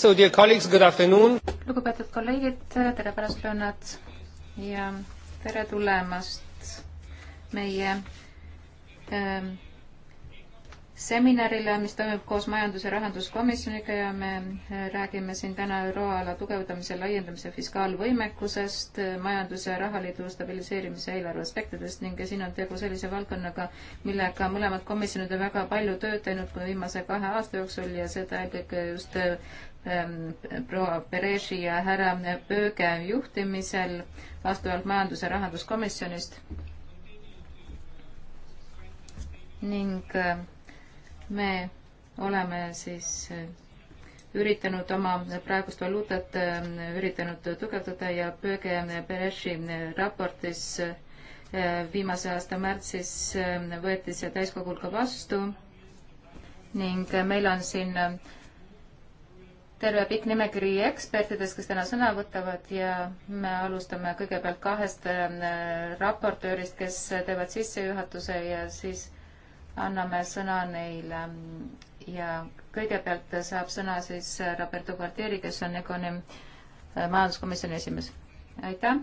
So dear colleagues, good afternoon. lugupeetud kolleegid, tere pärastlõunat ja tere tulemast meie ähm, seminarile, mis toimub koos Majandus- ja Rahanduskomisjoniga ja me äh, räägime siin täna euroala tugevdamise, laiendamise, fiskaalvõimekusest, äh, majandus- ja rahaliidu stabiliseerimise eelarve aspektidest ning siin on tegu sellise valdkonnaga, millega mõlemad komisjonid on väga palju tööd teinud kui viimase kahe aasta jooksul ja seda eelkõige just äh, Ähm, proua Pereši ja härra Pööge juhtimisel vastavalt majandus- ja rahanduskomisjonist ning äh, me oleme siis äh, üritanud oma praegust valuutat äh, üritanud tugevdada ja Pööge Pereši raportis viimase aasta märtsis võeti see täiskogul ka vastu ning meil on siin terve pikk nimekiri ekspertidest, kes täna sõna võtavad ja me alustame kõigepealt kahest äh, raportöörist, kes teevad sissejuhatuse ja siis anname sõna neile. ja kõigepealt saab sõna siis Roberto Guardieri, kes on Econi äh, majanduskomisjoni esimees. aitäh!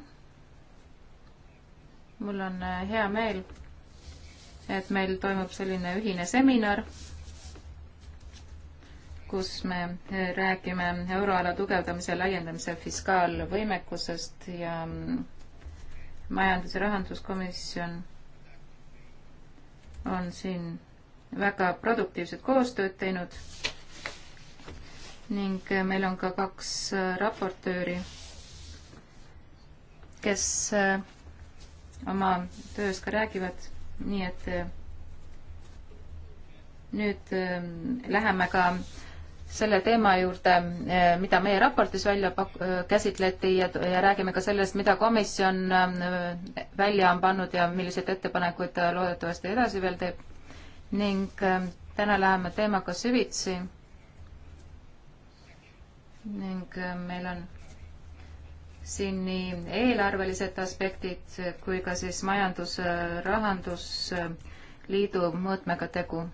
mul on äh, hea meel, et meil toimub selline ühine seminar kus me räägime euroala tugevdamise laiendamise fiskaalvõimekusest ja mm, majandus- ja rahanduskomisjon on siin väga produktiivset koostööd teinud ning meil on ka kaks äh, raportööri, kes äh, oma töös ka räägivad, nii et äh, nüüd läheme ka selle teema juurde, eh, mida meie raportis välja pak-, eh, käsitleti ja, ja räägime ka sellest, mida komisjon eh, välja on pannud ja milliseid ettepanekuid ta loodetavasti edasi veel teeb. ning täna läheme teemaga süvitsi. ning meil on siin nii eelarvelised aspektid kui ka siis majandus-rahandusliidu mõõtmega tegu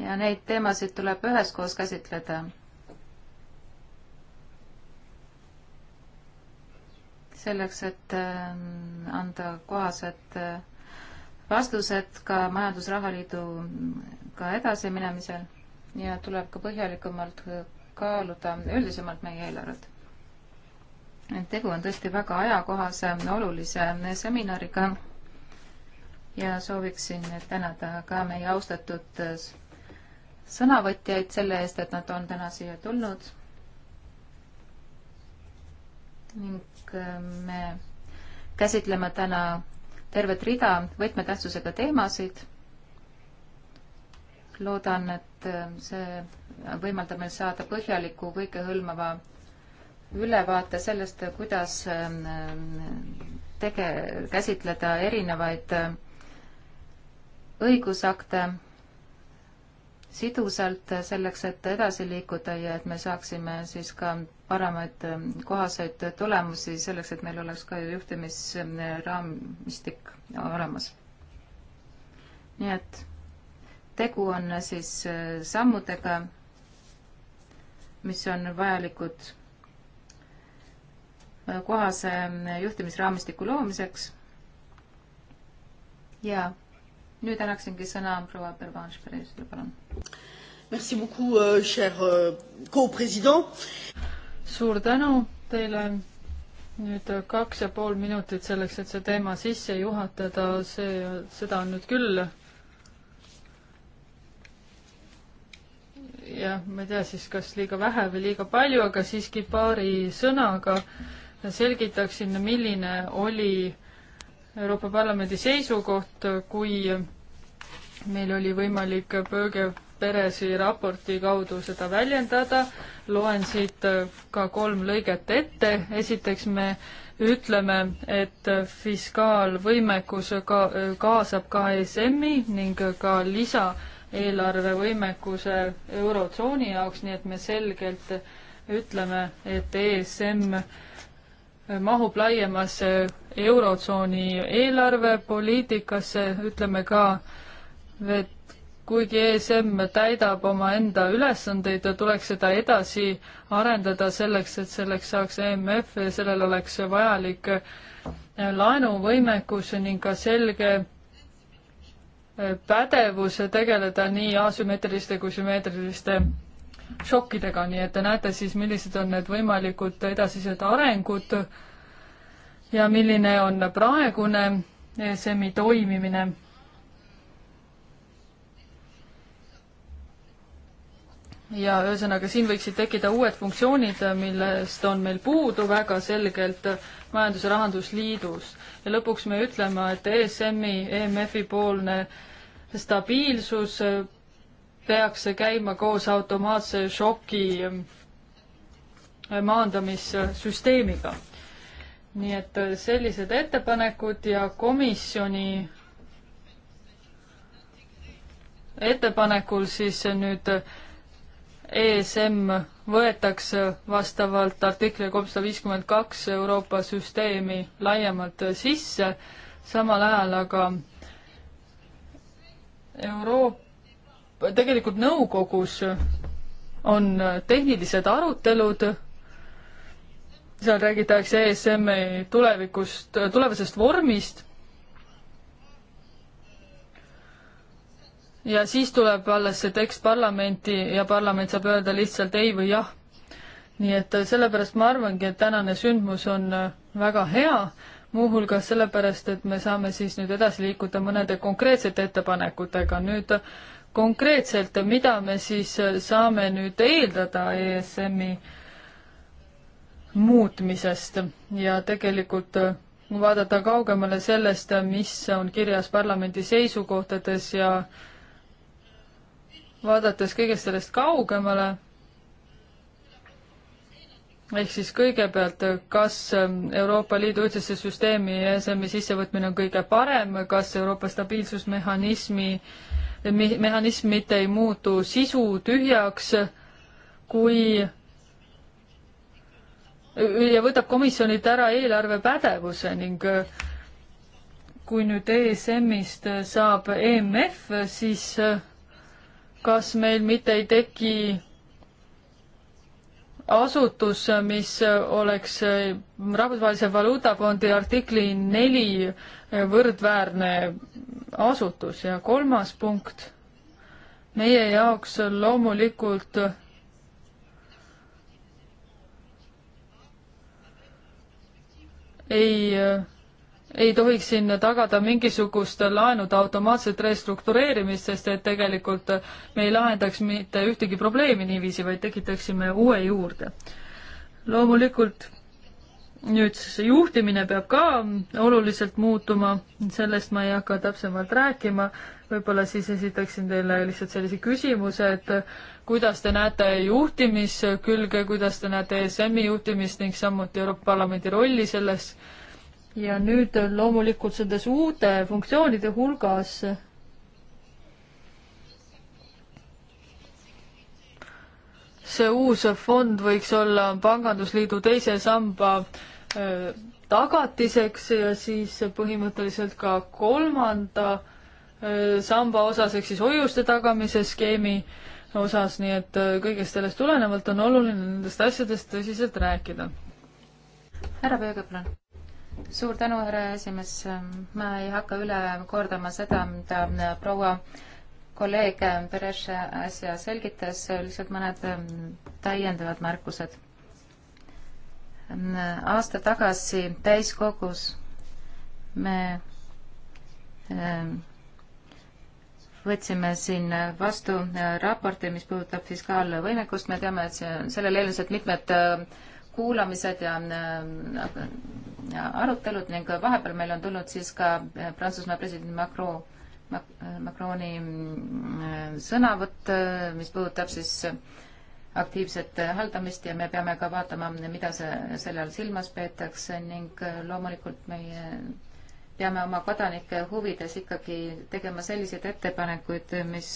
ja neid teemasid tuleb üheskoos käsitleda. selleks, et ähm, anda kohased äh, vastused ka Majandus-Rahaliiduga mm, edasiminemisel ja tuleb ka põhjalikumalt kaaluda üldisemalt meie eelarvet. et tegu on tõesti väga ajakohase, olulise seminariga ja sooviksin tänada ka meie austatud äh, sõnavõtjaid selle eest, et nad on täna siia tulnud. ning äh, me käsitleme täna tervet rida võtmetähtsusega teemasid. loodan, et äh, see võimaldab meil saada põhjaliku, kõikehõlmava ülevaate sellest, kuidas ähm, tege-, käsitleda erinevaid äh, õigusakte sidusalt selleks, et edasi liikuda ja et me saaksime siis ka paremaid kohaseid tulemusi selleks, et meil oleks ka juhtimisraamistik olemas. nii et tegu on siis äh, sammudega, mis on vajalikud äh, kohase äh, juhtimisraamistiku loomiseks ja nüüd annaksingi sõna proua Pervanš Perezile, palun. Merci beaucoup euh,, cher euh, co-president. suur tänu teile nüüd äh, kaks ja pool minutit selleks, et see teema sisse juhatada, see, seda on nüüd küll. jah, ma ei tea siis, kas liiga vähe või liiga palju, aga siiski paari sõnaga selgitaksin, milline oli Euroopa Parlamendi seisukoht, kui meil oli võimalik Böge peresi raporti kaudu seda väljendada. loen siit ka kolm lõiget ette. esiteks me ütleme, et fiskaalvõimekus ka kaasab ka ESM-i ning ka lisaeelarvevõimekuse Eurotsooni jaoks, nii et me selgelt ütleme, et ESM mahub laiemasse Eurotsooni eelarvepoliitikasse, ütleme ka, et kuigi ESM täidab omaenda ülesandeid, tuleks seda edasi arendada selleks, et selleks saaks EMF ja sellel oleks vajalik laenuvõimekus ning ka selge pädevus tegeleda nii asümmeetriliste kui sümmeetriliste šokkidega, nii et te näete siis, millised on need võimalikud edasised arengud ja milline on praegune ESM-i toimimine. ja ühesõnaga, siin võiksid tekkida uued funktsioonid, millest on meil puudu väga selgelt Majandus- ja Rahandusliidus. ja lõpuks me ütleme, et ESM-i, EMF-i poolne stabiilsus peaks see käima koos automaatse šoki maandamissüsteemiga. nii et sellised ettepanekud ja komisjoni ettepanekul siis nüüd ESM võetakse vastavalt artikli kolmsada viiskümmend kaks Euroopa süsteemi laiemalt sisse, samal ajal aga Euroopa tegelikult nõukogus on tehnilised arutelud, seal räägitakse ESM-i tulevikust, tulevasest vormist ja siis tuleb alles see tekst parlamenti ja parlament saab öelda lihtsalt ei või jah. nii et sellepärast ma arvangi, et tänane sündmus on väga hea, muuhulgas sellepärast, et me saame siis nüüd edasi liikuda mõnede konkreetsete ettepanekutega. nüüd konkreetselt, mida me siis äh, saame nüüd eeldada ESM-i muutmisest ja tegelikult äh, vaadata kaugemale sellest, äh, mis on kirjas parlamendi seisukohtades ja vaadates kõigest sellest kaugemale, ehk siis kõigepealt, kas Euroopa Liidu ühtsesse süsteemi ESM-i sissevõtmine on kõige parem, kas Euroopa stabiilsusmehhanismi äh, me-, mehhanism mitte ei muutu sisu tühjaks, kui ja võtab komisjonilt ära eelarvepädevuse ning kui nüüd ESM-ist saab EMF, siis kas meil mitte ei teki asutus, mis oleks Rahvusvahelise Valuutafondi artikli neli võrdväärne asutus ja kolmas punkt, meie jaoks loomulikult ei, ei tohiks siin tagada mingisugust laenude automaatset restruktureerimist, sest et tegelikult me ei lahendaks mitte ühtegi probleemi niiviisi, vaid tekitaksime uue juurde. loomulikult nüüd see juhtimine peab ka oluliselt muutuma, sellest ma ei hakka täpsemalt rääkima, võib-olla siis esitaksin teile lihtsalt sellise küsimuse, et kuidas te näete juhtimiskülge, kuidas te näete ESM-i juhtimist ning samuti Euroopa Parlamendi rolli selles ja nüüd loomulikult selles uute funktsioonide hulgas see uus fond võiks olla Pangandusliidu teise samba tagatiseks ja siis põhimõtteliselt ka kolmanda samba osas ehk siis hoiuste tagamise skeemi osas, nii et kõigest sellest tulenevalt on oluline nendest asjadest tõsiselt rääkida. härra Pöögeplan. suur tänu, härra esimees. ma ei hakka üle kordama seda, mida proua äh, kolleeg Peres äsja selgitas, lihtsalt mõned ähm, täiendavad märkused. aasta tagasi täiskogus me ähm, võtsime siin vastu äh, raporti, mis puudutab fiskaalvõimekust, me teame, et see on, sellele eelnesid mitmed ähm, kuulamised ja, ja arutelud ning vahepeal meil on tulnud siis ka äh, Prantsusmaa president Macron Macroni mm, sõnavõtt, äh, mis puudutab siis äh, aktiivset äh, haldamist ja me peame ka vaatama, mida see, selle all silmas peetakse ning loomulikult meie peame oma kodanike huvides ikkagi tegema selliseid ettepanekuid, mis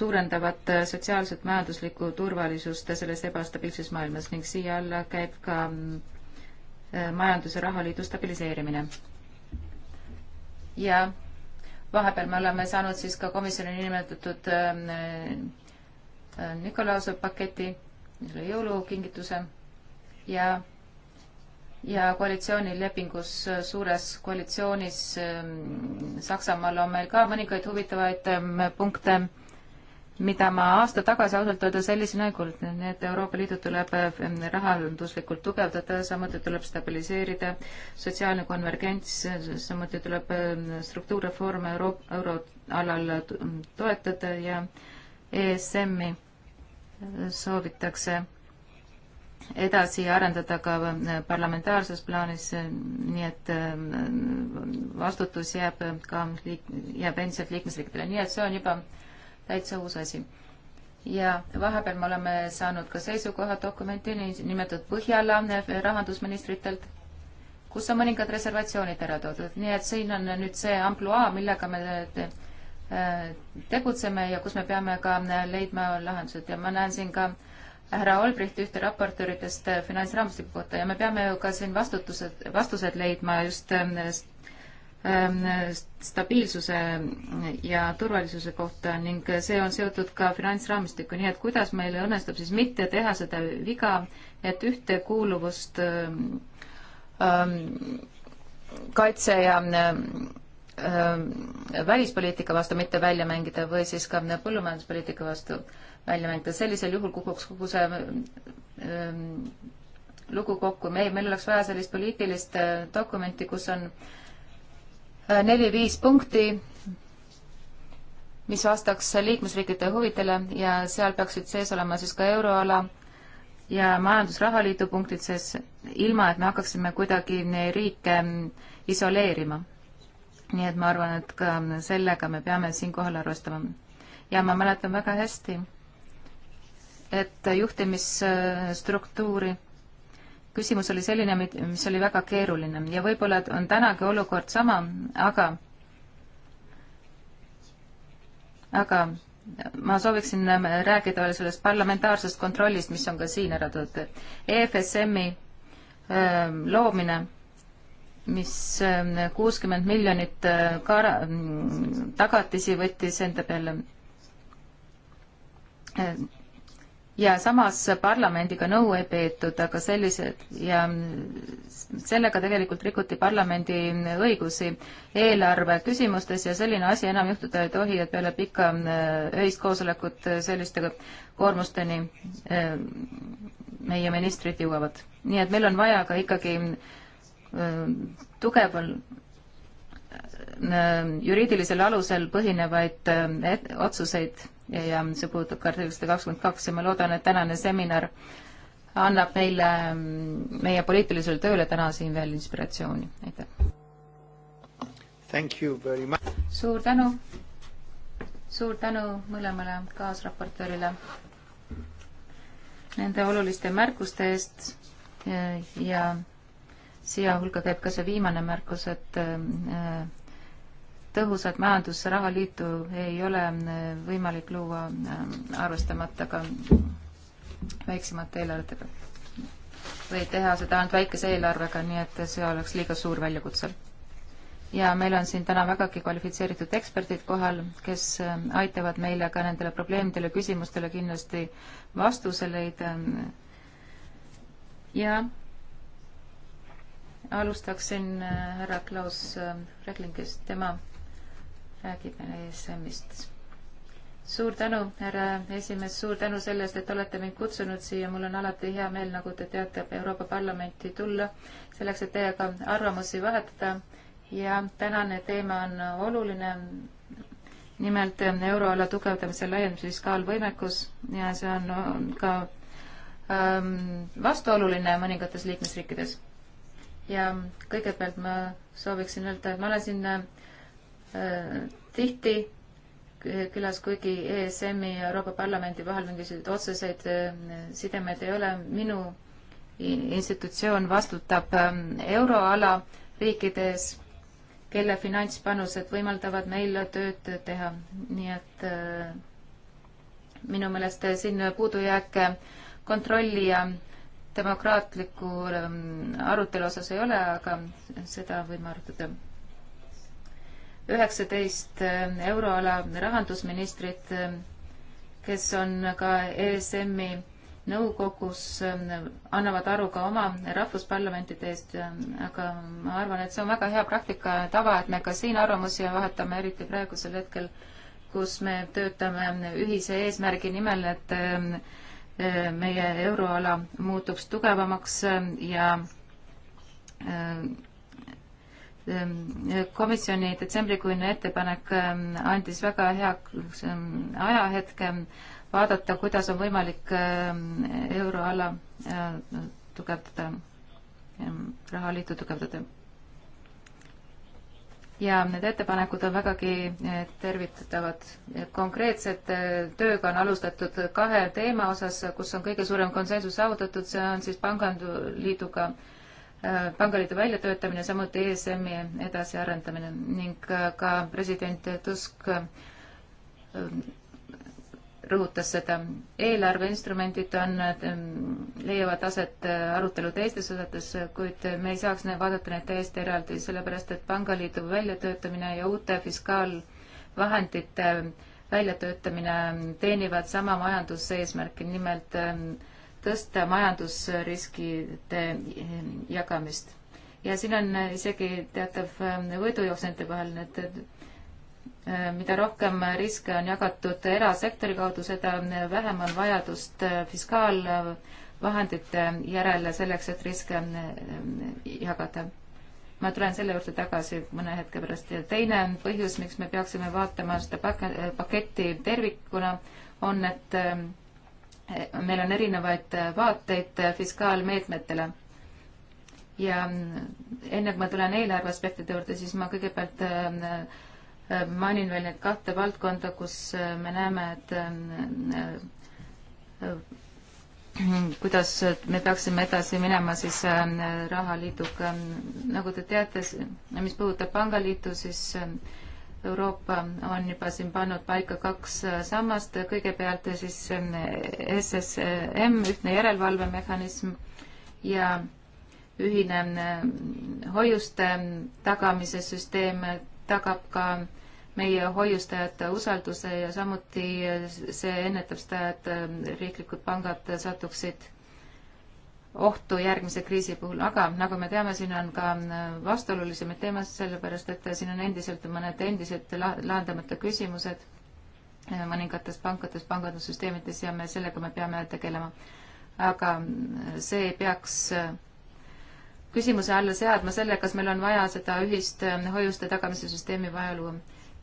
suurendavad sotsiaalset majanduslikku turvalisust selles ebastabiilses maailmas ning siia alla käib ka majandus- ja rahaliidu stabiliseerimine. ja vahepeal me oleme saanud siis ka komisjoni nimetatud äh, äh, Nikolause paketi, mis oli jõulukingituse ja ja koalitsioonilepingus, äh, suures koalitsioonis Saksamaal on meil ka mõningaid huvitavaid punkte mida ma aasta tagasi ausalt öelda sellisena ei kuulnud, nii et Euroopa Liidu tuleb rahanduslikult tugevdada, samuti tuleb stabiliseerida sotsiaalne konvergents, samuti tuleb struktuurreforme euro, euroalal toetada ja ESM-i soovitakse edasi arendada ka parlamentaarses plaanis, nii et vastutus jääb ka liik-, jääb endiselt liikmesriikidele, nii et see on juba täitsa uus asi. ja vahepeal me oleme saanud ka seisukohadokumenti niinimetatud Põhjala rahandusministritelt, kus on mõningad reservatsioonid ära toodud, nii et siin on nüüd see ampluaa, millega me äh, tegutseme ja kus me peame ka leidma lahendused ja ma näen siin ka härra Olbricht ühte raportööridest äh, finantsraamistiku kohta ja me peame ju ka siin vastutused, vastused leidma just äh, Ähm, stabiilsuse ja turvalisuse kohta ning see on seotud ka finantsraamistikku, nii et kuidas meil õnnestub siis mitte teha seda viga, et ühtekuuluvust ähm, ähm, kaitse ja ähm, välispoliitika vastu mitte välja mängida või siis ka põllumajanduspoliitika vastu välja mängida, sellisel juhul kukuks kogu see ähm, lugu kokku, meil, meil oleks vaja sellist poliitilist äh, dokumenti, kus on äh, neli-viis punkti, mis vastaks liikmesriikide huvidele ja seal peaksid sees olema siis ka euroala ja majandusrahaliidu punktid sees, ilma et me hakkaksime kuidagi riike isoleerima. nii et ma arvan, et ka sellega me peame siinkohal arvestama. ja ma mäletan väga hästi, et juhtimisstruktuuri küsimus oli selline, mis oli väga keeruline ja võib-olla on tänagi olukord sama, aga aga ma sooviksin rääkida veel sellest parlamentaarsest kontrollist, mis on ka siin ära toodud. EFSM-i ähm, loomine, mis ähm, kuuskümmend miljonit äh, kara-, tagatisi võttis enda peale äh, ja samas parlamendiga nõu ei peetud, aga sellised ja sellega tegelikult rikuti parlamendi õigusi eelarve küsimustes ja selline asi enam juhtuda ei tohi, et peale pikka öist äh, koosolekut äh, selliste koormusteni äh, meie ministrid jõuavad. nii et meil on vaja ka ikkagi tugeval juriidilisel alusel põhinevaid otsuseid ja see puudutab ka artiklit sada kakskümmend kaks ja ma loodan, et tänane seminar annab meile, meie poliitilisele tööle täna siin veel inspiratsiooni, aitäh! suur tänu! suur tänu mõlemale kaasraportöörile nende oluliste märkuste eest ja, ja siia hulka käib ka see viimane märkus, et äh, tõhusat majandus- ja rahaliitu ei ole äh, võimalik luua äh, arvestamata ka väiksemate eelarvetega. või teha seda ainult väikese eelarvega, nii et see oleks liiga suur väljakutse. ja meil on siin täna vägagi kvalifitseeritud eksperdid kohal, kes äh, aitavad meile ka nendele probleemidele, küsimustele kindlasti vastuse leida. ja alustaksin härra Klaus Reglingist, tema räägib meile ESM-ist. suur tänu, härra esimees, suur tänu selle eest, et olete mind kutsunud siia, mul on alati hea meel, nagu te teate, Euroopa Parlamenti tulla, selleks, et teiega arvamusi vahetada ja tänane teema on oluline, nimelt euroala tugevdamise laiendusfiskaalvõimekus ja see on ka ähm, vastuoluline mõningates liikmesriikides. ja kõigepealt ma sooviksin öelda, et ma olen siin äh, Äh, tihti külas, kuigi ESM-i ja Euroopa Parlamendi vahel mingisuguseid otseseid äh, sidemeid ei ole. minu institutsioon vastutab ähm, euroala riikides, kelle finantspanused võimaldavad meil tööd teha, nii et äh, minu meelest siin puudujääke kontrolli ja demokraatliku ähm, arutelu osas ei ole, aga seda võime arutada üheksateist eh, euroala rahandusministrit, eh, kes on ka ESM-i nõukogus, eh, annavad aru ka oma rahvusparlamentide eest, aga ma arvan, et see on väga hea praktika ja tava, et me ka siin arvamusi vahetame, eriti praegusel hetkel, kus me töötame ühise eesmärgi nimel, et meie euroala muutuks tugevamaks ja Ähm, komisjoni detsembrikuine ettepanek ähm, andis väga hea ähm, ajahetke vaadata, kuidas on võimalik euroala äh, tugevdada, rahaliitu tugevdada. ja need ettepanekud on vägagi äh, tervitatavad. konkreetset äh, tööga on alustatud kahe teema osas, kus on kõige suurem konsensus saavutatud, see on siis pangandusliiduga äh, pangaliidu väljatöötamine, samuti ESM-i edasiarendamine ning äh, ka president Tusk äh, rõhutas seda. eelarveinstrumendid on, äh, leiavad aset arutelu teistes osades, kuid me ei saaks vaadata neid täiesti eraldi, sellepärast et pangaliidu väljatöötamine ja uute fiskaalvahendite väljatöötamine teenivad sama majanduseesmärki, nimelt tõsta majandusriskide jagamist. ja siin on isegi teatav ähm, võidujooks nende vahel, et äh, mida rohkem riske on jagatud erasektori kaudu, seda vähem on vajadust äh, fiskaalvahendite järele selleks, et riske ähm, jagada. ma tulen selle juurde tagasi mõne hetke pärast ja teine põhjus, miks me peaksime vaatama seda äh, paketti tervikuna, on, et ähm, meil on erinevaid vaateid fiskaalmeetmetele. ja enne kui ma tulen eelarve aspektide juurde, siis ma kõigepealt äh, mainin veel neid kahte valdkonda, kus äh, me näeme, et äh, kuidas me peaksime edasi minema siis rahaliiduga. nagu te teate, mis puudutab pangaliitu, siis äh, Euroopa on juba siin pannud paika kaks äh, sammast, kõigepealt äh, siis SSM, ähm, ühtne järelevalvemehhanism ja ühine äh, hoiuste tagamise süsteem tagab ka meie hoiustajate usalduse ja samuti see ennetab seda, et riiklikud pangad satuksid ohtu järgmise kriisi puhul, aga nagu me teame, siin on ka äh, vastuolulisemaid teemasid, sellepärast et äh, siin on endiselt mõned endised lahendamata küsimused äh, mõningates pankades, pangandussüsteemides ja me sellega me peame tegelema. aga see peaks küsimuse alla seadma selle, kas meil on vaja seda ühist hoiuste tagamise süsteemi vaja luua.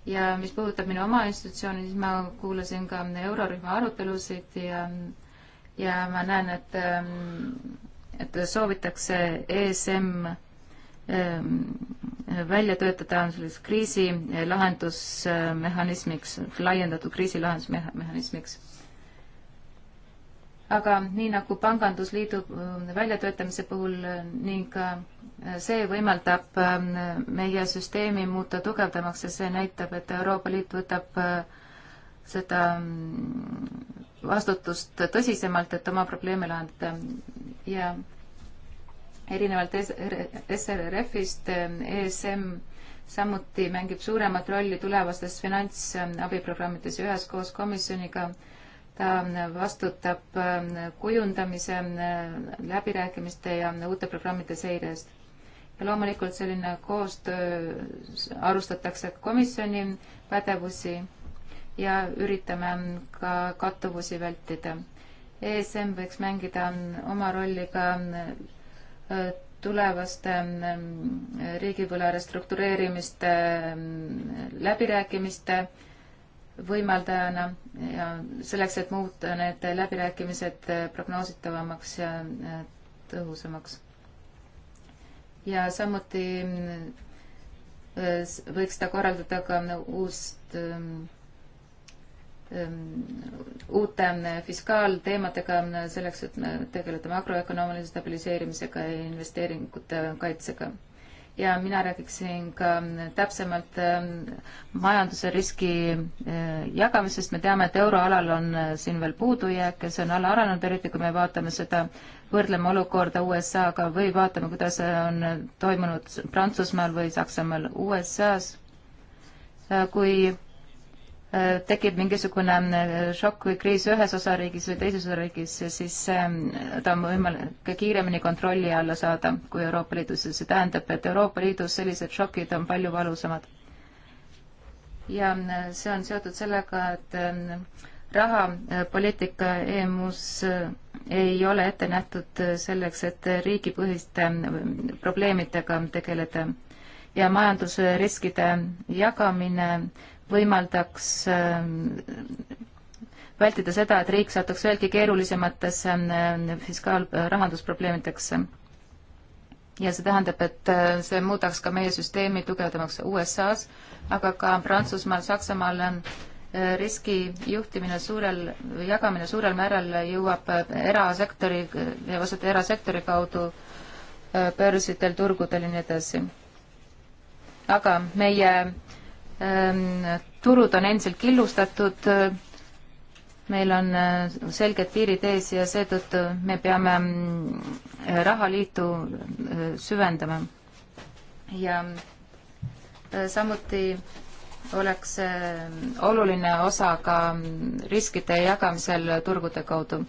ja mis puudutab minu oma institutsiooni, siis ma kuulasin ka eurorühma arutelusid ja ja ma näen, et, ähm, et soovitakse ESM ähm, välja töötada on selles kriisi äh, lahendusmehhanismiks, laiendatud kriisi lahendusmehhanismiks. aga nii nagu Pangandusliidu äh, väljatöötamise puhul äh, ning see võimaldab meie süsteemi muuta tugevdamaks ja see näitab, et Euroopa Liit võtab seda mm, vastutust tõsisemalt, et oma probleeme lahendada ja erinevalt SRF-ist ESM samuti mängib suuremat rolli tulevastes finantsabiprogrammides ja üheskoos komisjoniga ta vastutab äh, kujundamise, äh, läbirääkimiste ja uute programmide seire eest. ja loomulikult selline koostöö, arvestatakse komisjoni pädevusi ja üritame ka kattuvusi vältida. ESM võiks mängida oma rolli ka äh, tulevaste äh, riigivõla restruktureerimiste äh, läbirääkimiste võimaldajana ja selleks, et muuta need läbirääkimised prognoositavamaks ja tõhusamaks. ja samuti võiks ta korraldada ka uust Ehm, uute ehm, fiskaalteemadega ehm, selleks, et tegeleda makroökonoomilise stabiliseerimisega ja investeeringute kaitsega. ja mina räägiksin ka täpsemalt majanduse riski jagamisest, me teame, et euroalal on siin veel puudujääke, see on alaarenenud, eriti kui me vaatame seda, võrdleme olukorda USA-ga või vaatame, kuidas on toimunud Prantsusmaal või Saksamaal, USA-s, kui Äh, tekib mingisugune äh, šokk või kriis ühes osariigis või teises osariigis, siis ähm, ta on võimalik kiiremini kontrolli alla saada kui Euroopa Liidus ja see tähendab, et Euroopa Liidus sellised šokid on palju valusamad. ja äh, see on seotud sellega, et ähm, rahapoliitika EMU-s ei ole ette nähtud selleks, et riigipõhiste probleemidega tegeleda ja majandusriskide jagamine võimaldaks ähm, vältida seda, et riik satuks veelgi keerulisematesse ähm, fiskaal-, rahandusprobleemidesse. ja see tähendab, et äh, see muudaks ka meie süsteemi tugevdamaks USA-s, aga ka Prantsusmaal, Saksamaal äh, riski juhtimine suurel, jagamine suurel määral jõuab äh, erasektori, osalt erasektori kaudu börsidel, turgudel ja nii edasi. aga meie äh, Ehm, turud on endiselt killustatud, meil on eh, selged piirid ees ja seetõttu me peame mm, rahaliitu eh, süvendama. ja eh, samuti oleks oluline osa ka mm, riskide jagamisel turgude kaudu.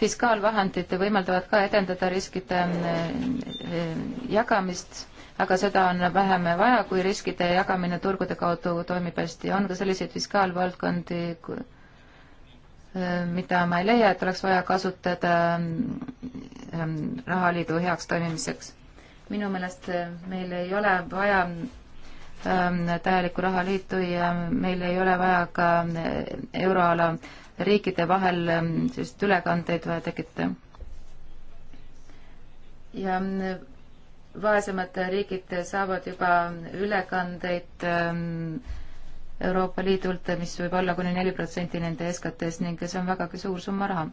fiskaalvahendid võimaldavad ka edendada riskide mm, jagamist aga seda on vähem vaja, kui riskide jagamine turgude kaudu toimib hästi. on ka selliseid fiskaalvaldkondi, äh, mida ma ei leia, et oleks vaja kasutada ähm, rahaliidu heaks toimimiseks. minu meelest äh, meil ei ole vaja ähm, täielikku rahaliitu ja meil ei ole vaja ka äh, euroala riikide vahel ähm, sellist ülekandeid vaja tekitada. ja vaesemad riigid saavad juba ülekandeid ähm, Euroopa Liidult, mis võib olla kuni neli protsenti nende SKT-st ning see on vägagi suur summa raha.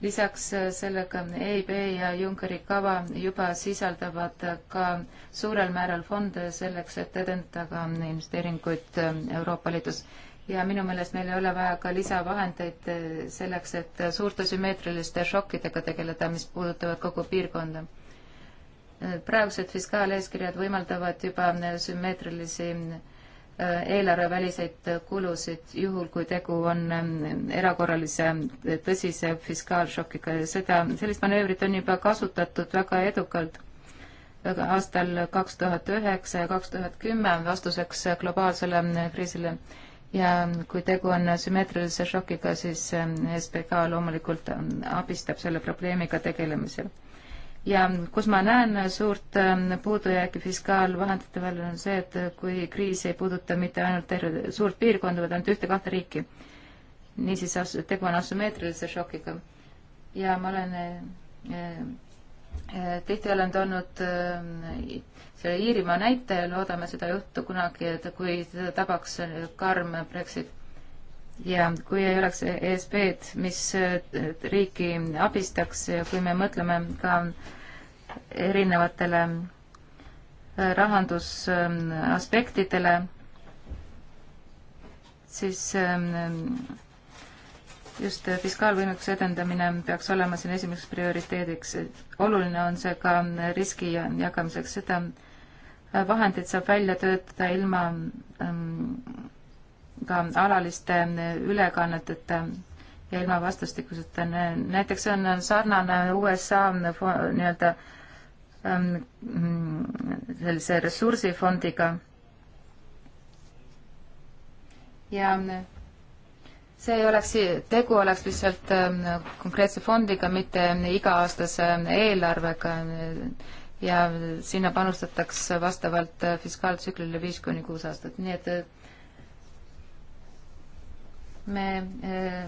lisaks äh, sellega EIB ja Junckeri kava juba sisaldavad ka suurel määral fonde selleks, et edendada ka investeeringuid ähm, Euroopa Liidus ja minu meelest meil ei ole vaja ka lisavahendeid äh, selleks, et suurte sümmeetriliste šokkidega tegeleda, mis puudutavad kogu piirkonda praegused fiskaaleeskirjad võimaldavad juba sümmeetrilisi äh, eelarveväliseid kulusid, juhul kui tegu on ähm, erakorralise äh, tõsise fiskaalšokiga ja seda, sellist manöövrit on juba kasutatud väga edukalt aastal kaks tuhat üheksa ja kaks tuhat kümme vastuseks globaalsele äh, kriisile. ja kui tegu on sümmeetrilise šokiga, siis ähm, SBK loomulikult ähm, abistab selle probleemiga tegelemisel ja kus ma näen suurt ähm, puudujääki fiskaalvahendite peal, on see, et kui kriis ei puuduta mitte ainult terve, suurt piirkonda, vaid ainult ühte-kahte riiki. niisiis, tegu on asümmeetrilise šokiga. ja ma olen äh, äh, tihti olen toonud ähm, selle Iirimaa näite ja loodame seda juttu kunagi, et kui tabaks karm Brexit ja kui ei oleks ESB-d, mis äh, riiki abistaks ja kui me mõtleme ka erinevatele äh, rahandusaspektidele, siis ähm, just fiskaalvõimekuse edendamine peaks olema siin esimeseks prioriteediks. oluline on see ka riski jagamiseks, seda vahendit saab välja töötada ilma ähm, ka alaliste ülekanneteta ja ilma vastastikuseta. näiteks on sarnane USA ähm, nii-öelda ähm, sellise ressursifondiga. ja ähm, see ei oleks, tegu oleks lihtsalt konkreetse fondiga, mitte iga-aastase eelarvega ja sinna panustatakse vastavalt äh, fiskaaltsüklile viis kuni kuus aastat, nii et äh, me e,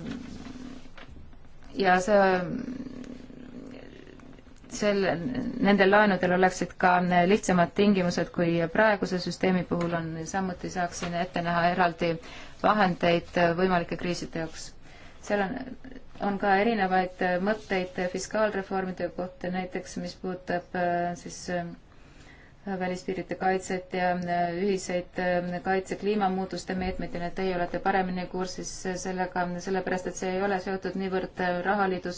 ja see sel, nendel laenudel oleksid ka lihtsamad tingimused, kui praeguse süsteemi puhul on, samuti saaksin ette näha eraldi vahendeid võimalike kriiside jaoks. seal on, on ka erinevaid mõtteid fiskaalreformide kohta, näiteks mis puudutab e, siis äh, välispiiride kaitset ja äh, ühiseid äh, kaitse kliimamuutuste meetmeid ja need teie olete paremini kursis sellega, sellepärast et see ei ole seotud niivõrd äh, rahaliidu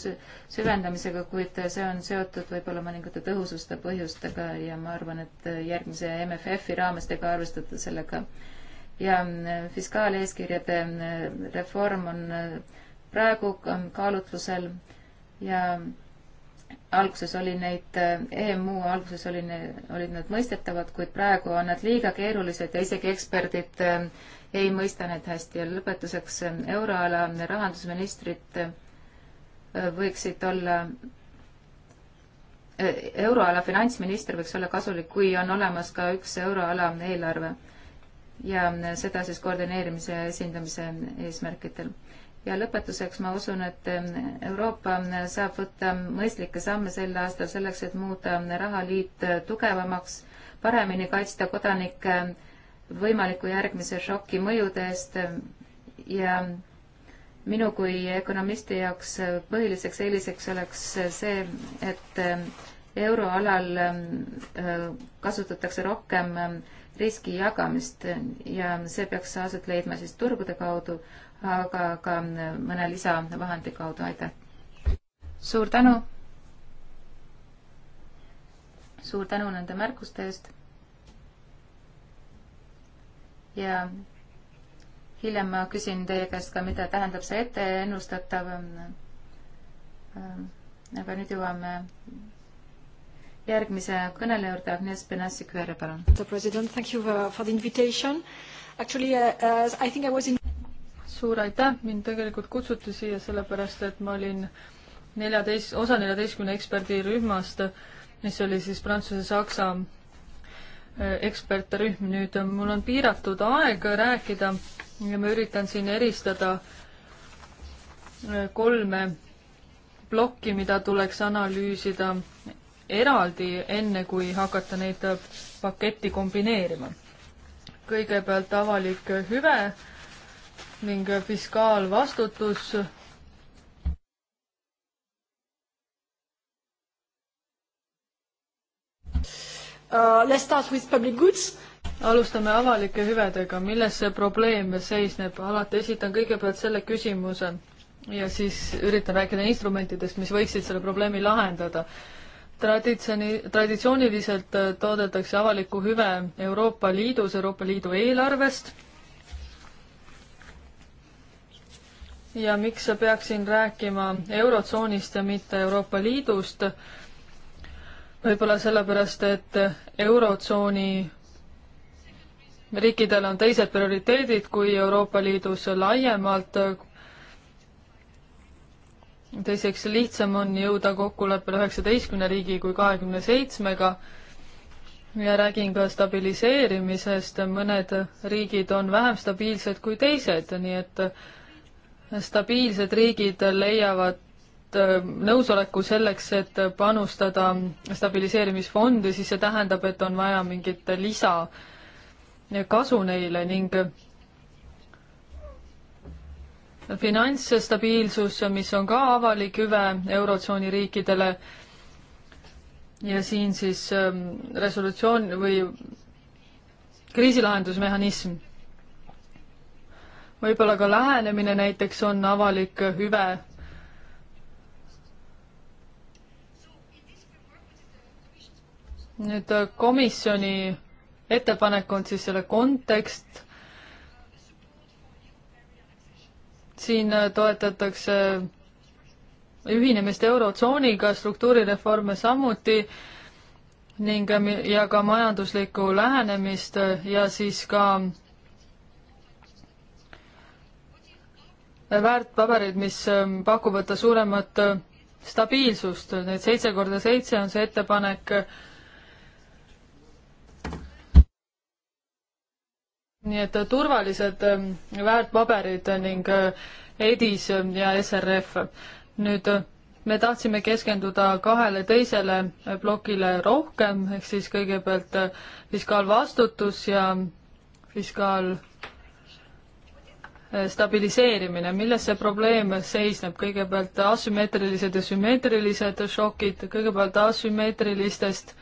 süvendamisega, kuid see on seotud võib-olla mõningate tõhususte põhjustega ja ma arvan, et järgmise MFF-i raames te ka arvestate sellega. ja fiskaaleeskirjade reform on praegu kaalutlusel ja alguses oli neid, äh, EMU alguses oli, olid need mõistetavad, kuid praegu on nad liiga keerulised ja isegi eksperdid äh, ei mõista neid hästi ja lõpetuseks äh, euroala rahandusministrid võiksid olla euroala finantsminister võiks olla kasulik, kui on olemas ka üks euroala eelarve ja seda siis koordineerimise ja esindamise eesmärkidel ja lõpetuseks ma usun, et Euroopa saab võtta mõistlikke samme sel aastal selleks, et muuta rahaliit eh, tugevamaks, paremini kaitsta kodanikke võimaliku järgmise šoki mõjude eest ja minu kui ökonomisti jaoks eh, põhiliseks eeliseks oleks see, et euroalal eh, kasutatakse rohkem riski jagamist ja see peaks aset leidma siis turgude kaudu, aga ka mõne lisavahendi kaudu, aitäh! suur tänu! suur tänu nende märkuste eest! ja hiljem ma küsin teie käest ka, mida tähendab see etteennustatav. aga nüüd jõuame järgmise kõneleja juurde, Agnes Benassi-Küere, palun. The president, thank you for the invitation. Actually uh, uh, I think I was in suur aitäh, mind tegelikult kutsuti siia sellepärast, et ma olin neljateist, osa neljateistkümne eksperdirühmast, mis oli siis Prantsuse-Saksa äh, ekspertrühm. nüüd äh, mul on piiratud aeg rääkida ja ma üritan siin eristada äh, kolme plokki, mida tuleks analüüsida eraldi, enne kui hakata neid paketti kombineerima. kõigepealt avalik hüve ning fiskaalvastutus. Uh, let's start with public goods alustame avalike hüvedega, milles see probleem seisneb, alati esitan kõigepealt selle küsimuse ja siis üritan rääkida instrumentidest, mis võiksid selle probleemi lahendada. traditsiooni, traditsiooniliselt toodetakse avalikku hüve Euroopa Liidus, Euroopa Liidu eelarvest ja miks peaksin rääkima Eurotsoonist ja mitte Euroopa Liidust. võib-olla sellepärast, et Eurotsooni riikidel on teised prioriteedid kui Euroopa Liidus laiemalt. teiseks, lihtsam on jõuda kokkuleppele üheksateistkümne riigi kui kahekümne seitsmega ja räägin ka stabiliseerimisest, mõned riigid on vähem stabiilsed kui teised, nii et äh, stabiilsed riigid leiavad äh, nõusoleku selleks, et panustada stabiliseerimisfondi, siis see tähendab, et on vaja mingit lisakasu neile ning finantsstabiilsus, mis on ka avalik hüve Eurotsooni riikidele ja siin siis ähm, resolutsioon või kriisilahendusmehhanism võib-olla ka lähenemine näiteks on avalik hüve. nüüd äh, komisjoni ettepanek on siis selle kontekst. siin äh, toetatakse äh, ühinemist Eurotsooniga, struktuurireforme samuti ning, ja ka majanduslikku lähenemist ja siis ka väärtpabereid, mis ähm, pakuvad suuremat äh, stabiilsust, need seitse korda seitse on see ettepanek. Äh, nii et äh, turvalised ähm, väärtpaberid ning EDIS ähm, ja SRF. nüüd me tahtsime keskenduda kahele teisele plokile rohkem, ehk siis kõigepealt fiskaalvastutus ja fiskaal- stabiliseerimine, milles see probleem seisneb, kõigepealt asümmeetrilised ja sümmeetrilised šokid, kõigepealt asümmeetrilistest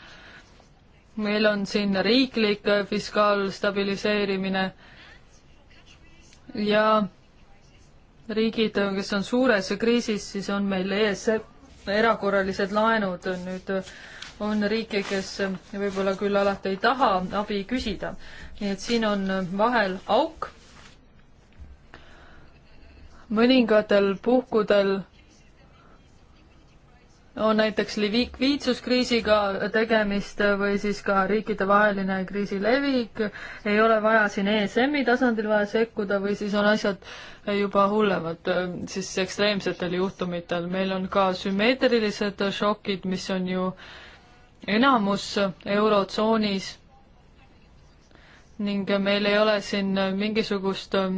meil on siin riiklik fiskaalstabiliseerimine ja riigid, kes on suures kriisis, siis on meil ees erakorralised laenud, nüüd on riike, kes võib-olla küll alati ei taha abi küsida. nii et siin on vahel auk mõningatel puhkudel on näiteks likviidsuskriisiga tegemist või siis ka riikidevaheline kriisi levik, ei ole vaja siin ESM-i tasandil vaja sekkuda või siis on asjad juba hullemad, äh, siis ekstreemsetel juhtumitel. meil on ka sümmeetrilised šokid, mis on ju enamus Eurotsoonis ning meil ei ole siin mingisugust äh,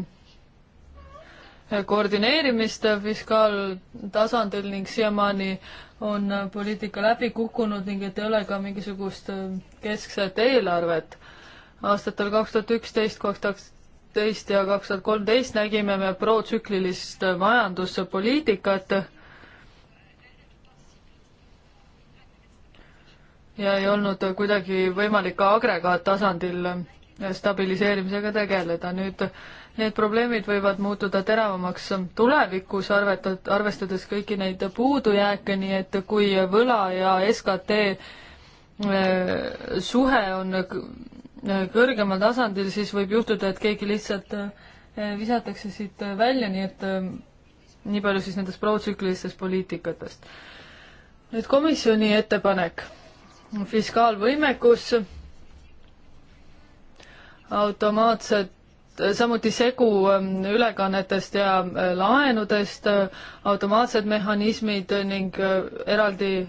koordineerimist fiskaaltasandil ning siiamaani on poliitika läbi kukkunud ning et ei ole ka mingisugust äh, keskset eelarvet. aastatel kaks tuhat üksteist, kaks tuhat kaksteist ja kaks tuhat kolmteist nägime me protsüklilist majanduspoliitikat. ja ei olnud kuidagi võimalik ka agregaattasandil stabiliseerimisega tegeleda. nüüd äh, Need probleemid võivad muutuda teravamaks tulevikus, arvetud, arvestades kõiki neid puudujääke, nii et kui võla ja SKT äh, suhe on kõrgemal tasandil, siis võib juhtuda, et keegi lihtsalt äh, visatakse siit välja, nii et äh, nii palju siis nendest protsüklilistest poliitikatest. nüüd komisjoni ettepanek, fiskaalvõimekus, automaatsed samuti segu ähm, ülekannetest ja äh, laenudest, äh, automaatsed mehhanismid ning äh, eraldi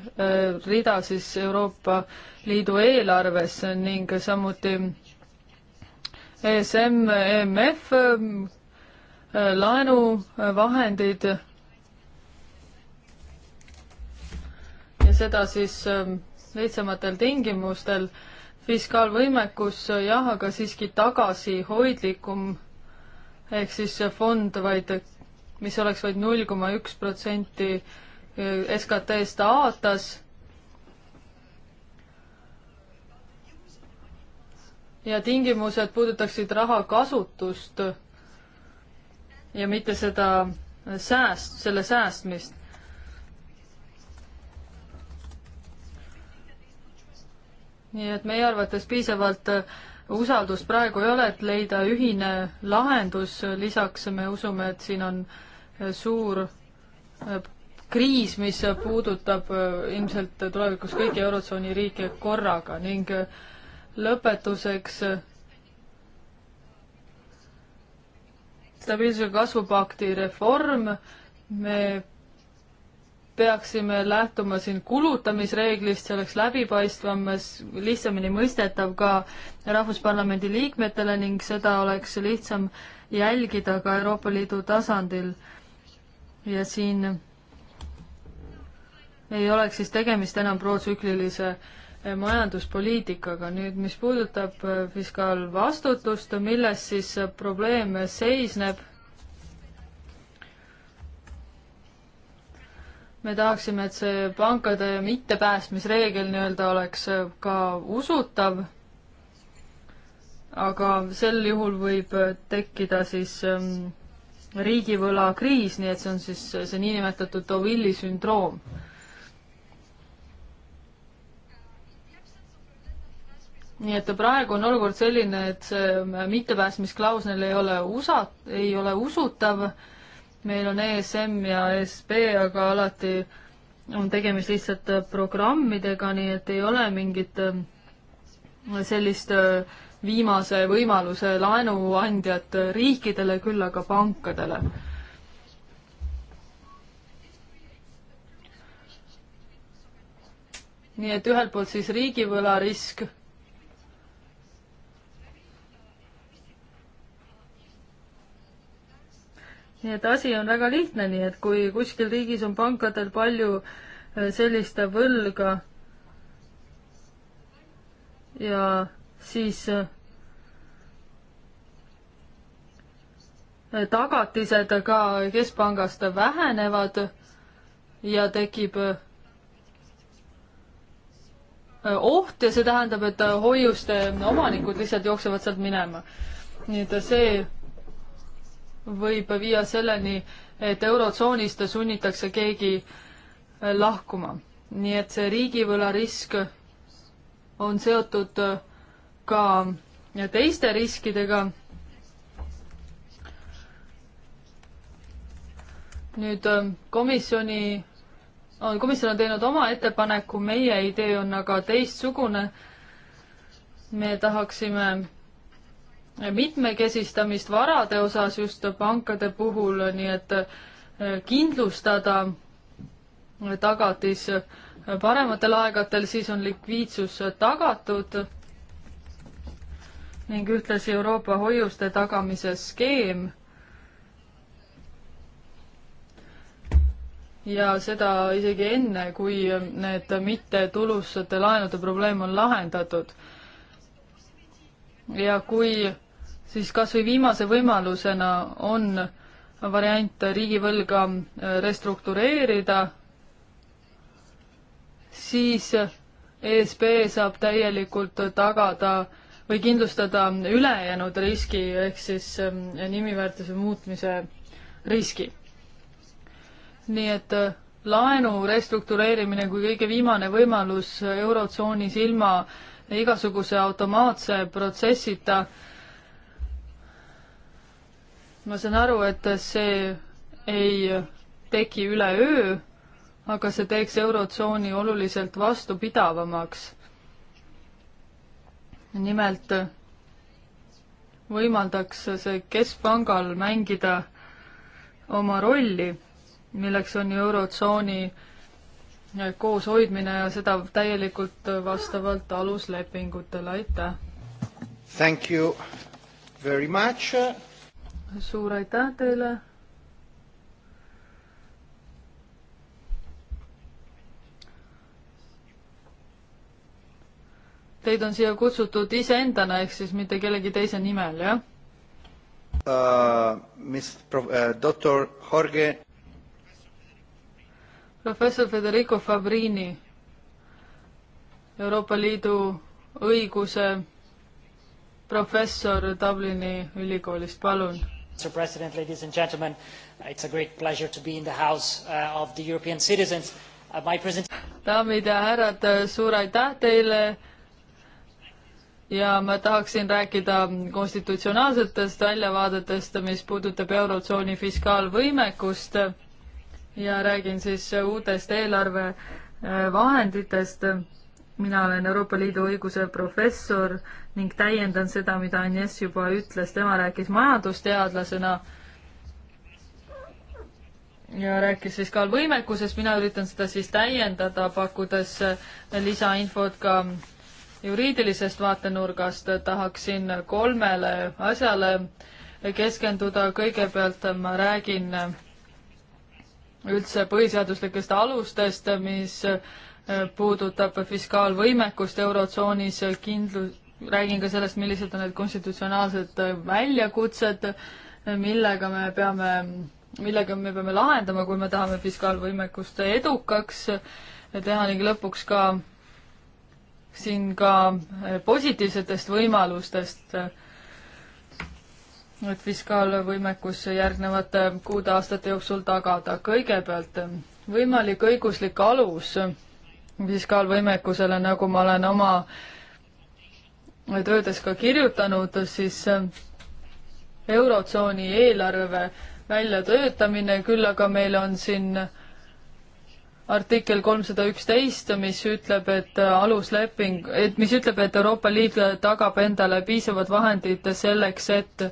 rida siis Euroopa Liidu eelarves ning samuti ESM, EMF, laenuvahendid ja seda siis ähm, lihtsamatel tingimustel fiskaalvõimekus jah, aga siiski tagasihoidlikum, ehk siis see fond vaid, mis oleks vaid null koma üks protsenti eh, SKT-st aastas ja tingimused puudutaksid raha kasutust ja mitte seda sääst, selle säästmist. nii et meie arvates piisavalt äh, usaldust praegu ei ole, et leida ühine lahendus, lisaks me usume, et siin on äh, suur äh, kriis, mis puudutab ilmselt tulevikus kõiki Eurotsooni riike korraga ning lõpetuseks stabiilsuse kasvupakti reform, me peaksime lähtuma siin kulutamisreeglist, see oleks läbipaistvam, lihtsamini mõistetav ka Rahvusparlamendi liikmetele ning seda oleks lihtsam jälgida ka Euroopa Liidu tasandil. ja siin ei oleks siis tegemist enam protsüklilise eh, majanduspoliitikaga. nüüd, mis puudutab eh, fiskaalvastutust, milles siis eh, probleem seisneb me tahaksime, et see pankade mittepäästmisreegel nii-öelda oleks äh, ka usutav, aga sel juhul võib äh, tekkida siis ähm, riigivõlakriis, nii et see on siis äh, see niinimetatud Deauville'i sündroom. nii et praegu on olukord selline, et see mittepäästmisklausel ei ole usa-, ei ole usutav äh, meil on ESM ja e SB, aga alati on tegemist lihtsalt äh, programmidega, nii et ei ole mingit äh, sellist äh, viimase võimaluse laenuandjat riikidele, küll aga pankadele. nii et ühelt poolt siis riigivõlarisk nii et asi on väga lihtne, nii et kui kuskil riigis on pankadel palju äh, sellist võlga ja siis äh, tagatised ka keskpangast vähenevad ja tekib äh, oht ja see tähendab, et hoiuste omanikud lihtsalt jooksevad sealt minema. nii et see võib viia selleni, et Eurotsoonist sunnitakse keegi äh, lahkuma. nii et see riigivõla risk on seotud äh, ka teiste riskidega. nüüd äh, komisjoni, komisjon on teinud oma ettepaneku, meie idee on aga teistsugune. me tahaksime mitmekesistamist varade osas just pankade puhul, nii et eh, kindlustada tagatis parematel aegadel, siis on likviidsus tagatud ning ühtlasi Euroopa hoiuste tagamise skeem. ja seda isegi enne, kui need mittetulussate laenude probleem on lahendatud. ja kui siis kas või viimase võimalusena on variant riigivõlga äh, restruktureerida, siis ESB saab täielikult tagada või kindlustada ülejäänud riski ehk siis ähm, nimiväärtuse muutmise riski. nii et äh, laenu restruktureerimine kui kõige viimane võimalus Eurotsoonis ilma igasuguse automaatse protsessita äh, ma saan aru, et see ei teki üleöö, aga see teeks Eurotsooni oluliselt vastupidavamaks. nimelt võimaldaks see keskpangal mängida oma rolli, milleks on Eurotsooni kooshoidmine ja seda täielikult vastavalt aluslepingutele, aitäh! Thank you very much! suur aitäh teile. Teid on siia kutsutud iseendana ehk siis mitte kellegi teise nimel, jah uh,? Miss prof- uh,, doktor Jorge. professor Federico Fabrini, Euroopa Liidu õiguse professor Dublini ülikoolist, palun Mr. President, ladies and gentlemen, it's a great pleasure to be in the house uh, of the European citizens. Uh, my present- daamid ja härrad, uh, suur aitäh teile ja ma tahaksin rääkida konstitutsionaalsetest väljavaadetest, mis puudutab Eurotsooni fiskaalvõimekust ja räägin siis uutest eelarvevahenditest. Uh, mina olen Euroopa Liidu õiguse professor ning täiendan seda, mida Agnes juba ütles, tema rääkis majandusteadlasena ja rääkis siis ka võimekusest, mina üritan seda siis täiendada, pakkudes lisainfot ka juriidilisest vaatenurgast, tahaksin kolmele asjale keskenduda, kõigepealt ma räägin üldse põhiseaduslikest alustest, mis puudutab fiskaalvõimekust Eurotsoonis kindlu-, räägin ka sellest, millised on need konstitutsionaalsed äh, väljakutsed, millega me peame, millega me peame lahendama, kui me tahame fiskaalvõimekust edukaks teha ning lõpuks ka siin ka äh, positiivsetest võimalustest, äh, et fiskaalvõimekus järgnevate kuude, aastate jooksul tagada. kõigepealt võimalik õiguslik alus fiskaalvõimekusele, nagu ma olen oma äh, töödes ka kirjutanud, siis äh, Eurotsooni eelarve väljatöötamine, küll aga meil on siin artikkel kolmsada üksteist, mis ütleb, et äh, alusleping, et mis ütleb, et Euroopa Liit tagab endale piisavad vahendid selleks, et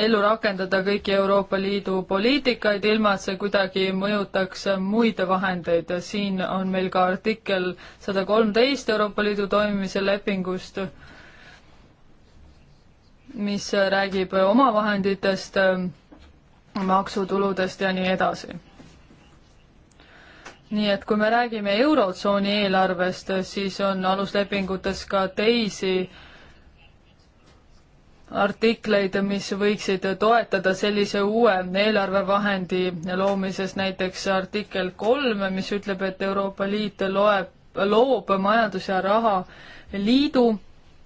ellu rakendada kõiki Euroopa Liidu poliitikaid, ilma et see kuidagi mõjutaks muid vahendeid. siin on meil ka artikkel sada kolmteist Euroopa Liidu toimimise lepingust, mis räägib omavahenditest, maksutuludest ja nii edasi. nii et kui me räägime Eurotsooni eelarvest, siis on aluslepingutes ka teisi äh, artikleid, mis võiksid toetada sellise uue eelarvevahendi loomises, näiteks artikkel kolm, mis ütleb, et Euroopa Liit loeb, loob majandus- ja rahaliidu,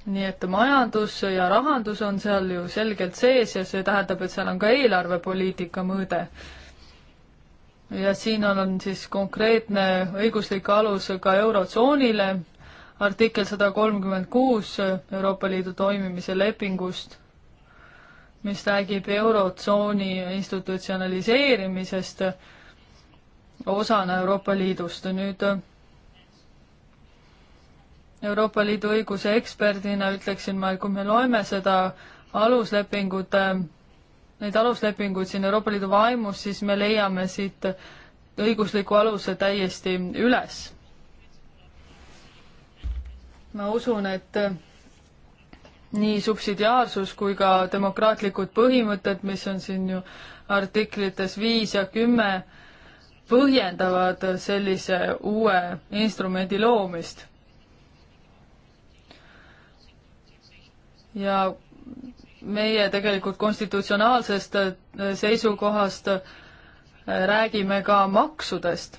nii et majandus ja rahandus on seal ju selgelt sees ja see tähendab, et seal on ka eelarvepoliitika mõõde. ja siin on, on siis konkreetne õiguslik alus ka Eurotsoonile, artikkel sada kolmkümmend kuus Euroopa Liidu toimimise lepingust, mis räägib Eurotsooni institutsionaliseerimisest osana Euroopa Liidust. nüüd Euroopa Liidu õiguse eksperdina ütleksin ma, et kui me loeme seda aluslepingute, neid aluslepinguid siin Euroopa Liidu vaimus, siis me leiame siit õigusliku aluse täiesti üles ma usun, et nii subsidiaarsus kui ka demokraatlikud põhimõtted, mis on siin ju artiklites viis ja kümme, põhjendavad sellise uue instrumendi loomist. ja meie tegelikult konstitutsionaalsest seisukohast räägime ka maksudest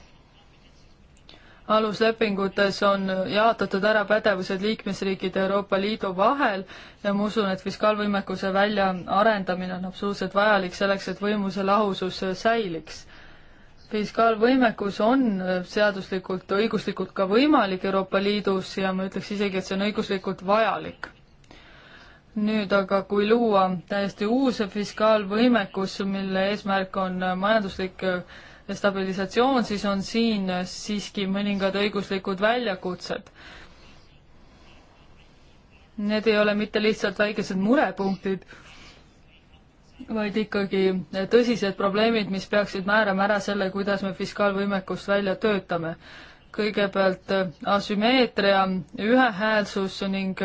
aluslepingutes on jaotatud ära pädevused liikmesriikide Euroopa Liidu vahel ja ma usun, et fiskaalvõimekuse väljaarendamine on absoluutselt vajalik selleks, et võimuse lahusus säiliks. fiskaalvõimekus on seaduslikult, õiguslikult ka võimalik Euroopa Liidus ja ma ütleks isegi, et see on õiguslikult vajalik nüüd aga, kui luua täiesti uus fiskaalvõimekus, mille eesmärk on majanduslik stabilisatsioon, siis on siin siiski mõningad õiguslikud väljakutsed. Need ei ole mitte lihtsalt väikesed murepunktid, vaid ikkagi tõsised probleemid, mis peaksid määrama ära selle, kuidas me fiskaalvõimekust välja töötame. kõigepealt asümmeetria, ühehäälsus ning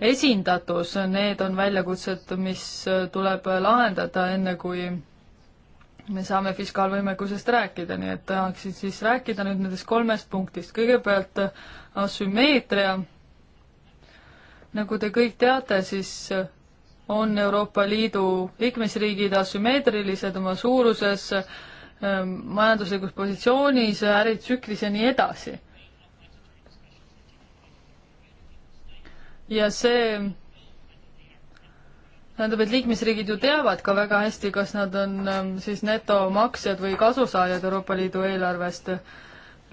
esindatus, need on väljakutsed, mis tuleb lahendada, enne kui me saame fiskaalvõimekusest rääkida, nii et tahaksin siis rääkida nüüd nendest kolmest punktist. kõigepealt äh, asümmeetria. nagu te kõik teate, siis äh, on Euroopa Liidu liikmesriigid asümmeetrilised oma suuruses, äh, majanduslikus positsioonis, äritsüklis ja nii edasi. ja see tähendab, et liikmesriigid ju teavad ka väga hästi, kas nad on ähm, siis netomaksjad või kasusaajad Euroopa Liidu eelarvest.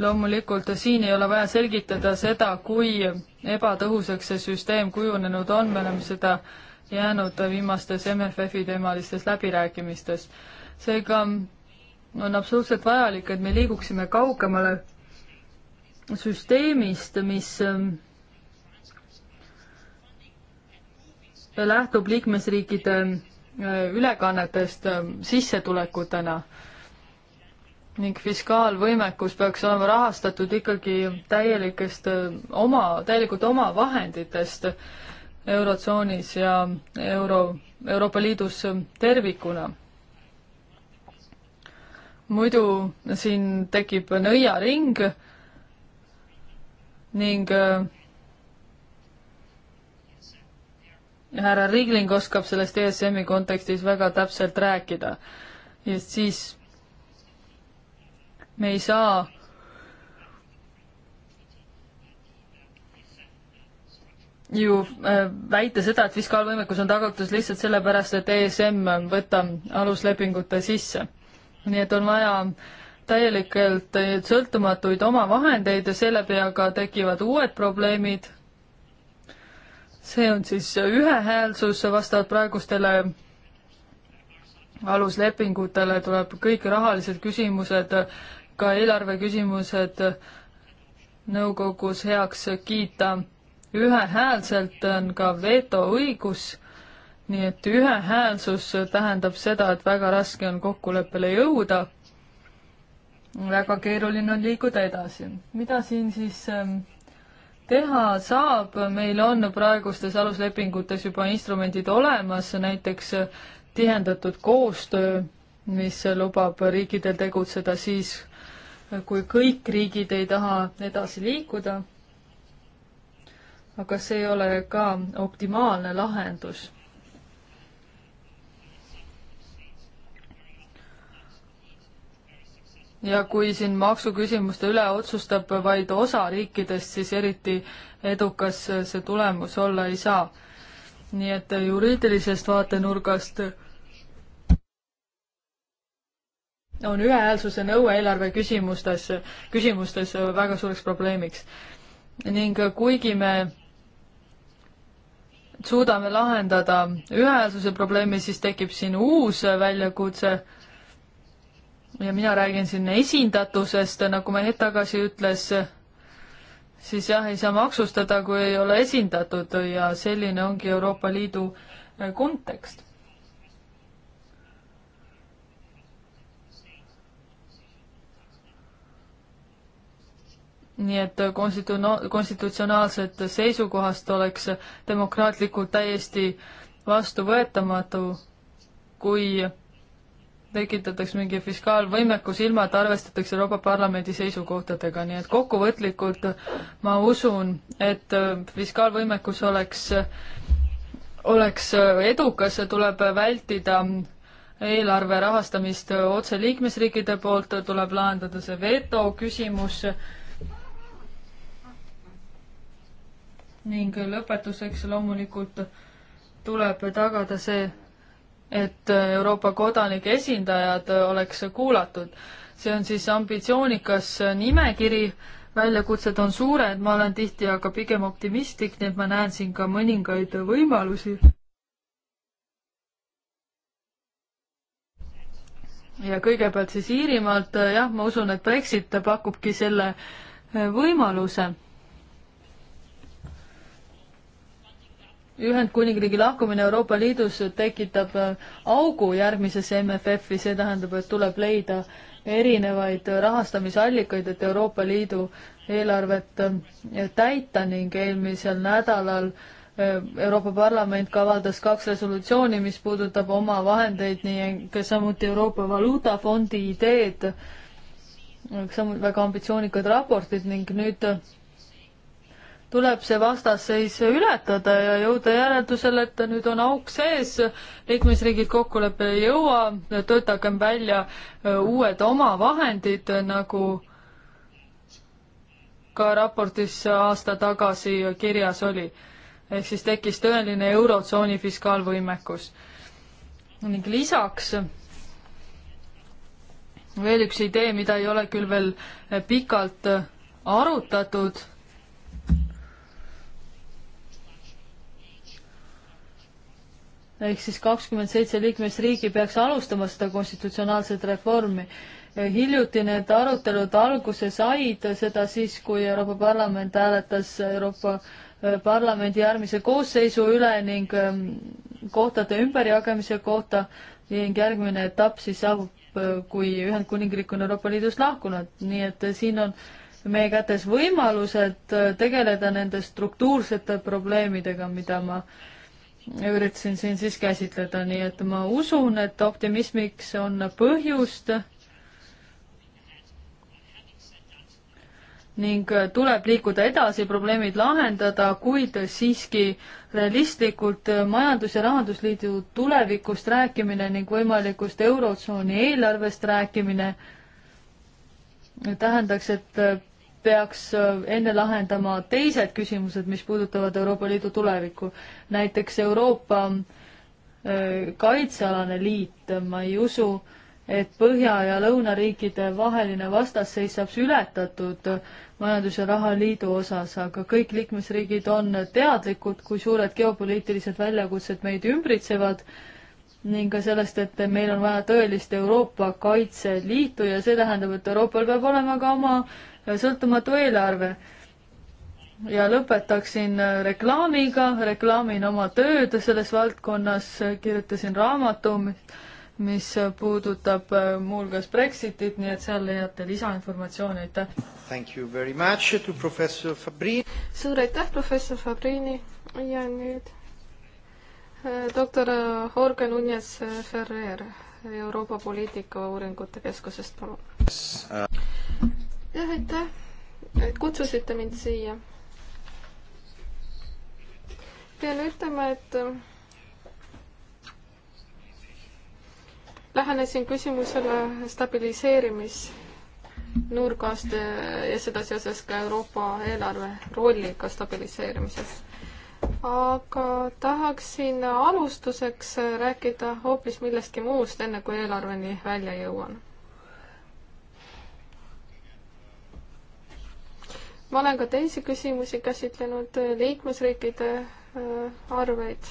loomulikult siin ei ole vaja selgitada seda, kui ebatõhusaks see süsteem kujunenud on, me oleme seda jäänud viimastes MFF-i teemalistes läbirääkimistes. seega on absoluutselt vajalik, et me liiguksime kaugemale süsteemist, mis ähm, lähtub liikmesriikide äh, ülekannetest äh, sissetulekutena ning fiskaalvõimekus peaks olema rahastatud ikkagi täielikest äh, oma, täielikult oma vahenditest Eurotsoonis ja Euro, Euroopa Liidus tervikuna. muidu siin tekib nõiaring ning äh, härra Rigling oskab sellest ESM-i kontekstis väga täpselt rääkida. ja siis me ei saa ju äh, väita seda, et fiskaalvõimekus on tagatud lihtsalt sellepärast, et ESM võtta aluslepingute sisse. nii et on vaja täielikult sõltumatuid omavahendeid ja seeläbi aga tekivad uued probleemid see on siis ühehäälsus vastavalt praegustele aluslepingutele tuleb kõik rahalised küsimused, ka eelarve küsimused nõukogus heaks kiita. ühehäälselt on ka vetoõigus, nii et ühehäälsus tähendab seda, et väga raske on kokkuleppele jõuda. väga keeruline on liikuda edasi. mida siin siis ähm, teha saab, meil on praegustes aluslepingutes juba instrumendid olemas, näiteks tihendatud koostöö, mis lubab riikidel tegutseda siis, kui kõik riigid ei taha edasi liikuda. aga see ei ole ka optimaalne lahendus ja kui siin maksuküsimuste üle otsustab vaid osa riikidest, siis eriti edukas see tulemus olla ei saa. nii et juriidilisest vaatenurgast on ühehäälsuse nõue eelarve küsimustes, küsimustes väga suureks probleemiks. ning kuigi me suudame lahendada ühehäälsuse probleemi, siis tekib siin uus väljakutse ja mina räägin siin esindatusest, nagu ma hetk tagasi ütles, siis jah, ei saa maksustada, kui ei ole esindatud ja selline ongi Euroopa Liidu eh, kontekst. nii et konstitu-, konstitutsionaalsest seisukohast oleks demokraatlikult täiesti vastuvõetamatu, kui tekitataks mingi fiskaalvõimekus, ilma et arvestatakse Euroopa Parlamendi seisukohtadega, nii et kokkuvõtlikult ma usun, et äh, fiskaalvõimekus oleks, oleks äh, edukas, tuleb vältida eelarve rahastamist otse liikmesriikide poolt, tuleb lahendada see veto küsimus. ning lõpetuseks loomulikult tuleb tagada see, et Euroopa kodanike esindajad oleks kuulatud. see on siis ambitsioonikas nimekiri, väljakutsed on suured, ma olen tihti aga pigem optimistlik, nii et ma näen siin ka mõningaid võimalusi. ja kõigepealt siis Iirimaalt, jah, ma usun, et Brexit pakubki selle võimaluse Ühendkuningriigi lahkumine Euroopa Liidus tekitab äh, augu järgmisesse MFF-i, see tähendab, et tuleb leida erinevaid rahastamisallikaid, et Euroopa Liidu eelarvet äh, täita ning eelmisel nädalal äh, Euroopa Parlament ka avaldas kaks resolutsiooni, mis puudutab oma vahendeid, nii samuti Euroopa Valuutafondi ideed, samuti väga ambitsioonikad raportid ning nüüd tuleb see vastasseis ületada ja jõuda järeldusele, et nüüd on auk sees, liikmesriigid kokkuleppele ei jõua, töötagem välja äh, uued omavahendid, äh, nagu ka raportis aasta tagasi kirjas oli. ehk siis tekkis tõeline Eurotsooni fiskaalvõimekus. ning lisaks veel üks idee, mida ei ole küll veel pikalt äh, arutatud ehk siis kakskümmend seitse liikmesriigi peaks alustama seda konstitutsionaalset reformi. hiljuti need arutelud alguse said, seda siis, kui Euroopa Parlament hääletas Euroopa äh, Parlamendi järgmise koosseisu üle ning ähm, kohtade ümberjagamise kohta ning järgmine etapp siis saabub, äh, kui Ühendkuningriik on Euroopa Liidust lahkunud, nii et äh, siin on meie kätes võimalused tegeleda nende struktuursete probleemidega, mida ma äh, üritasin siin siis käsitleda, nii et ma usun, et optimismiks on põhjust ning tuleb liikuda edasi, probleemid lahendada, kuid siiski realistlikult Majandus- ja Rahandusliidu tulevikust rääkimine ning võimalikust Eurotsooni eelarvest rääkimine tähendaks, et peaks äh, enne lahendama teised küsimused, mis puudutavad Euroopa Liidu tulevikku. näiteks Euroopa äh, kaitsealane liit, ma ei usu, et Põhja- ja Lõunariikide vaheline vastasseis saab ületatud majandus- ja rahaliidu osas, aga kõik liikmesriigid on teadlikud, kui suured geopoliitilised väljakutsed meid ümbritsevad ning ka sellest, et meil on vaja tõelist Euroopa Kaitseliitu ja see tähendab, et Euroopal peab olema ka oma äh, sõltumatu eelarve. ja lõpetaksin äh, reklaamiga, reklaamin oma tööd selles valdkonnas, kirjutasin raamatu, mis puudutab äh, muuhulgas Brexitit, nii et seal leiate lisainformatsiooni, aitäh! Thank you very much to professor Fabrini. suur aitäh, professor Fabrini ja nüüd äh, doktor Jorge Nunes Ferrer Euroopa Poliitika Uuringute Keskusest, palun. Uh, jah, aitäh, et kutsusite mind siia. pean ütlema, et äh, lähenesin küsimusele stabiliseerimisnurgast ja seda seoses ka Euroopa eelarve rolliga stabiliseerimises aga tahaksin alustuseks rääkida hoopis millestki muust, enne kui eelarveni välja jõuan. ma olen ka teisi küsimusi käsitlenud, liikmesriikide äh, arveid.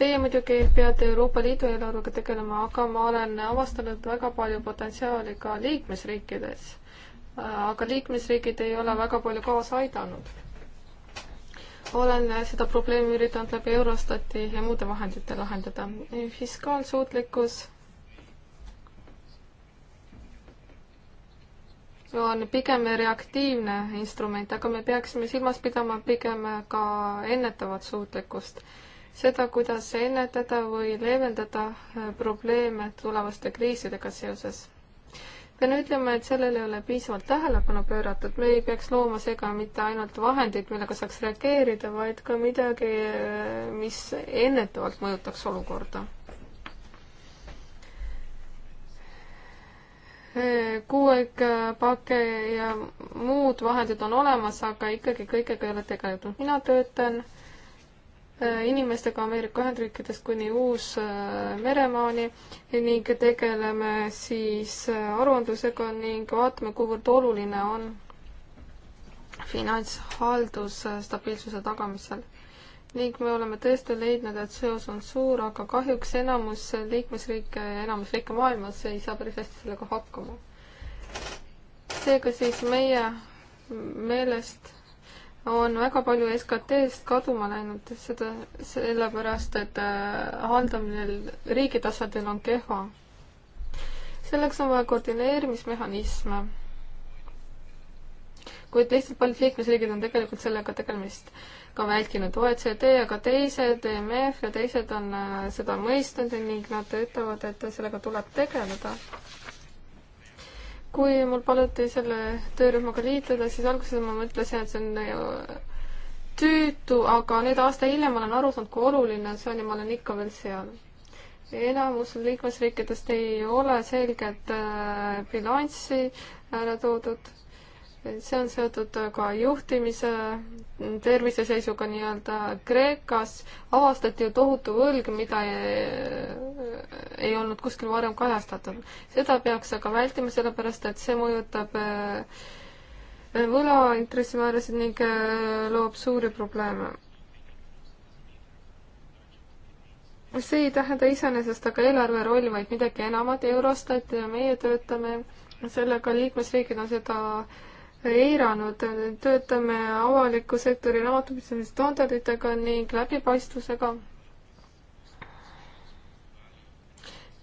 Teie muidugi peate Euroopa Liidu eelarvega tegelema, aga ma olen avastanud väga palju potentsiaali ka liikmesriikides. Äh, aga liikmesriigid ei ole väga palju kaasa aidanud. olen seda probleemi üritanud läbi Eurostati ja muude vahendite lahendada. fiskaalsuutlikkus on pigem reaktiivne instrument, aga me peaksime silmas pidama pigem ka ennetavat suutlikkust. seda, kuidas ennetada või leevendada probleeme tulevaste kriisidega seoses. pean ütlema, et sellele ei ole piisavalt tähelepanu pööratud, me ei peaks looma seega mitte ainult vahendeid, millega saaks reageerida, vaid ka midagi, mis ennetavalt mõjutaks olukorda kuuekpake ja muud vahendid on olemas, aga ikkagi kõigega ei ole tegeletud. mina töötan äh, inimestega Ameerika Ühendriikidest kuni Uus-Meremaani äh, ning tegeleme siis äh, aruandlusega ning vaatame, kuivõrd oluline on finantshaldus stabiilsuse tagamisel ning me oleme tõesti leidnud, et seos on suur, aga kahjuks enamus liikmesriike ja enamus riike maailmas ei saa päris hästi sellega hakkama. seega siis meie meelest on väga palju SKT-st kaduma läinud, seda sellepärast, et äh, haldamine riigi tasandil on kehva. selleks on vaja koordineerimismehhanisme. kuid lihtsalt paljud liikmesriigid on tegelikult sellega tegemist ka vältinud OECD ja ka teised, EMF ja teised on äh, seda mõistnud ning nad ütlevad, et sellega tuleb tegeleda. kui mul paluti selle töörühmaga liituda, siis alguses ma mõtlesin, et see on äh, tüütu, aga nüüd aasta hiljem olen aru saanud, kui oluline see on ja ma olen ikka veel seal enamus liikmesriikidest ei ole selget äh, bilanssi ära toodud see on seotud ka juhtimise terviseseisuga nii-öelda. Kreekas avastati ju tohutu võlg, mida ei, ei olnud kuskil varem kajastatud. seda peaks aga vältima, sellepärast et see mõjutab eh, võla intressimäärasid ning eh, loob suuri probleeme see ei tähenda iseenesest aga eelarve roll, vaid midagi enamat, Eurostat ja meie töötame sellega, liikmesriigid on seda äh, eiranud, töötame avaliku sektori raamatupidamise standarditega ning läbipaistvusega.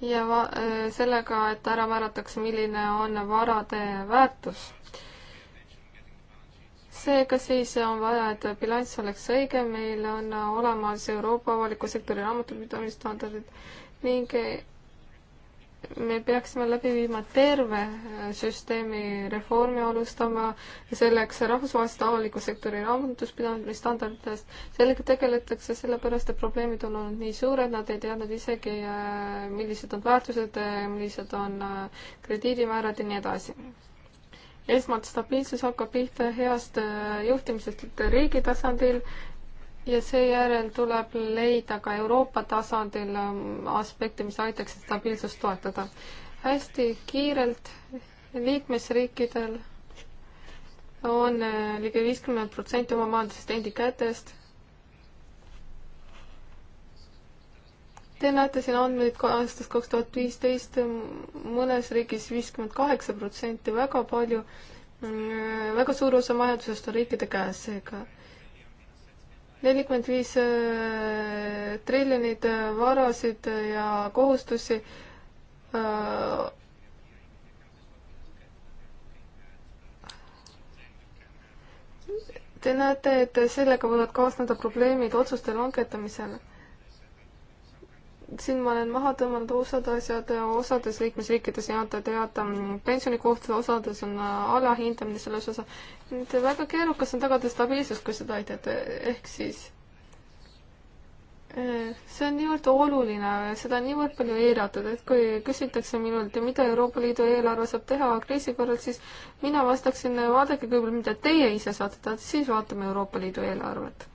ja va-, sellega, et ära määratakse, milline on varade väärtus seega siis on vaja, et bilanss oleks õige, meil on olemas Euroopa avaliku sektori raamatupidamisstandardid ning me peaksime läbi viima terve äh, süsteemi reformi, alustama selleks rahvusvahelist avaliku sektori rahandusstandarditest. sellega tegeletakse sellepärast, et probleemid on olnud nii suured, nad ei teadnud isegi, äh, millised on väärtused, äh, millised on krediidimäärad ja nii edasi. esmalt stabiilsus hakkab pihta heast juhtimisest riigi tasandil ja seejärel tuleb leida ka Euroopa tasandil ähm, aspekte, mis aitaks stabiilsust toetada. hästi kiirelt liikmesriikidel on äh, ligi viiskümmend protsenti oma majandusest endi kätest. Te näete siin andmeid aastast kaks tuhat viisteist, mõnes riigis viiskümmend kaheksa protsenti, väga palju, väga suur osa majandusest on riikide käes, seega nelikümmend viis äh, triljonit äh, varasid äh, ja kohustusi Te näete, et sellega võivad kaasneda probleemid otsuste langetamisel siin ma olen maha tõmmanud osad asjad, osades liikmesriikides ei anta teada pensionikohtade, osades on äh, alahindamine selles osas. et väga keerukas on tagada stabiilsust, kui seda ei teata, ehk siis äh, see on niivõrd oluline, seda on niivõrd palju eiratud, et kui küsitakse minult, mida Euroopa Liidu eelarve saab teha kriisi korral, siis mina vastaksin, vaadake kõigepealt, mida teie ise saate teha, siis vaatame Euroopa Liidu eelarvet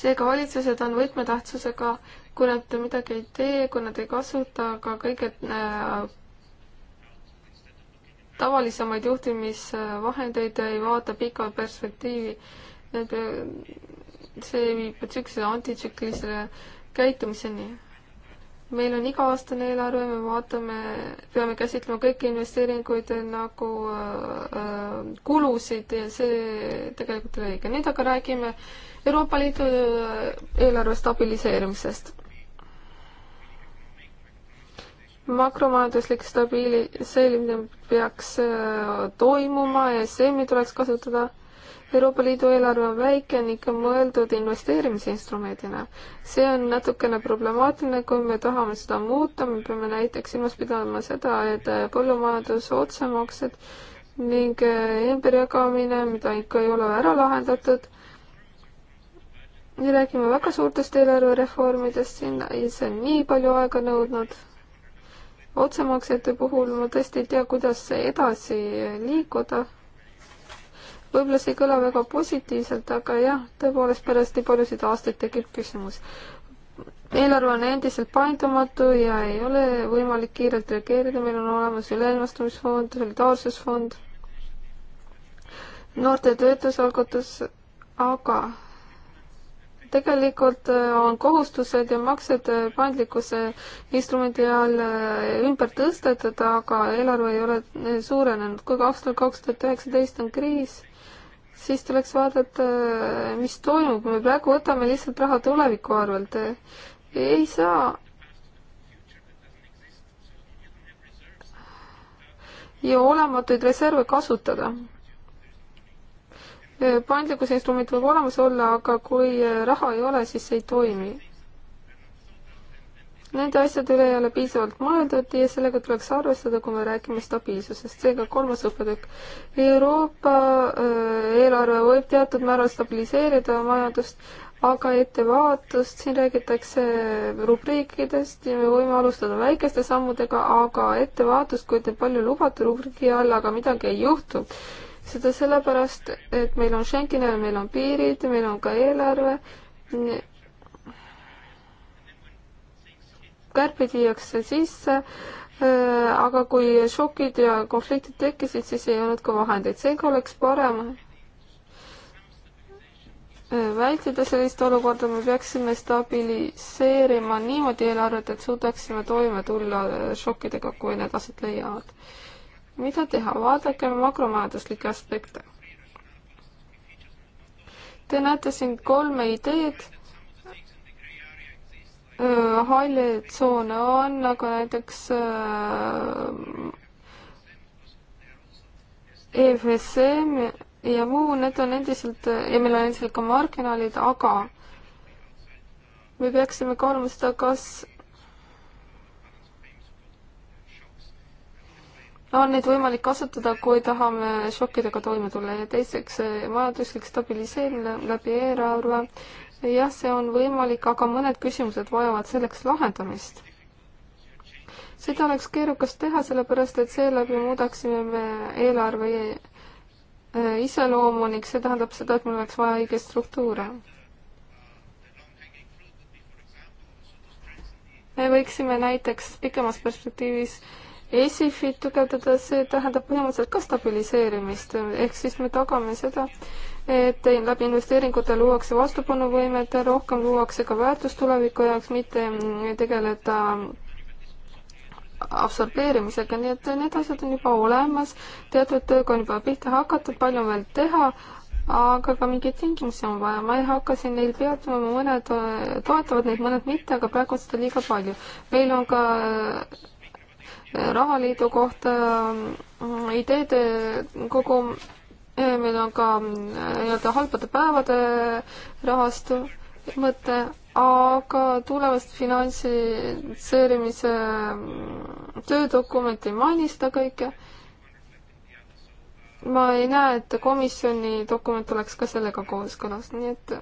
seega valitsused on võtmetähtsusega, kui nad midagi ei tee, kui nad ei kasuta ka kõige äh, tavalisemaid juhtimisvahendeid, ei vaata pika perspektiivi, äh, see viib tsüklisele, antitsüklisele käitumiseni. meil on iga-aastane eelarve, me vaatame, peame käsitlema kõiki investeeringuid nagu äh, äh kulusid ja see tegelikult ei ole õige. nüüd aga räägime äh, Euroopa Liidu äh, eelarve stabiliseerimisest. makromajanduslik stabiliseerimine peaks äh, toimuma, ESM-i tuleks kasutada. Euroopa Liidu eelarve on väike ning on mõeldud investeerimisinstrumendina. see on natukene problemaatiline, kui me tahame seda muuta, me peame näiteks silmas pidama seda, et äh, põllumajanduse otsemaksed ning ümberjagamine, mida ikka ei ole ära lahendatud me räägime väga suurtest eelarvereformidest siin ja see on nii palju aega nõudnud. otsemaksete puhul ma tõesti ei tea, kuidas edasi liikuda. võib-olla see ei kõla väga positiivselt, aga jah, tõepoolest pärast nii paljusid aastaid tekib küsimus. eelarve on endiselt paindumatu ja ei ole võimalik kiirelt reageerida, meil on olemas üleilmastumisfond, solidaarsusfond, noorte töötusalgatus, aga tegelikult äh, on kohustused ja maksed äh, paindlikkuse instrumendi all äh, ümber tõstetud, aga eelarve ei ole suurenenud. kui aastal kaks tuhat üheksateist on kriis, siis tuleks vaadata, mis toimub. me praegu võtame lihtsalt raha tuleviku arvelt. ei saa ju olematuid reserve kasutada paindlikkuse instrument võib olemas olla, aga kui äh, raha ei ole, siis see ei toimi. Nende asjade üle ei ole piisavalt mõeldud ja sellega tuleks arvestada, kui me räägime stabiilsusest. seega kolmas õppetükk. Euroopa äh, eelarve võib teatud määral stabiliseerida majandust, aga ettevaatust, siin räägitakse rubriikidest ja me võime alustada väikeste sammudega, aga ettevaatust, kui te palju lubate rubriigi all, aga midagi ei juhtu seda sellepärast, et meil on Schengen ja meil on piirid, meil on ka eelarve. kärped viiakse sisse, äh, aga kui šokid ja konfliktid tekkisid, siis ei olnud ka vahendeid, seega oleks parem äh, vältida sellist olukorda, me peaksime stabiliseerima niimoodi eelarvet, et suudaksime toime tulla äh, šokkidega, kui need aset leiavad mida teha, vaadake makromajanduslikke aspekte. Te näete siin kolme ideed. Äh, halle tsoone on, aga nagu näiteks äh, EFSM ja muu, need on endiselt ja meil on endiselt ka marginaalid, aga me peaksime kaaluma seda, kas on neid võimalik kasutada, kui tahame šokkidega toime tulla ja teiseks eh, majanduslik stabiliseerimine läbi eelarve. jah, see on võimalik, aga mõned küsimused vajavad selleks lahendamist. seda oleks keerukas teha, sellepärast et seeläbi muudaksime me eelarve eh, iseloomu ning see tähendab seda, et meil oleks vaja õigeid struktuure. me võiksime näiteks pikemas perspektiivis äh, ESIF-i tugevdada, see tähendab põhimõtteliselt ka stabiliseerimist, ehk siis me tagame seda, et läbi investeeringute luuakse vastupanuvõimet, rohkem luuakse ka väärtust tuleviku jaoks, mitte tegeleda absorbeerimisega, nii et need asjad on juba olemas, teatud tööga on juba pihta hakatud, palju on veel teha, aga ka mingeid tingimusi on vaja, ma ei hakka siin neil peatuma, mõned toetavad neid, mõned mitte, aga praegu on seda liiga palju. meil on ka rahaliidu kohta äh, ideede kogum, äh, meil on ka äh, nii-öelda halbade päevade rahastu mõte, aga tulevast finantseerimise töödokumenti ei maini seda kõike. ma ei näe, et komisjoni dokument oleks ka sellega kooskõlas, nii et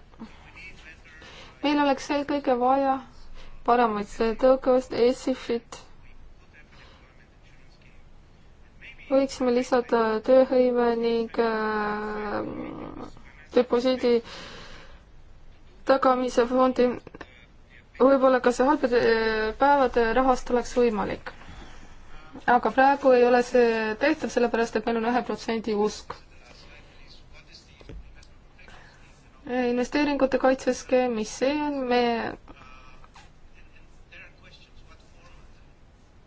meil oleks eelkõige vaja paremaid tõukevõst, ESIF-it võiksime lisada tööhõive ning äh, deposiidi tagamise fondi. võib-olla ka see halbade äh, päevade rahast oleks võimalik. aga praegu ei ole see tehtav, sellepärast et meil on ühe protsendi usk investeeringute kaitseskeem, mis see on, me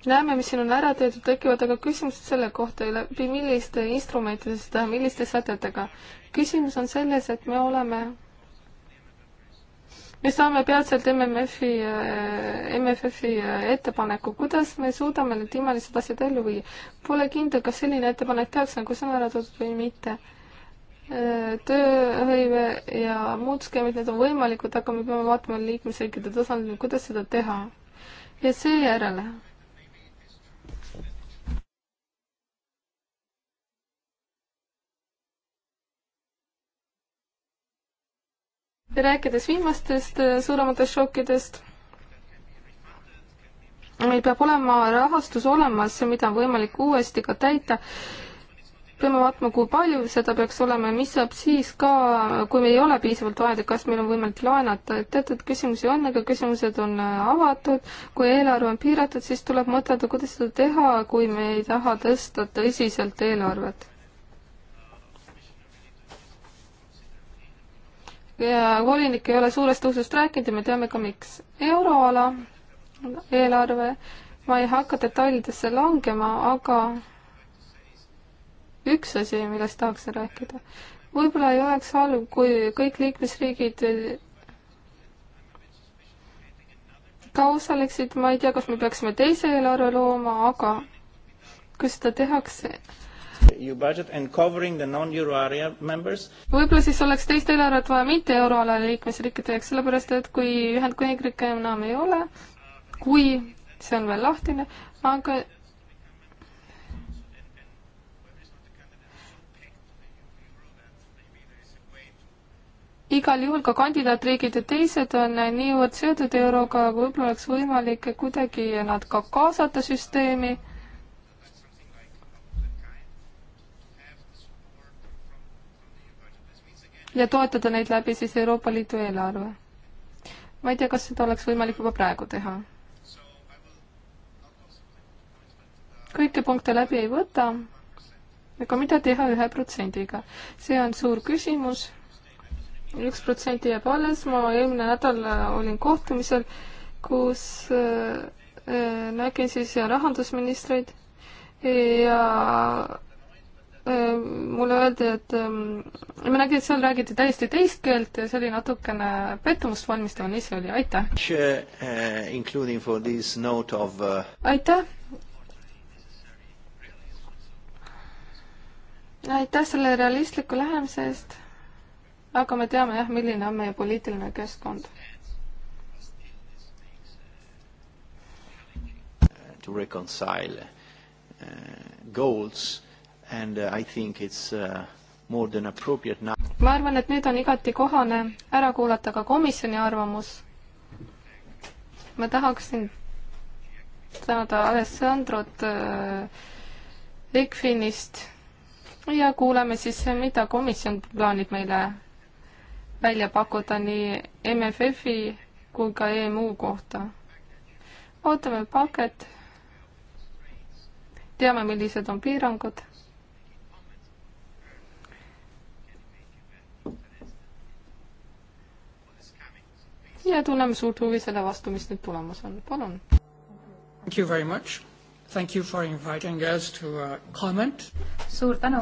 näeme, mis siin on ära tehtud, tekivad aga küsimused selle kohta, läbi milliste instrumentide seda, milliste sätetega. küsimus on selles, et me oleme, me saame peatselt MMF-i, äh, MFF-i äh, ettepaneku, kuidas me suudame need imelised asjad ellu viia. Pole kindel, kas selline ettepanek tehakse, nagu see on ära toodud või mitte äh, tööhõive ja muud skeemid, need on võimalikud, aga me peame vaatama liikmesriikide tasandil, kuidas seda teha. ja seejärel rääkides viimastest äh, suurematest šokkidest, meil peab olema rahastus olemas, mida on võimalik uuesti ka täita peame vaatama, kui palju seda peaks olema ja mis saab siis ka, kui meil ei ole piisavalt vahendeid, kas meil on võimalik laenata, et teatud küsimusi on, aga küsimused on äh, avatud, kui eelarve on piiratud, siis tuleb mõtelda, kuidas seda teha, kui me ei taha tõsta tõsiselt eelarvet. volinik ei ole suurest tõusust rääkinud ja me teame ka, miks. euroala eelarve, ma ei hakka detailidesse langema, aga üks asi, millest tahaks rääkida. võib-olla ei oleks halb, kui kõik liikmesriigid ka osaleksid, ma ei tea, kas me peaksime teise eelarve looma, aga kui seda tehakse, võib-olla siis oleks teist eelarvet vaja mitte euroala liikmesriikide jaoks, sellepärast et kui Ühendkuningriike enam ei ole, kui see on veel lahtine, aga igal juhul ka kandidaatriigid ja teised on niivõrd seotud euroga, võib-olla oleks võimalik kuidagi nad ka kaasata süsteemi ja toetada neid läbi siis Euroopa Liidu eelarve. ma ei tea, kas seda oleks võimalik juba praegu teha. kõiki punkte läbi ei võta, aga mida teha ühe protsendiga? see on suur küsimus, üks protsent jääb alles, ma eelmine nädal olin kohtumisel, kus äh, äh nägin siis rahandusministreid ja Äh, mulle öeldi, et ähm, ma nägin, et seal räägiti täiesti teist keelt ja see oli natukene pettumust valmistav, nii see oli, aitäh! Äh, äh, aitäh! aitäh selle realistliku lähenemise eest, aga me teame jah, milline on meie poliitiline keskkond. To reconcile uh, goals uh, and uh, I think it's uh, more than appropriate now. ma arvan, et nüüd on igati kohane ära kuulata ka komisjoni arvamus. ma tahaksin tänada Alessandrot äh, ECFIN-ist ja kuuleme siis, mida komisjon plaanib meile välja pakuda nii MFF-i kui ka EMU kohta. ootame paket. teame, millised on piirangud ja tunneme suurt huvi selle vastu, mis nüüd tulemas on, palun. Thank you very much. Thank you for inviting us to uh, comment. suur tänu.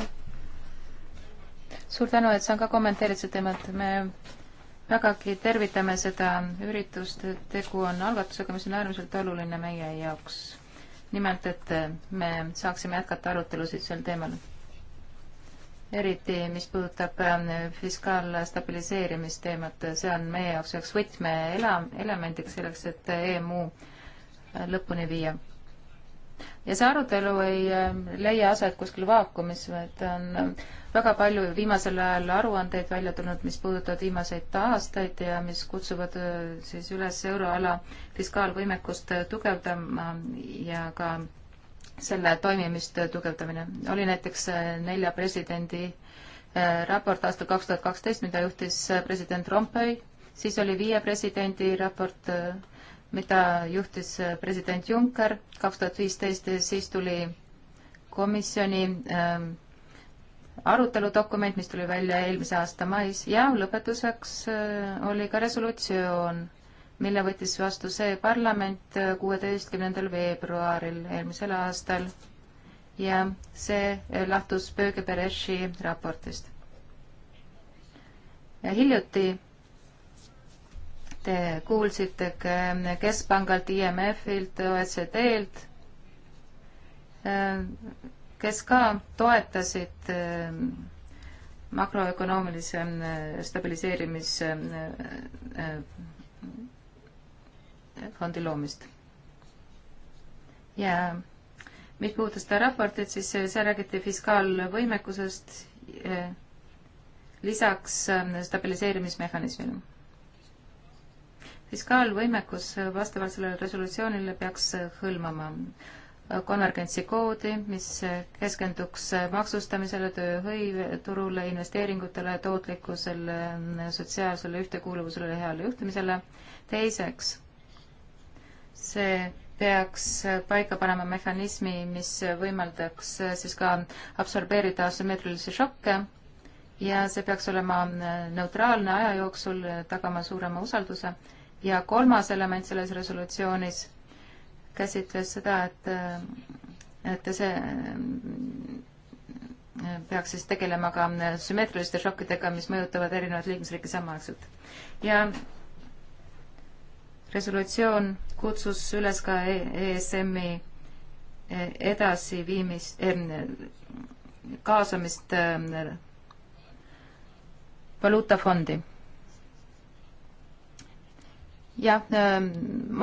suur tänu, et saan ka kommenteerida seda teemat, me vägagi tervitame seda üritust, tegu on algatusega, mis on äärmiselt oluline meie jaoks. nimelt, et me saaksime jätkata arutelusid sel teemal eriti mis puudutab ähm, fiskaalstabiliseerimisteemat, see on meie jaoks üheks võtmeela-, elemendiks selleks, et EMU lõpuni viia. ja see arutelu ei ähm, leia aset kuskil vaakumis, vaid on ähm, väga palju viimasel ajal aruandeid välja tulnud, mis puudutavad viimaseid aastaid ja mis kutsuvad äh, siis üles euroala fiskaalvõimekust tugevdama ja ka selle toimimist tugevdamine. oli näiteks äh, nelja presidendi äh, raport aastal kaks tuhat kaksteist, mida juhtis äh, president Rompuy, siis oli viie presidendi raport, mida juhtis president Juncker kaks tuhat viisteist, siis tuli komisjoni ähm, aruteludokument, mis tuli välja eelmise aasta mais ja lõpetuseks oli ka resolutsioon mille võttis vastu see parlament kuueteistkümnendal veebruaril eelmisel aastal ja see lahtus Böge-Bereshi raportist. ja hiljuti te kuulsite Keskpangalt, IMF-ilt, OECD-lt, kes ka toetasid äh, makroökonoomilise äh, stabiliseerimise äh, fondi loomist. ja mis puudutas seda raportit, siis seal räägiti fiskaalvõimekusest e, lisaks ähm, stabiliseerimismehhanismile. fiskaalvõimekus vastavalt sellele resolutsioonile peaks hõlmama konvergentsi koodi, mis keskenduks maksustamisele, tööhõiveturule, investeeringutele, tootlikkusele, sotsiaalsele ühtekuuluvusele ja heale juhtimisele. teiseks see peaks paika panema mehhanismi, mis võimaldaks äh, siis ka absorbeerida asümmeetrilisi šokke ja see peaks olema äh, neutraalne aja jooksul, äh, tagama suurema usalduse. ja kolmas element selles resolutsioonis käsitles seda, et, et see peaks siis tegelema ka sümmeetriliste šokkidega, mis mõjutavad erinevaid liikmesriike samaaegselt. ja resolutsioon kutsus üles ka ESM-i e e, edasiviimist eh,, kaasamist eh, valuutafondi. jah eh,,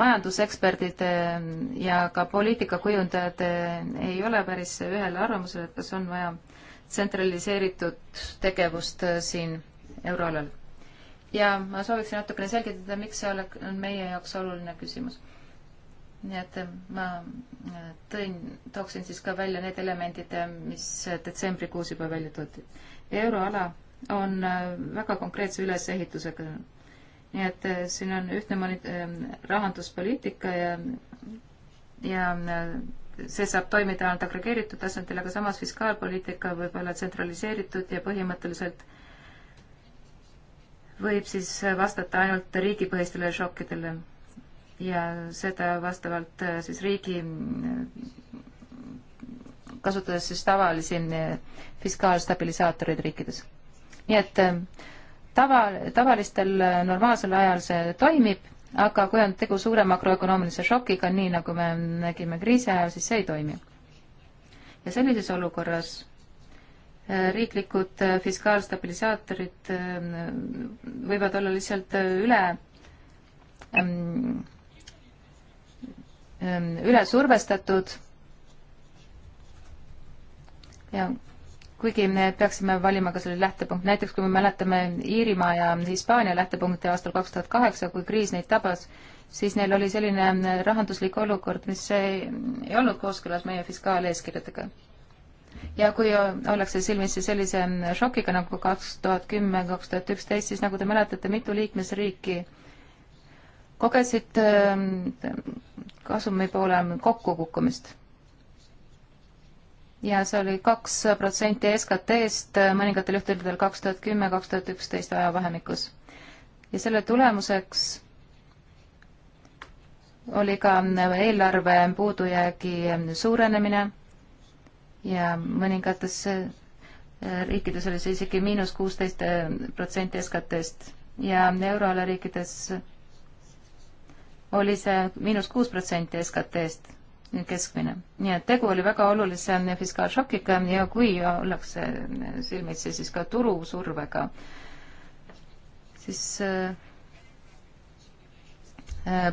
majanduseksperdid ähm, ja ka poliitikakujundajad äh, ei ole päris ühel arvamusel, et kas on vaja tsentraliseeritud tegevust äh, siin euroalal ja ma sooviksin natukene selgitada, miks see ole, on meie jaoks oluline küsimus. nii et eh, ma eh, tõin, tooksin siis ka välja need elemendid, eh, mis detsembrikuus juba välja toodi. euroala on väga konkreetse ülesehitusega. nii et siin on ühtne monit-, rahanduspoliitika ja, ja see saab toimida ainult agregeeritud tasandil, aga samas fiskaalpoliitika võib olla tsentraliseeritud ja põhimõtteliselt võib siis vastata ainult riigipõhistele šokkidele ja seda vastavalt äh, siis riigi, äh, kasutades siis tavalisi äh, fiskaalstabilisaatoreid riikides. nii et tava, tavalistel normaalsel ajal see toimib, aga kui on tegu suure makroökonoomilise šokiga, nii nagu me nägime kriisi ajal, siis see ei toimi. ja sellises olukorras riiklikud äh, fiskaalstabilisaatorid ähm, võivad olla lihtsalt äh, üle ähm, ähm, üle survestatud ja kuigi me peaksime valima ka selle lähtepunkt, näiteks kui me mäletame Iirimaa ja Hispaania lähtepunkti aastal kaks tuhat kaheksa, kui kriis neid tabas, siis neil oli selline äh, rahanduslik olukord, mis ei, ei olnud kooskõlas meie fiskaaleeskirjadega ja kui ollakse silmitsi sellise šokiga nagu kaks tuhat kümme, kaks tuhat üksteist, siis nagu te mäletate, mitu liikmesriiki kogesid ähm, kasumi poole kokkukukkumist. ja see oli kaks protsenti SKT-st äh, mõningatel juhtudel kaks tuhat kümme, kaks tuhat üksteist ajavahemikus. ja selle tulemuseks oli ka eelarve puudujäägi suurenemine ja mõningates äh, riikides oli see isegi miinus kuusteist äh, protsenti SKT-st ja euroala riikides oli see miinus kuus protsenti SKT-st keskmine. nii et tegu oli väga olulise fiskaalšokiga ja kui ollakse äh, silmitsi siis ka turusurvega, siis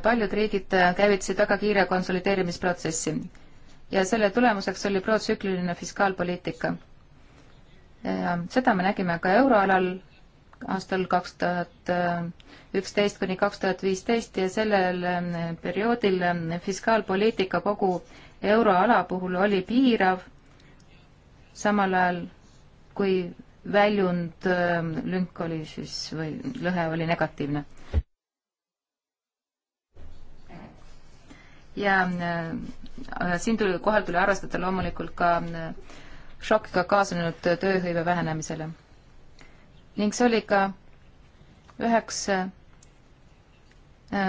paljud riigid käivitasid väga kiire konsolideerimisprotsessi ja selle tulemuseks oli protsükliline fiskaalpoliitika. seda me nägime ka euroalal aastal kaks tuhat üksteist kuni kaks tuhat viisteist ja sellel ähm, perioodil ähm, fiskaalpoliitika kogu euroala puhul oli piirav, samal ajal kui väljund ähm, lünk oli siis või lõhe oli negatiivne. ja äh, Äh, siin tuli, kohal tuli arvestada loomulikult ka äh, šokiga kaasnenud äh, tööhõive vähenemisele. ning see oli ka üheks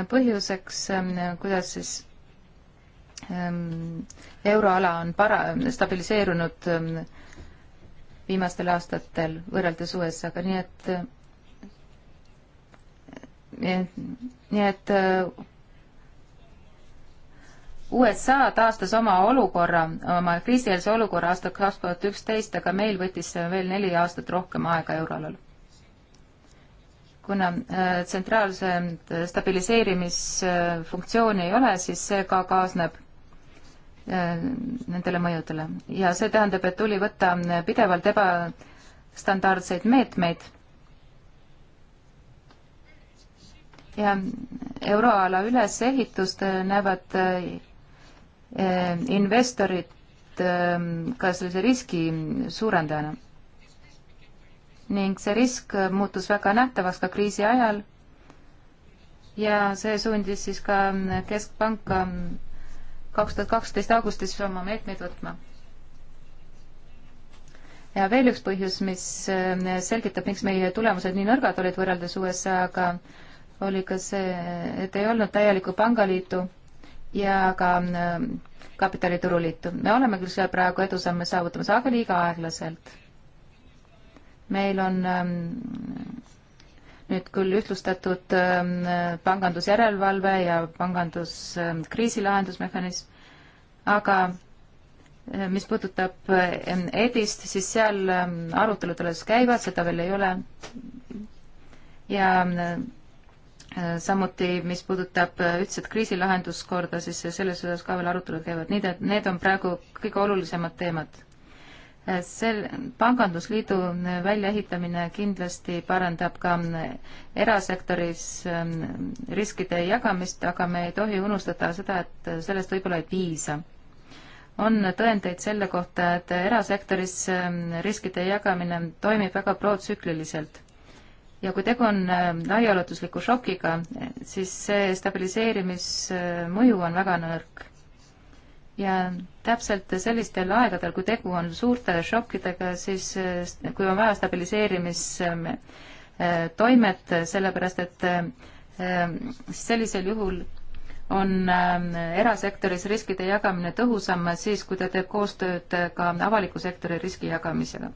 põhjuseks, kuidas siis ähm, euroala on para-, stabiliseerunud ähm, viimastel aastatel võrreldes USA-ga, nii et nii et, nii et USA taastas oma olukorra, oma kriisieelse olukorra aastal kaks tuhat üksteist, aga meil võttis veel neli aastat rohkem aega euroalal. kuna äh, tsentraalse äh, stabiliseerimisfunktsiooni ei ole, siis see ka kaasneb äh, nendele mõjudele ja see tähendab, et tuli võtta pidevalt ebastandardseid meetmeid ja euroala ülesehitust näevad Äh, investorit ähm, ka sellise riski suurendajana. ning see risk muutus väga nähtavaks ka kriisi ajal ja see sundis siis ka Keskpanka kaks tuhat kaksteist augustis oma meetmeid võtma. ja veel üks põhjus, mis äh, selgitab, miks meie tulemused nii nõrgad olid võrreldes USA-ga, oli ka see, et ei olnud täielikku pangaliitu ja ka äh, kapitalituruliitu. me oleme küll seal praegu edusamme saavutamas, aga liiga aeglaselt. meil on ähm, nüüd küll ühtlustatud ähm, pangandusjärelevalve ja panganduskriisi ähm, lahendusmehhanism, aga äh, mis puudutab äh, EDIst, siis seal arutelud alles käivad, seda veel ei ole. ja samuti, mis puudutab äh, ühtset kriisilahenduskorda, siis selles osas ka veel arutelud käivad, nii et need on praegu kõige olulisemad teemad. Äh, sel-, pangandusliidu äh, väljaehitamine kindlasti parandab ka erasektoris ähm, riskide jagamist, aga me ei tohi unustada seda, et sellest võib-olla ei piisa on tõendeid selle kohta, et erasektoris ähm, riskide jagamine toimib väga protsükliliselt ja kui tegu on äh, laiaulatusliku šokiga, siis see stabiliseerimismõju on väga nõrk. ja täpselt sellistel aegadel, kui tegu on suurte šokkidega, siis äh, kui on vaja stabiliseerimistoimet, äh, sellepärast et sellisel juhul on erasektoris riskide jagamine tõhusam siis, kui ta teeb koostööd ka avaliku sektori riski jagamisega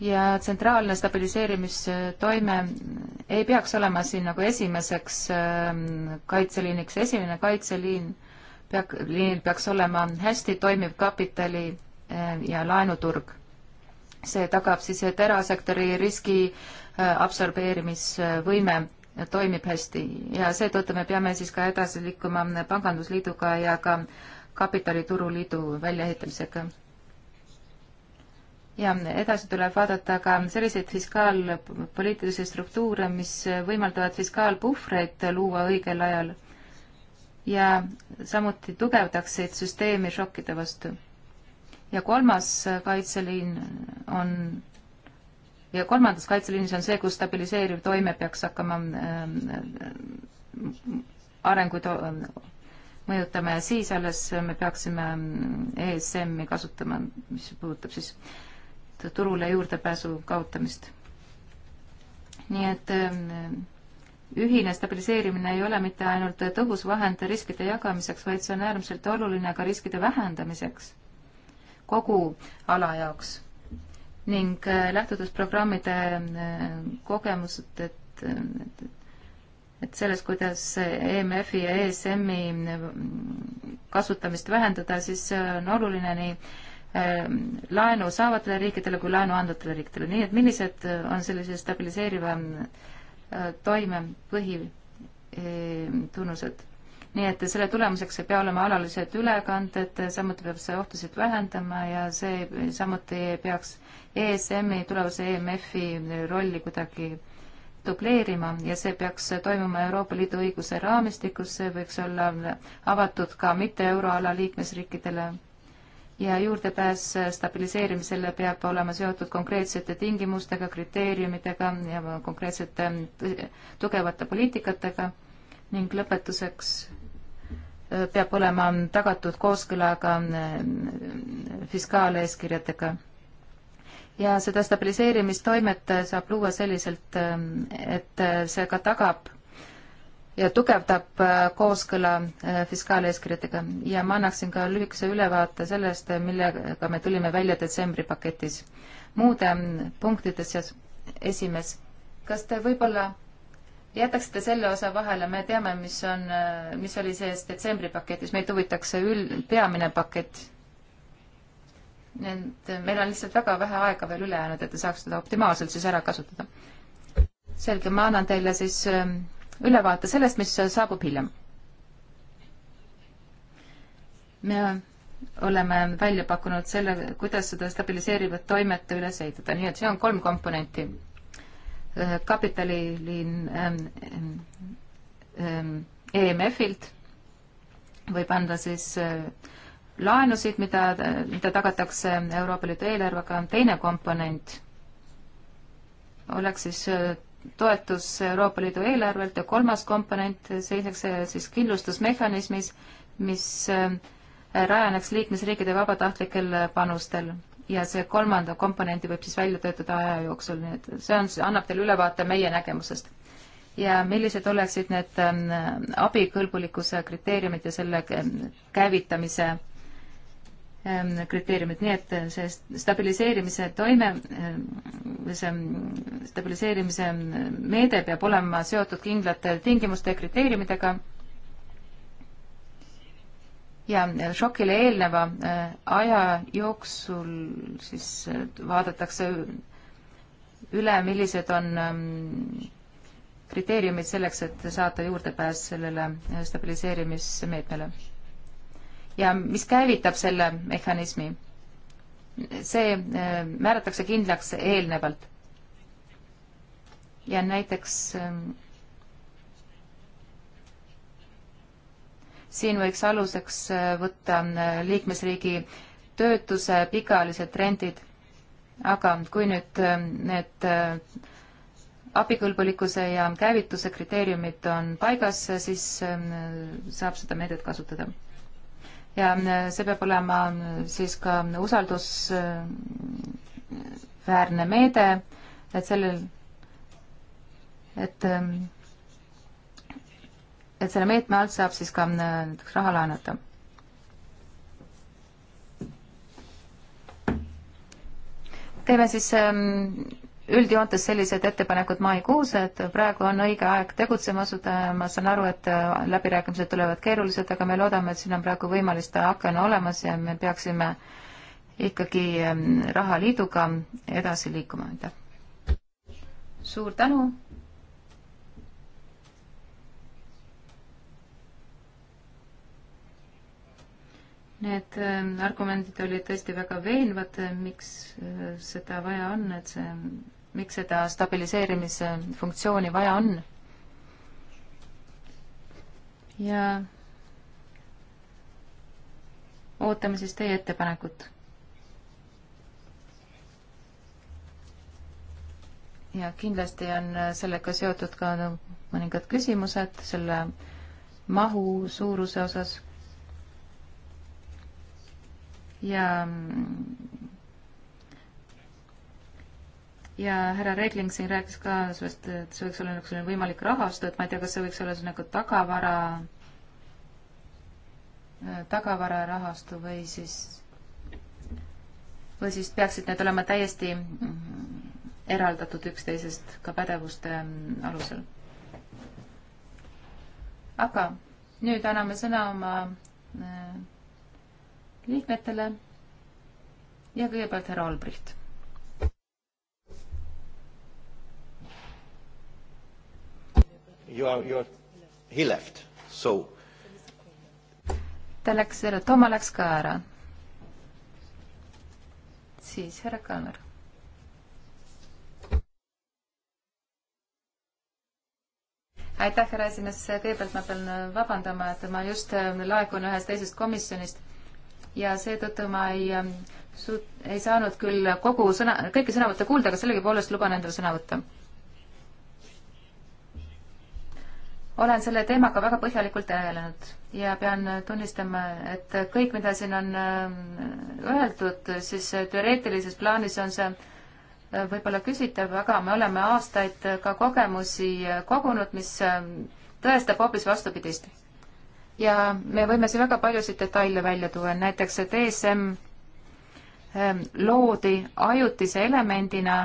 ja tsentraalne stabiliseerimistoime ei peaks olema siin nagu esimeseks ähm, kaitseliiniks, esimene kaitseliin peak-, liinil peaks olema hästi toimiv kapitali ähm, ja laenuturg. see tagab siis, et erasektori riski äh, absorbeerimisvõime toimib hästi ja seetõttu me peame siis ka edasi liikuma Pangandusliiduga ja ka kapitalituruliidu väljaehitamisega ja edasi tuleb vaadata ka selliseid fiskaalpoliitilisi struktuure, mis võimaldavad fiskaalpuhvreid luua õigel ajal ja samuti tugevdaksid süsteemi šokkide vastu. ja kolmas kaitseliin on ja kolmandas kaitseliinis on see, kus stabiliseeriv toime peaks hakkama ähm, arenguid äh, mõjutama ja siis alles me peaksime äh, ESM-i kasutama, mis puudutab siis äh, turule juurdepääsu kaotamist. nii et ähm, ühine stabiliseerimine ei ole mitte ainult tõhus vahend riskide jagamiseks, vaid see on äärmiselt oluline ka riskide vähendamiseks kogu ala jaoks. ning äh, lähtudes programmide äh, kogemusest, et, et, et selles, kuidas EMF-i ja ESM-i kasutamist vähendada, siis see on oluline nii Ähm, laenu saavatele riikidele kui laenu andvatele riikidele. nii et millised äh, on sellise stabiliseeriva äh, toime põhitunnused? Ähm, nii et selle tulemuseks ei pea olema alalised ülekanded, samuti peab see ohtusid vähendama ja see samuti ei peaks ESM-i, tulevase EMF-i äh, rolli kuidagi dubleerima ja see peaks toimuma Euroopa Liidu õiguse raamistikus, see võiks olla avatud ka mitte euroala liikmesriikidele ja juurdepääs stabiliseerimisele peab olema seotud konkreetsete tingimustega, kriteeriumidega ja konkreetsete tugevate poliitikatega ning lõpetuseks äh, peab olema tagatud kooskõla ka äh, fiskaaleeskirjadega. ja seda stabiliseerimistoimet saab luua selliselt, äh, et see ka tagab ja tugevdab äh, kooskõla äh, fiskaaleeskirjadega ja ma annaksin ka lühikese ülevaate sellest, äh, millega me tulime välja detsembri paketis. muude ähm, punktide seas esimees, kas te võib-olla jätaksite selle osa vahele, me teame, mis on, mis oli sees detsembri paketis, meid huvitaks see üld, peamine pakett. et meil on lihtsalt väga vähe aega veel üle jäänud, et te saaks seda optimaalselt siis ära kasutada. selge, ma annan teile siis ähm, ülevaate sellest, mis saabub hiljem. me oleme välja pakkunud selle, kuidas seda stabiliseerivat toimet üles ehitada, nii et see on kolm komponenti. Äh, kapitaliliin ähm, ähm, ähm EMF-ilt võib anda siis äh, laenusid, mida, mida tagatakse Euroopa Liidu eelarvega, teine komponent oleks siis äh, toetus Euroopa Liidu eelarvelt ja kolmas komponent seisneks eh, siis kindlustusmehhanismis, mis eh, rajaneks liikmesriikide vabatahtlikel eh, panustel ja see kolmanda komponendi võib siis välja töötada aja jooksul, nii et see on, annab teile ülevaate meie nägemusest. ja millised oleksid need abikõlbulikkuse kriteeriumid ja selle käivitamise Ähm, kriteeriumid, nii et äh, äh, see stabiliseerimise toime, see stabiliseerimise meede peab olema seotud kindlate tingimuste ja kriteeriumidega ja äh, šokile eelneva aja jooksul siis vaadatakse üle, millised on ähm, kriteeriumid selleks, et saada juurdepääs sellele stabiliseerimismeetmele ja mis käivitab selle mehhanismi. see äh, määratakse kindlaks eelnevalt. ja näiteks äh, siin võiks aluseks äh, võtta liikmesriigi töötuse pikaajalised trendid, aga kui nüüd need abikõlbulikkuse ja käivituse kriteeriumid on paigas, siis saab seda meedet kasutada ja mm, see peab olema mm, siis ka usaldusväärne meede, et sellel, et mm, et selle meetme alt saab siis ka näiteks raha laenata. teeme siis ähm, üldjoontes sellised ettepanekud maikuus, et praegu on õige aeg tegutsema asuda ja ma saan aru, et läbirääkimised tulevad keerulised, aga me loodame, et siin on praegu võimaliste aken olemas ja me peaksime ikkagi rahaliiduga edasi liikuma, aitäh. suur tänu. Need argumendid olid tõesti väga veenvad, miks seda vaja on, et see miks seda stabiliseerimise funktsiooni vaja on. ja ootame siis teie ettepanekut. ja kindlasti on sellega seotud ka mõningad küsimused selle mahu suuruse osas ja ja härra Regling siin rääkis ka sellest, et see võiks olla niisugune võimalik rahastu, et ma ei tea, kas see võiks olla nagu tagavara, äh, tagavararahastu või siis, või siis peaksid need olema täiesti mm, eraldatud üksteisest ka pädevuste mm, alusel. aga nüüd anname sõna oma äh, liikmetele ja kõigepealt härra Olbricht You are, you are, he left, so. ta läks ära, Toma läks ka ära. siis härra Kalmer. aitäh, härra esimees, kõigepealt ma pean vabandama, et ma just ähm, laekun ühest teisest komisjonist ja seetõttu ma ei ähm, suut-, ei saanud küll kogu sõna, kõiki sõnavõtte kuulda, aga sellegipoolest luban endale sõna võtta olen selle teemaga väga põhjalikult tegelenud ja pean tunnistama, et kõik, mida siin on ähm, öeldud, siis teoreetilises plaanis on see äh, võib-olla küsitav, aga me oleme aastaid ka kogemusi kogunud, mis ähm, tõestab hoopis vastupidist. ja me võime siin väga paljusid detaile välja tuua, näiteks et ESM ähm, loodi ajutise elemendina,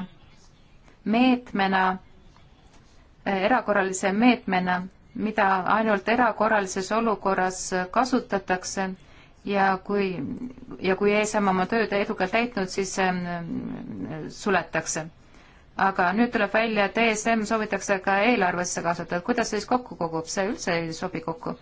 meetmena, äh, erakorralise meetmena mida ainult erakorralises olukorras kasutatakse ja kui, ja kui ESM oma tööd edukalt täitnud, siis ähm, suletakse. aga nüüd tuleb välja, et ESM soovitakse ka eelarvesse kasutada, kuidas see siis kokku kogub, see üldse ei sobi kokku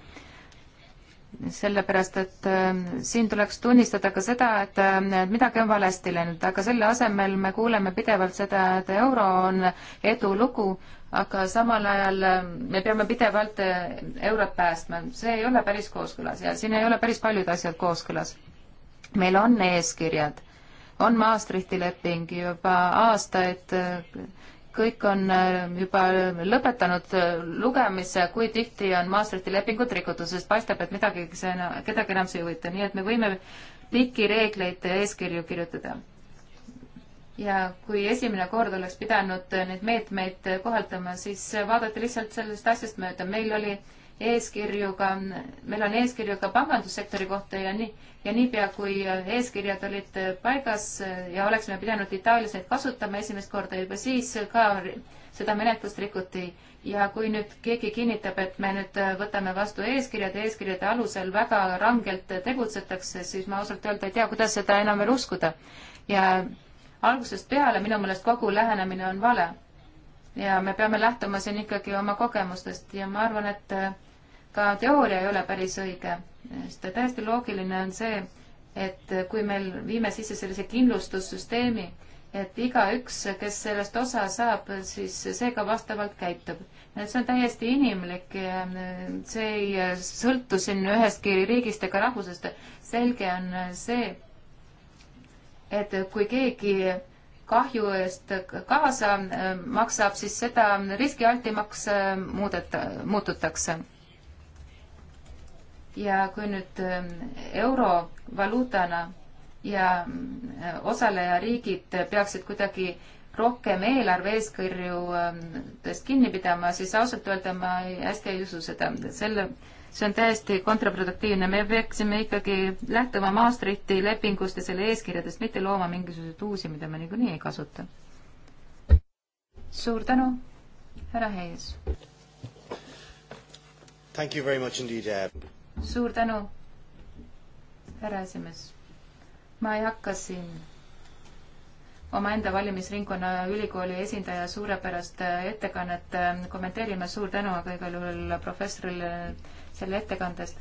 sellepärast, et ähm, siin tuleks tunnistada ka seda, ähm, et midagi on valesti läinud, aga selle asemel me kuuleme pidevalt seda, et euro on edulugu, aga samal ajal ähm, me peame pidevalt äh, eurot päästma, see ei ole päris kooskõlas ja siin ei ole päris paljud asjad kooskõlas. meil on eeskirjad, on Maastrichti leping juba aastaid, äh, kõik on äh, juba lõpetanud lugemise, kui tihti on Maastrichti lepingut rikutud, sest paistab, et midagi, kedagi enam see ei huvita, nii et me võime pikki reegleid ja eeskirju kirjutada ja kui esimene kord oleks pidanud neid meetmeid kohaldama, siis vaadati lihtsalt sellest asjast mööda. meil oli eeskirju ka, meil on eeskirju ka pangandussektori kohta ja nii, ja niipea, kui eeskirjad olid paigas ja oleksime pidanud Itaalias neid kasutama esimest korda juba siis ka seda menetlust rikuti. ja kui nüüd keegi kinnitab, et me nüüd võtame vastu eeskirjad, eeskirjade alusel väga rangelt tegutsetakse, siis ma ausalt öelda ei tea, kuidas seda enam veel uskuda. ja algusest peale minu meelest kogu lähenemine on vale. ja me peame lähtuma siin ikkagi oma kogemustest ja ma arvan, et äh, ka teooria ei ole päris õige, sest täiesti loogiline on see, et äh, kui meil viime sisse sellise kindlustussüsteemi, et igaüks, kes sellest osa saab, siis seega vastavalt käitub. et see on täiesti inimlik, äh, see ei sõltu siin ühestki riigist ega rahvusest. selge on see, et kui keegi kahju eest kaasa äh, maksab, siis seda riskialtimaks äh, muudeta, muututakse. ja kui nüüd äh, euro valuutana ja osalejariigid peaksid kuidagi rohkem eelarve eeskõrjudest kinni pidama, siis ausalt öelda ma hästi ei usu seda. selle see on täiesti kontraproduktiivne, me peaksime ikkagi lähtuma Maastrichti lepingust ja selle eeskirjadest, mitte looma mingisuguseid uusi, mida me niikuinii ei kasuta. suur tänu, härra Heies. suur tänu, härra esimees. ma ei hakka siin omaenda valimisringkonna ülikooli esindaja suurepärast ettekannet äh, kommenteerima, suur tänu aga igal juhul professorile selle ettekande eest.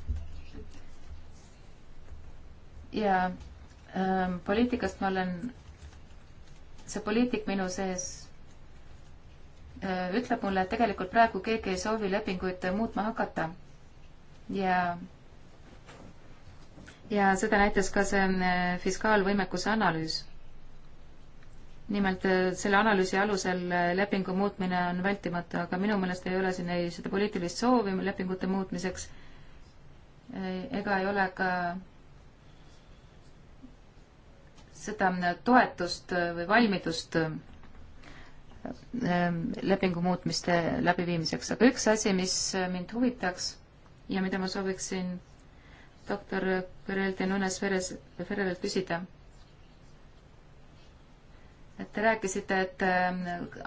ja ähm, poliitikast ma olen, see poliitik minu sees äh, ütleb mulle, et tegelikult praegu keegi ei soovi lepinguid muutma hakata. ja, ja seda näitas ka see äh, fiskaalvõimekuse analüüs nimelt äh, selle analüüsi alusel äh, lepingu muutmine on vältimatu, aga minu meelest ei ole siin ei seda poliitilist soovi lepingute muutmiseks äh, ega ei ole ka seda toetust või valmidust lepingu muutmiste läbiviimiseks, aga üks asi, mis mind huvitaks ja mida ma sooviksin doktor Perel de Nunes Ferrerelt küsida et te rääkisite, et äh,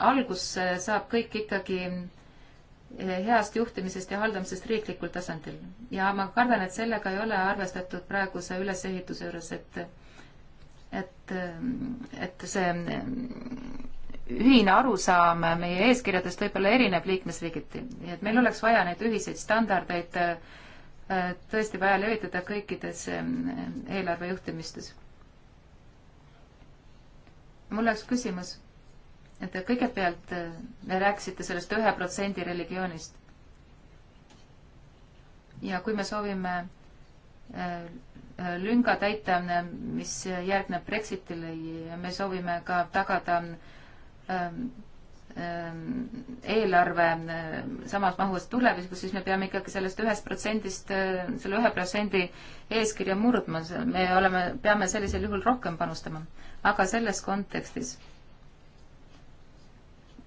algus äh, saab kõik ikkagi äh, heast juhtimisest ja haldamisest riiklikul tasandil. ja ma kardan, et sellega ei ole arvestatud praeguse ülesehituse juures, et et, et see ühine arusaam meie eeskirjadest võib-olla erineb liikmesriigiti, nii et meil oleks vaja neid ühiseid standardeid tõesti vaja levitada kõikides eelarve juhtimistes mul oleks küsimus, et kõigepealt äh, te rääkisite sellest ühe protsendi religioonist. ja kui me soovime äh, äh, lünga täita, mis järgneb Brexitile ja me soovime ka tagada ähm, ähm, eelarve samas mahus tulevikus, siis me peame ikkagi sellest ühest protsendist, selle ühe protsendi eeskirja murdma, me oleme, peame sellisel juhul rohkem panustama aga selles kontekstis,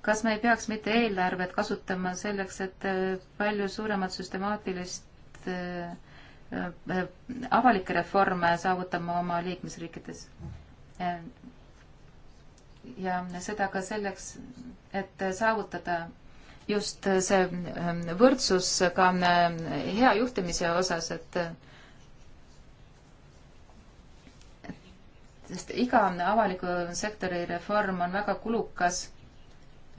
kas me ei peaks mitte eelarvet kasutama selleks, et äh, palju suuremat süstemaatilist äh, äh, avalikke reforme saavutama oma liikmesriikides? ja seda ka selleks, et saavutada just see võrdsus ka hea juhtimise osas, et sest iga avaliku sektori reform on väga kulukas,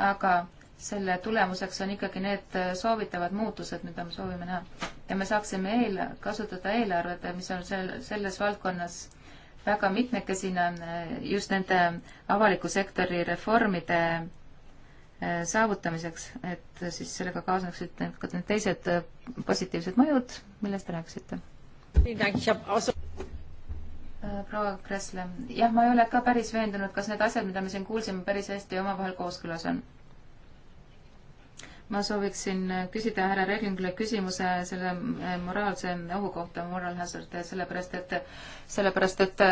aga selle tulemuseks on ikkagi need soovitavad muutused, mida me soovime näha. ja me saaksime eel-, kasutada eelarvet, mis on sel-, selles valdkonnas väga mitmekesine just nende avaliku sektori reformide äh, saavutamiseks, et siis sellega kaasneksid ka need teised äh, positiivsed mõjud, millest te rääkisite. Äh, proua Kressle, jah, ma ei ole ka päris veendunud, kas need asjad, mida me siin kuulsime, päris hästi omavahel kooskõlas on. ma sooviksin äh, küsida härra Reglingule küsimuse selle äh, moraalse ohu kohta, moral hazard, sellepärast et, sellepärast et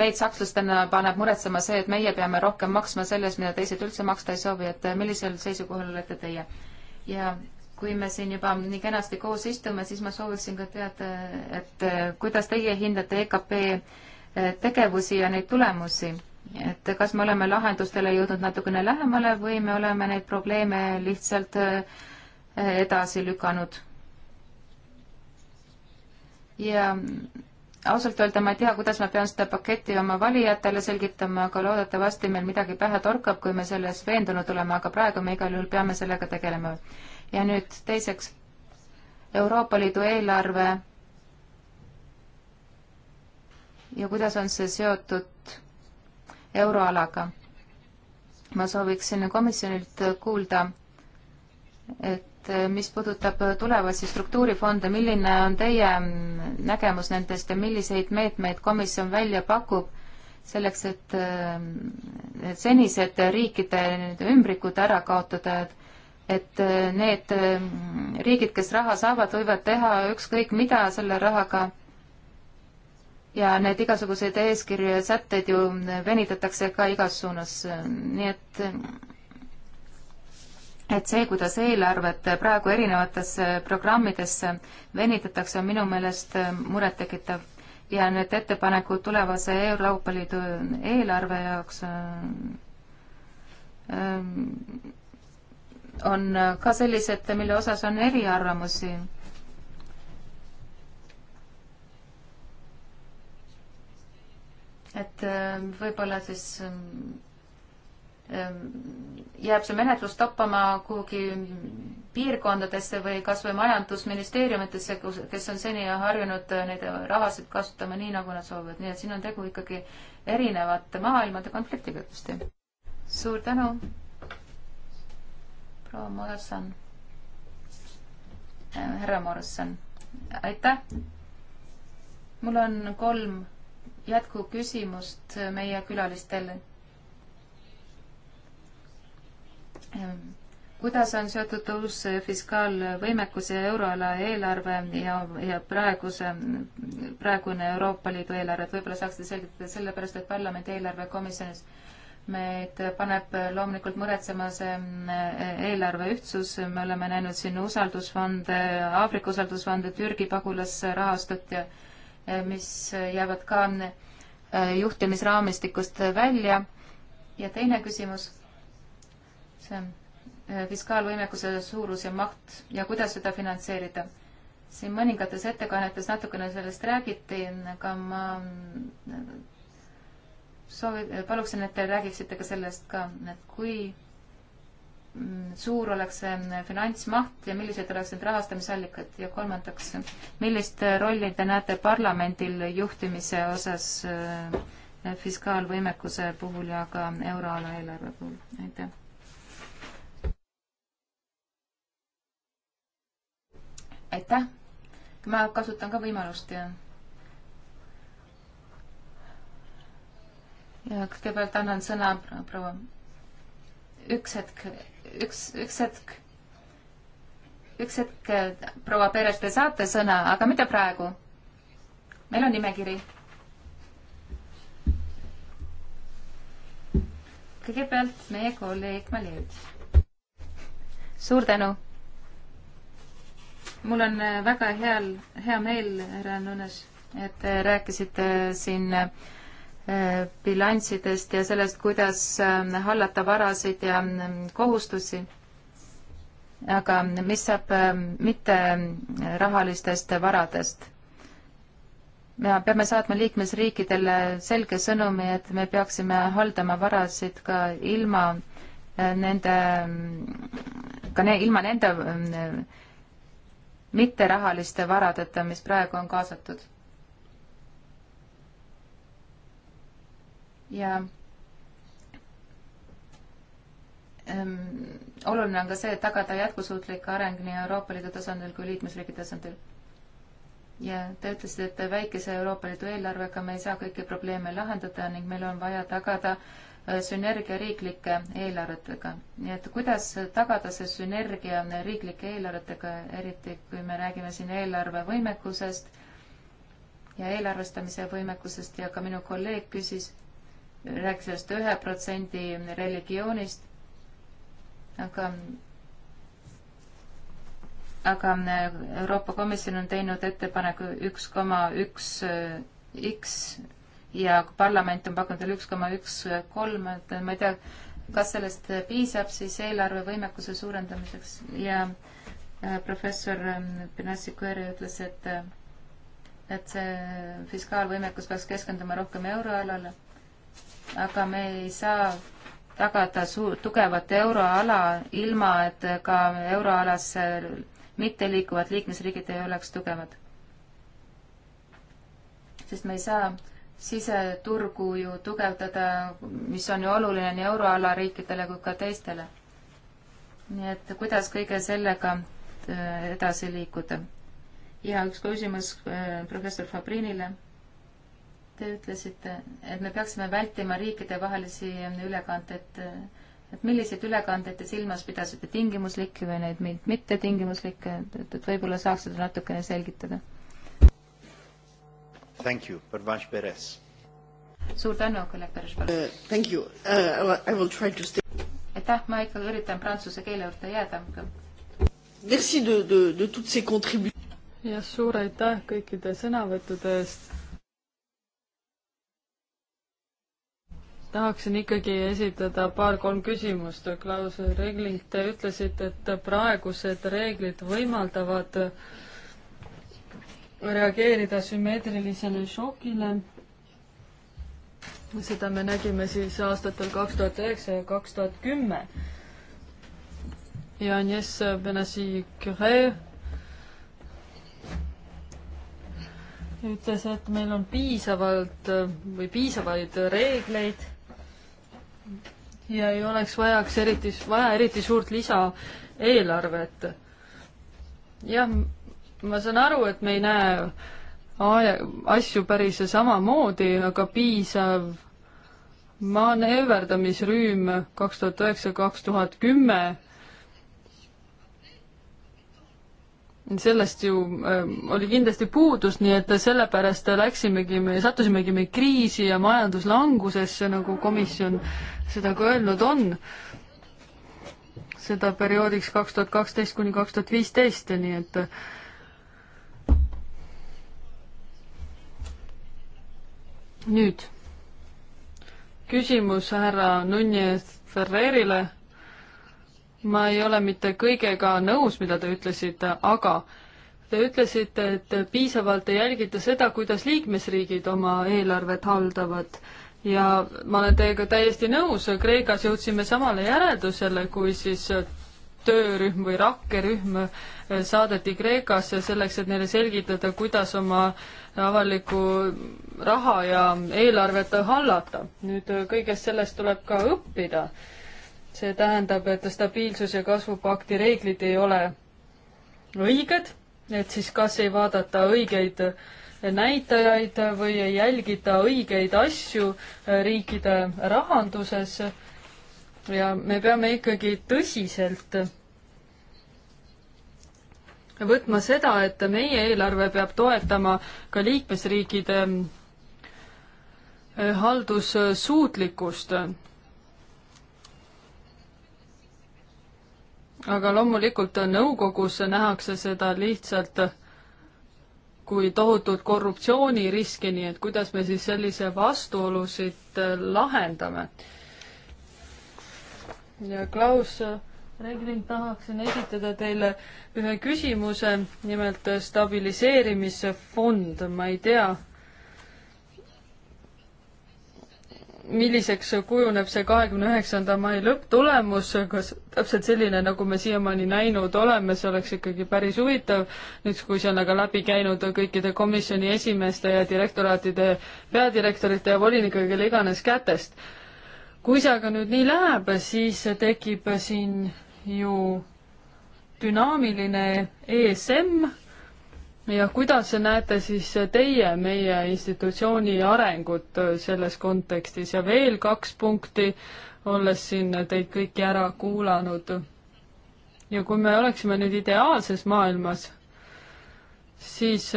meid sakslastena paneb muretsema see, et meie peame rohkem maksma selles, mida teised üldse maksta ei soovi, et millisel seisukohal olete teie? ja kui me siin juba nii kenasti koos istume, siis ma sooviksin ka teada, et kuidas teie hindate EKP tegevusi ja neid tulemusi. et kas me oleme lahendustele jõudnud natukene lähemale või me oleme neid probleeme lihtsalt äh, edasi lükanud? ja ausalt öelda ma ei tea, kuidas ma pean seda paketti oma valijatele selgitama, aga loodetavasti meil midagi pähe torkab, kui me selles veendunud oleme, aga praegu me igal juhul peame sellega tegelema. ja nüüd teiseks, Euroopa Liidu eelarve ja kuidas on see seotud euroalaga? ma sooviksin komisjonilt kuulda, et eh, mis puudutab tulevasi struktuurifonde, milline on teie nägemus nendest ja milliseid meetmeid komisjon välja pakub selleks, et need eh, senised riikide need ümbrikud ära kaotada, et et eh, need riigid, kes raha saavad, võivad teha ükskõik mida selle rahaga ja need igasuguseid eeskirju ja sätteid ju venitatakse ka igas suunas, nii et et see, kuidas eelarvet praegu erinevatesse programmidesse venitatakse, on minu meelest murettekitav ja need ettepanekud tulevase Euroopa Liidu eelarve jaoks ähm, on ka sellised, mille osas on eriarvamusi et äh, võib-olla siis ähm, ähm, jääb see menetlus toppama kuhugi piirkondadesse või kas või majandusministeeriumitesse, kus, kes on seni harjunud äh, neid rahasid kasutama nii, nagu nad soovivad, nii et siin on tegu ikkagi erinevate maailmade konfliktiga tõesti. suur tänu, proua Morrison, äh, härra Morrison, aitäh! mul on kolm jätkuküsimust meie külalistele. kuidas on seotud uus fiskaalvõimekus ja euroala eelarve ja, ja praeguse, praegune Euroopa Liidu eelarve, et võib-olla saaksite selgitada, sellepärast et parlamendi eelarvekomisjonis meid paneb loomulikult muretsema see eh, eelarve ühtsus, me oleme näinud siin usaldusfonde, Aafrika usaldusfonde, Türgi pagulasrahastut ja mis jäävad ka äh, juhtimisraamistikust välja. ja teine küsimus, see on äh, fiskaalvõimekuse suurus ja maht ja kuidas seda finantseerida. siin mõningates ettekannetes natukene sellest räägiti, aga ma äh, soovin, paluksin, et te räägiksite ka sellest ka, et kui Mm, suur oleks see mm, finantsmaht ja millised oleks need rahastamisallikad ja kolmandaks, millist äh, rolli te näete parlamendil juhtimise osas äh, fiskaalvõimekuse puhul ja ka euroala eelarve puhul, aitäh. aitäh, ma kasutan ka võimalust ja ja kõigepealt annan sõna proua, üks hetk üks, üks hetk, üks hetk, proua Peres, te saate sõna, aga mitte praegu. meil on nimekiri. kõigepealt meie kolleeg Malievitš. suur tänu. mul on äh, väga heal, hea meel, härra Nunes, et äh, rääkisite siin äh, bilanssidest ja sellest, kuidas ähm, hallata varasid ja ähm, kohustusi. aga mis saab ähm, mitterahalistest varadest? me peame saatma liikmesriikidele selge sõnumi, et me peaksime haldama varasid ka ilma äh, nende, ka ne, ilma nende mitterahaliste varadeta, mis praegu on kaasatud ja ähm, oluline on ka see, et tagada jätkusuutlik areng nii Euroopa Liidu tasandil kui liikmesriigi tasandil. ja te ütlesite, et väikese Euroopa Liidu eelarvega me ei saa kõiki probleeme lahendada ning meil on vaja tagada äh, sünergia riiklike eelarvetega. nii et kuidas tagada see sünergia riiklike eelarvetega, eriti kui me räägime siin eelarvevõimekusest ja eelarvestamise võimekusest ja ka minu kolleeg küsis rääkis sellest ühe protsendi religioonist, aga, aga äh, Euroopa Komisjon on teinud ettepaneku üks koma üks äh, X ja parlament on pakkunud veel üks koma üks äh, kolm, et ma ei tea, kas sellest piisab siis eelarve võimekuse suurendamiseks ja professor ähm, Benassi Koeri ütles, et et see fiskaalvõimekus peaks keskenduma rohkem euroalale aga me ei saa tagada suur, tugevat euroala, ilma et ka euroalas mitte liikuvad liikmesriigid ei oleks tugevad. sest me ei saa siseturgu ju tugevdada, mis on ju oluline nii euroala riikidele kui ka teistele. nii et kuidas kõige sellega äh, edasi liikuda? ja üks küsimus äh, professor Fabrinile Te ütlesite, et me peaksime vältima riikidevahelisi ülekandeid. et milliseid ülekandeid te silmas pidasite, tingimuslikke või neid mittetingimuslikke, et, et võib-olla saaksite natukene selgitada? Thank you, Pervanš Peres. suur tänu, kolleeg Peres. Uh, thank you uh,, I will try to stay. aitäh, ma ikka üritan prantsuse keele juurde jääda. Merci de, de, de toutes ces contribu-. jah, suur aitäh kõikide sõnavõttude eest tahaksin ikkagi esitada paar-kolm küsimust. Klaus Regling, te ütlesite, et praegused reeglid võimaldavad reageerida sümmeetrilisele šokile. seda me nägime siis aastatel kaks tuhat üheksa ja kaks tuhat kümme. ja Agnes Benassi-Curie ütles, et meil on piisavalt või piisavaid reegleid ja ei oleks vajaks eriti, vaja eriti suurt lisaeelarvet. jah, ma saan aru, et me ei näe asju päris samamoodi, aga piisav manööverdamisrüüm kaks tuhat üheksa, kaks tuhat kümme sellest ju äh, oli kindlasti puudus, nii et sellepärast läksimegi me, sattusimegi me kriisi ja majanduslangusesse, nagu komisjon seda ka öelnud on, seda perioodiks kaks tuhat kaksteist kuni kaks tuhat viisteist, nii et nüüd küsimus härra Nunez Ferrerile ma ei ole mitte kõigega nõus, mida te ütlesite, aga te ütlesite, et piisavalt ei jälgita seda, kuidas liikmesriigid oma eelarvet haldavad ja ma olen teiega täiesti nõus, Kreekas jõudsime samale järeldusele, kui siis töörühm või rakkerühm saadeti Kreekasse selleks, et neile selgitada, kuidas oma avalikku raha ja eelarvet hallata. nüüd kõigest sellest tuleb ka õppida see tähendab, et stabiilsus- ja kasvupakti reeglid ei ole õiged, et siis kas ei vaadata õigeid näitajaid või ei jälgita õigeid asju riikide rahanduses. ja me peame ikkagi tõsiselt võtma seda, et meie eelarve peab toetama ka liikmesriikide haldussuutlikkust aga loomulikult nõukogus nähakse seda lihtsalt kui tohutut korruptsiooniriski, nii et kuidas me siis sellise vastuolusid lahendame. ja Klaus Regling, tahaksin esitada teile ühe küsimuse, nimelt stabiliseerimisfond, ma ei tea, milliseks kujuneb see kahekümne üheksanda mai lõpptulemus, kas täpselt selline, nagu me siiamaani näinud oleme, see oleks ikkagi päris huvitav, nüüd kui see on aga läbi käinud kõikide komisjoni esimeeste ja direktoraatide peadirektorite ja volinikega, kelle iganes kätest. kui see aga nüüd nii läheb, siis tekib siin ju dünaamiline ESM, ja kuidas näete siis teie meie institutsiooni arengut selles kontekstis ja veel kaks punkti, olles siin teid kõiki ära kuulanud. ja kui me oleksime nüüd ideaalses maailmas, siis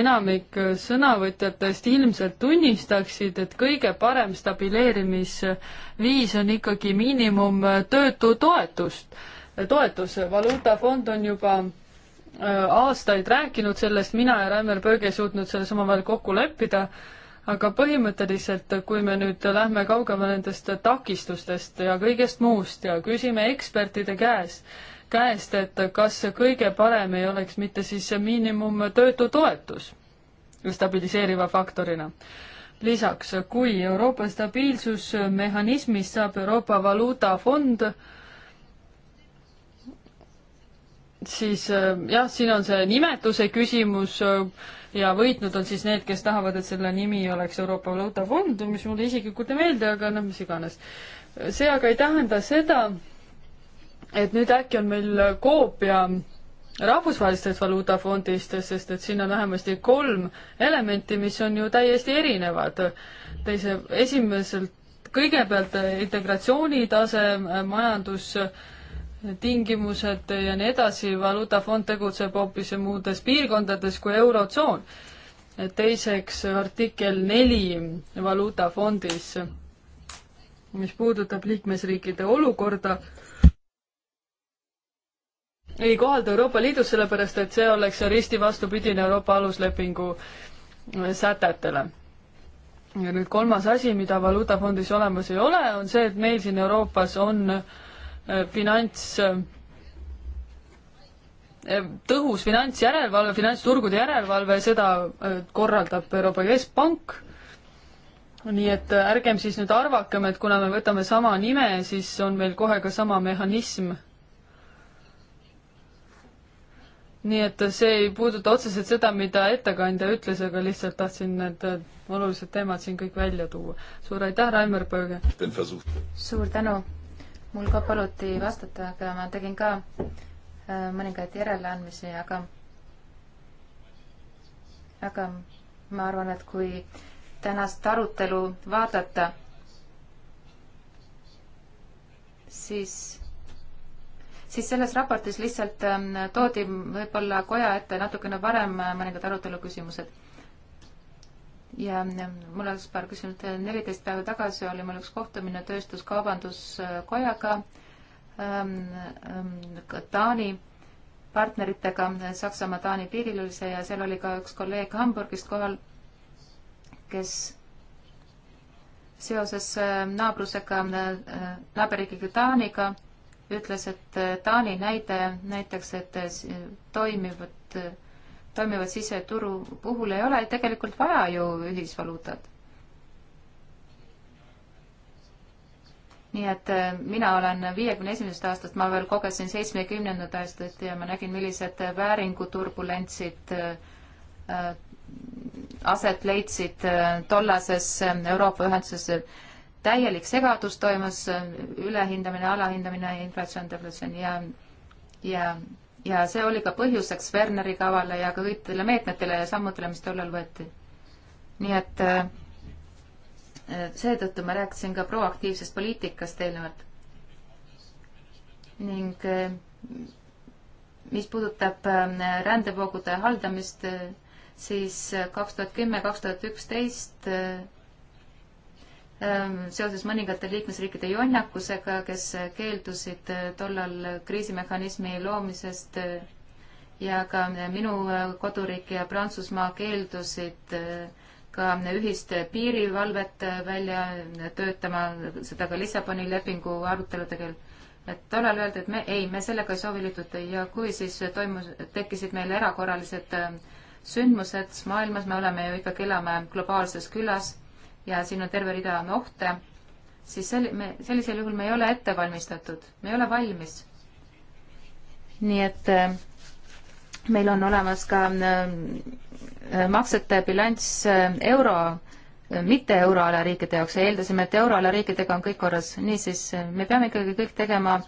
enamik sõnavõtjatest ilmselt tunnistaksid, et kõige parem stabileerimisviis on ikkagi miinimumtöötutoetust. toetus, valuutafond on juba Äh, aastaid rääkinud sellest, mina ja Raimar Pööge ei suutnud selles omavahel kokku leppida, aga põhimõtteliselt, kui me nüüd lähme kaugemale nendest takistustest ja kõigest muust ja küsime ekspertide käes, käest, et kas kõige parem ei oleks mitte siis see miinimumtöötutoetus stabiliseeriva faktorina. lisaks, kui Euroopa stabiilsusmehhanismist saab Euroopa Valuutafond, siis äh, jah, siin on see nimetuse küsimus äh, ja võitnud on siis need, kes tahavad, et selle nimi oleks Euroopa Valuutafond, mis mulle isiklikult ei meeldi, aga noh, mis iganes. see aga ei tähenda seda, et nüüd äkki on meil koopia rahvusvahelistest valuutafondist, sest et siin on vähemasti kolm elementi, mis on ju täiesti erinevad. teise, esimeselt, kõigepealt integratsioonitase, majandus äh, tingimused ja nii edasi, valuutafond tegutseb hoopis muudes piirkondades kui Eurotsoon. teiseks artikkel neli valuutafondis, mis puudutab liikmesriikide olukorda, ei kohaldu Euroopa Liidus, sellepärast et see oleks risti vastupidine Euroopa aluslepingu sätetele ja nüüd kolmas asi, mida valuutafondis olemas ei ole, on see, et meil siin Euroopas on äh, Äh, finants äh, tõhus finantsjärelevalve, finantsturgude järelevalve, seda äh, korraldab Euroopa Keskpank. nii et ärgem siis nüüd arvakem, et kuna me võtame sama nime, siis on meil kohe ka sama mehhanism. nii et see ei puuduta otseselt seda, mida ettekandja ütles, aga lihtsalt tahtsin need olulised teemad siin kõik välja tuua. suur aitäh, Raimar Pööge! suur tänu! mul ka paluti vastata, aga ma tegin ka äh, mõningaid järeleandmisi, aga aga ma arvan, et kui tänast arutelu vaadata, siis, siis selles raportis lihtsalt ähm, toodi võib-olla koja ette natukene varem äh, mõningad arutelu küsimused ja mul oleks paar küsimust. neliteist päeva tagasi oli mul üks kohtumine tööstuskaubanduskojaga ähm,, ähm, Taani partneritega, Saksamaa-Taani piiril oli see ja seal oli ka üks kolleeg Hamburgist kohal, kes seoses äh, naabrusega, äh, naaberriigiga Taaniga ütles, et äh, Taani näide näiteks, et toimivad toimiva siseturu puhul ei ole tegelikult vaja ju ühisvaluutat. nii et äh, mina olen viiekümne esimesest aastast, ma veel kogesin seitsmekümnendat aastat ja ma nägin, millised vääringuturbulentsid äh, aset leidsid äh, tollases Euroopa ühenduses täielik segadus toimus, ülehindamine, alahindamine, inflatsioon, deflatsioon ja, ja ja see oli ka põhjuseks Werneri kavale ja ka kõikidele meetmetele ja sammudele, mis tollal võeti. nii et äh, seetõttu ma rääkisin ka proaktiivsest poliitikast eelnevalt. ning äh, mis puudutab äh, rändevoogude haldamist, siis kaks tuhat kümme, kaks tuhat üksteist Ähm, seoses mõningate liikmesriikide jonnakusega, kes keeldusid äh, tollal kriisimehhanismi loomisest äh, ja ka äh, minu koduriik ja Prantsusmaa keeldusid ka ühist piirivalvet välja töötama, seda ka Lissaboni lepingu aruteludel. et tollal öeldi, et me ei, me sellega ei soovi liituda ja kui siis toimus, tekkisid meil erakorralised sündmused maailmas, me oleme ju ikkagi, elame globaalses külas ja siin on terve rida ohte, siis sel-, me, sellisel juhul me ei ole ette valmistatud, me ei ole valmis. nii et äh, meil on olemas ka äh, äh, maksete bilanss euro, mitte euroala riikide jaoks ja eeldasime, et euroala riikidega on kõik korras, niisiis me peame ikkagi kõik tegema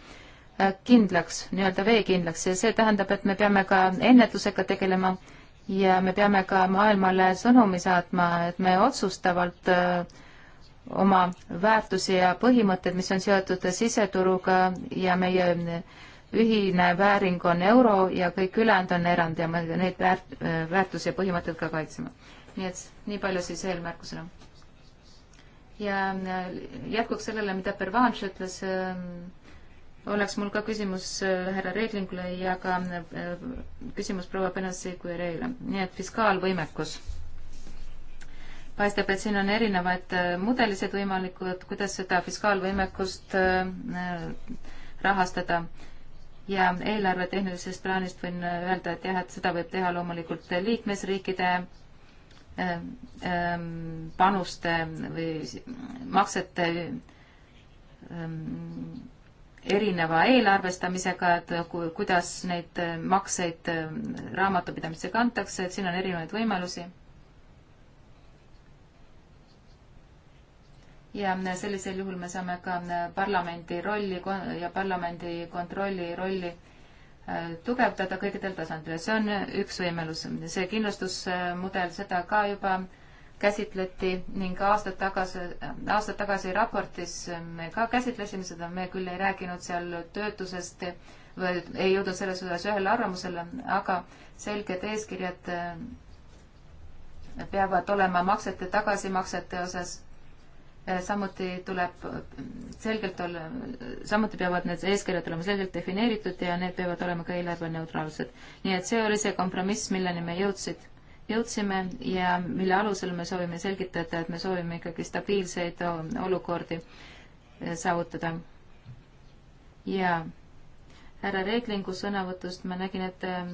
kindlaks, nii-öelda veekindlaks ja see tähendab, et me peame ka ennetusega tegelema ja me peame ka maailmale sõnumi saatma, et me otsustavalt äh, oma väärtusi ja põhimõtteid, mis on seotud siseturuga ja meie ühine vääring on euro ja kõik ülejäänud on erand ja me neid väärt-, väärtusi ja põhimõtteid ka kaitseme. nii et nii palju siis eelmärkusena. ja äh, jätkuks sellele, mida Pervanš ütles äh, oleks mul ka küsimus äh, härra Reeglingule ja ka äh, küsimus proua Benassi-Guerreile. nii et fiskaalvõimekus. paistab, et siin on erinevaid äh, mudelisid võimalikud, kuidas seda fiskaalvõimekust rahastada ja eelarve tehnilisest plaanist võin öelda, et jah, et seda võib teha loomulikult liikmesriikide ähm, panuste või maksete ähm, erineva eelarvestamisega, et kuidas neid äh, makseid äh, raamatupidamisse kantakse, et siin on erinevaid võimalusi. ja äh, sellisel juhul me saame ka parlamendi rolli ja parlamendi kontrolli rolli tugevdada kõikidel tasandil ja see on üks võimalus. see kindlustusmudel, seda ka juba käsitleti ning aastad tagasi, aastad tagasi raportis me ka käsitlesime seda, me küll ei rääkinud seal töötusest või ei jõudnud selles osas ühele arvamusele, aga selged eeskirjad äh, peavad olema maksete tagasimaksete osas. Äh, samuti tuleb äh, selgelt olla, samuti peavad need eeskirjad olema selgelt defineeritud ja need peavad olema ka eelarveneutraalsed. nii et see oli see kompromiss, milleni me jõudsid jõudsime ja mille alusel me soovime selgitada, et me soovime ikkagi stabiilseid olukordi eh, saavutada. ja härra Reeglingu sõnavõtust ma nägin, et, eh,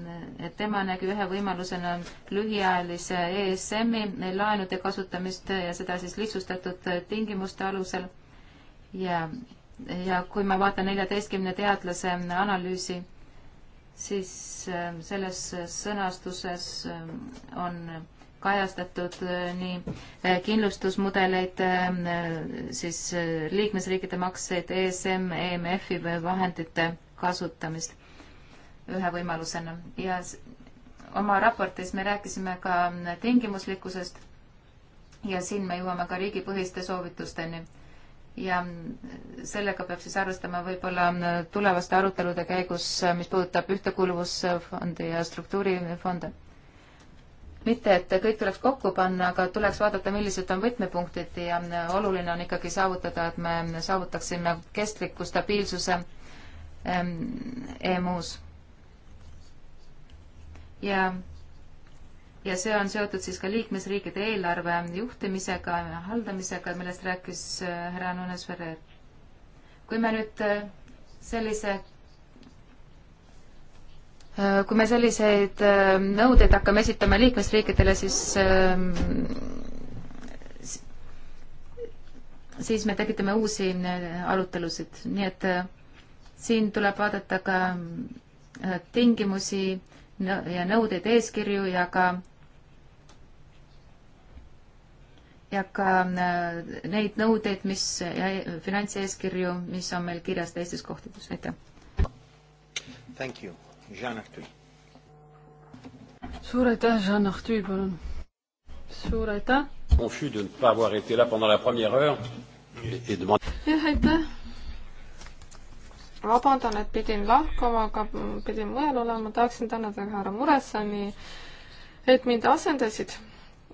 et tema nägi ühe võimalusena lühiajalise ESM-i laenude kasutamist ja seda siis lihtsustatud tingimuste alusel. ja, ja kui ma vaatan neljateistkümne teadlase analüüsi siis ähm, selles sõnastuses ähm, on kajastatud äh, nii äh, kindlustusmudeleid, ähm, äh, siis liikmesriikide makseid, ESM, EMF-i vahendite kasutamist ühe võimalusena ja oma raportis me rääkisime ka tingimuslikkusest ja siin me jõuame ka riigipõhiste soovitusteni ja sellega peab siis arvestama võib-olla tulevaste arutelude käigus, mis puudutab ühtekuuluvusfondi ja struktuurifonde. mitte, et kõik tuleks kokku panna, aga tuleks vaadata, millised on võtmepunktid ja oluline on ikkagi saavutada, et me saavutaksime kestliku stabiilsuse EMU-s. E ja ja see on seotud siis ka liikmesriikide eelarve juhtimisega ja haldamisega, millest rääkis äh, härra Nunes Ferrer. kui me nüüd äh, sellise äh, kui me selliseid nõudeid hakkame esitama liikmesriikidele, siis ähm, siis me tekitame uusi arutelusid, nii et siin tuleb vaadata ka tingimusi ja nõudeid, eeskirju ja ka ja ka äh, neid nõudeid, mis, finantseeskirju, mis on meil kirjas teistes kohtades, aitäh. Thank you, Jean Artui. suur aitäh, Jean Artui, palun. suur aitäh. Confus de ne pas avoir été là pendant la première heure et demand-. jah, aitäh vabandan, et pidin lahkuma, aga pidin mujal olema, tahaksin tänada härra Muressani, et mind asendasid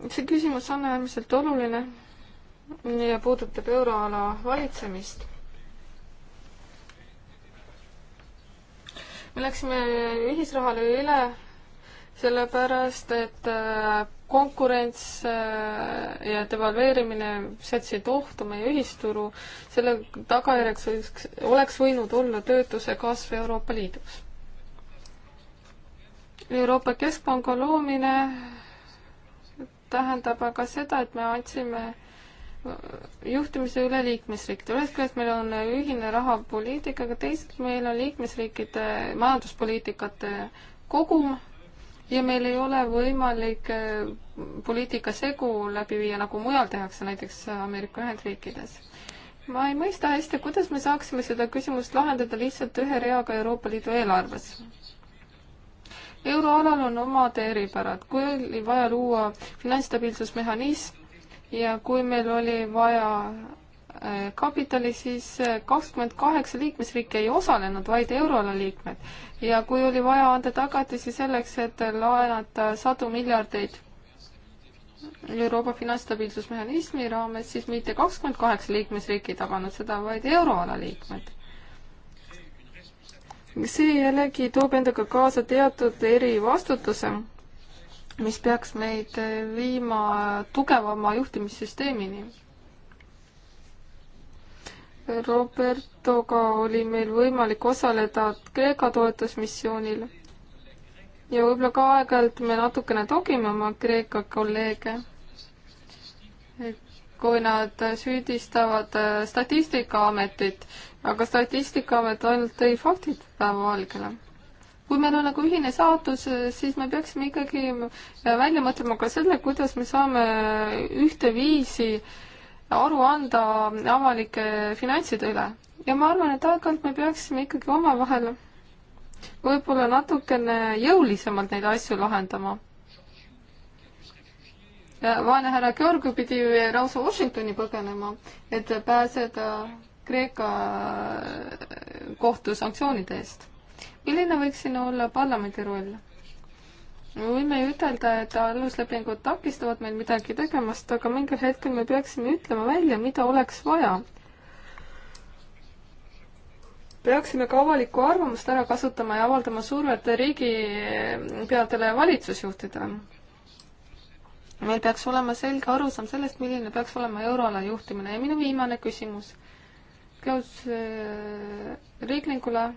see küsimus on äärmiselt oluline ja puudutab euroala valitsemist. me läksime ühisrahale üle sellepärast, et äh, konkurents äh, ja devalveerimine seadsid ohtu meie ühisturu, selle tagajärjeks oleks, oleks võinud olla töötuse kasv Euroopa Liidus. Euroopa Keskpanga loomine tähendab aga seda, et me andsime juhtimise üle liikmesriikidele, ühest küljest meil on ühine rahapoliitika, aga teisalt meil on liikmesriikide majanduspoliitikate kogum ja meil ei ole võimalik eh, poliitika segu läbi viia, nagu mujal tehakse, näiteks Ameerika Ühendriikides. ma ei mõista hästi, kuidas me saaksime seda küsimust lahendada lihtsalt ühe reaga Euroopa Liidu eelarves euroalal on omad eripärad, kui oli vaja luua finantsstabiilsusmehhanism ja kui meil oli vaja äh, kapitali, siis äh, kakskümmend kaheksa liikmesriiki ei osalenud, vaid euroala liikmed. ja kui oli vaja anda tagatisi selleks, et laenata sadu miljardeid Euroopa finantsstabiilsusmehhanismi raames, siis mitte kakskümmend kaheksa liikmesriiki ei taganud seda, vaid euroala liikmed see jällegi toob endaga kaasa teatud erivastutuse, mis peaks meid viima tugevama juhtimissüsteemini. Robertoga oli meil võimalik osaleda Kreeka toetusmissioonil ja võib-olla ka aeg-ajalt me natukene togime oma Kreeka kolleege, et kui nad süüdistavad äh, Statistikaametit, aga Statistikaamet ainult tõi faktid päevavalgele. kui meil on nagu ühine saatus, äh, siis me peaksime ikkagi äh, välja mõtlema ka selle, kuidas me saame ühteviisi aru anda avalike finantside üle. ja ma arvan, et aeg-ajalt me peaksime ikkagi omavahel võib-olla natukene jõulisemalt neid asju lahendama vaene härra Georgiu pidi lausa Washingtoni põgenema, et pääseda Kreeka äh, kohtu sanktsioonide eest. milline võiks siin olla parlamendi roll? võime ju ütelda, et aluslepingud takistavad meil midagi tegemast, aga mingil hetkel me peaksime ütlema välja, mida oleks vaja. peaksime ka avalikku arvamust ära kasutama ja avaldama survet riigipeadele äh, ja valitsusjuhtidele meil peaks olema selge arusaam sellest, milline peaks olema euroala juhtimine ja minu viimane küsimus Klaus äh, Reglingule.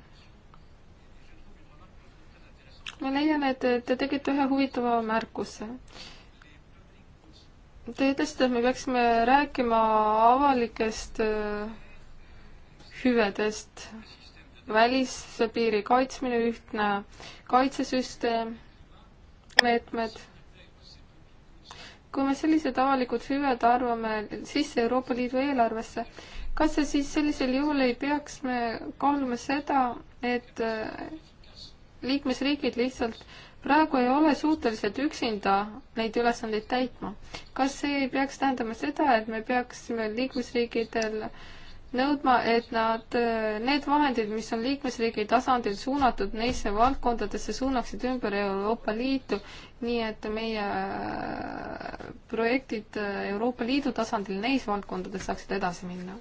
ma leian, et te tegite ühe huvitava märkuse. Te ütlesite, et me peaksime rääkima avalikest äh, hüvedest, välispiiri kaitsmine, ühtne kaitsesüsteem, meetmed kui me sellised avalikud hüved arvame sisse Euroopa Liidu eelarvesse, kas see siis sellisel juhul ei peaks me kaaluma seda, et äh, liikmesriigid lihtsalt praegu ei ole suutelised üksinda neid ülesandeid täitma. kas see ei peaks tähendama seda, et me peaksime liikmesriikidel äh, nõudma, et nad, need vahendid, mis on liikmesriigi tasandil suunatud neisse valdkondadesse, suunaksid ümber Euroopa Liitu, nii et meie äh, projektid äh, Euroopa Liidu tasandil neis valdkondades saaksid edasi minna.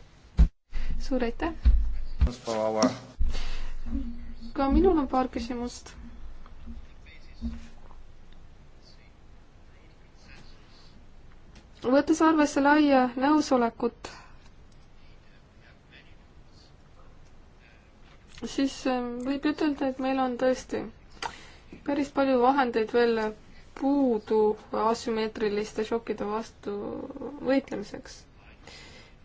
suur aitäh! ka minul on paar küsimust. võttes arvesse laia nõusolekut siis ähm, võib ütelda, et meil on tõesti päris palju vahendeid veel puudu asümmeetriliste šokkide vastu võitlemiseks.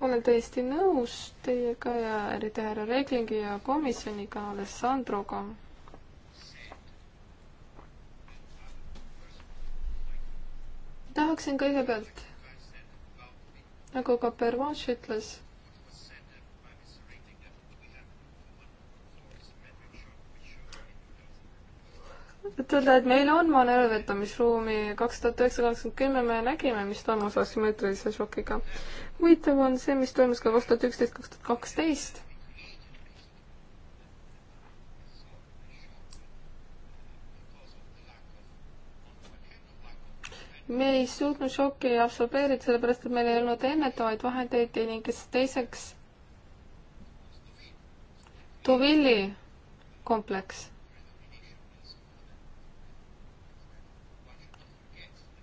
olen täiesti nõus teiega ja eriti härra Reglingi ja komisjoniga, Alessandroga tahaksin kõigepealt, nagu ka Pervanš ütles, et öelda, et meil on manööverdamisruumi, kaks tuhat üheksa, kaheksakümmend kümme me nägime, mis toimus asümmeetrilise šokiga. huvitav on see, mis toimus ka kaks tuhat üksteist, kaks tuhat kaksteist. me ei suutnud šoki absorbeerida, sellepärast et meil ei olnud ennetavaid vahendeid ning teiseks Tuvilli kompleks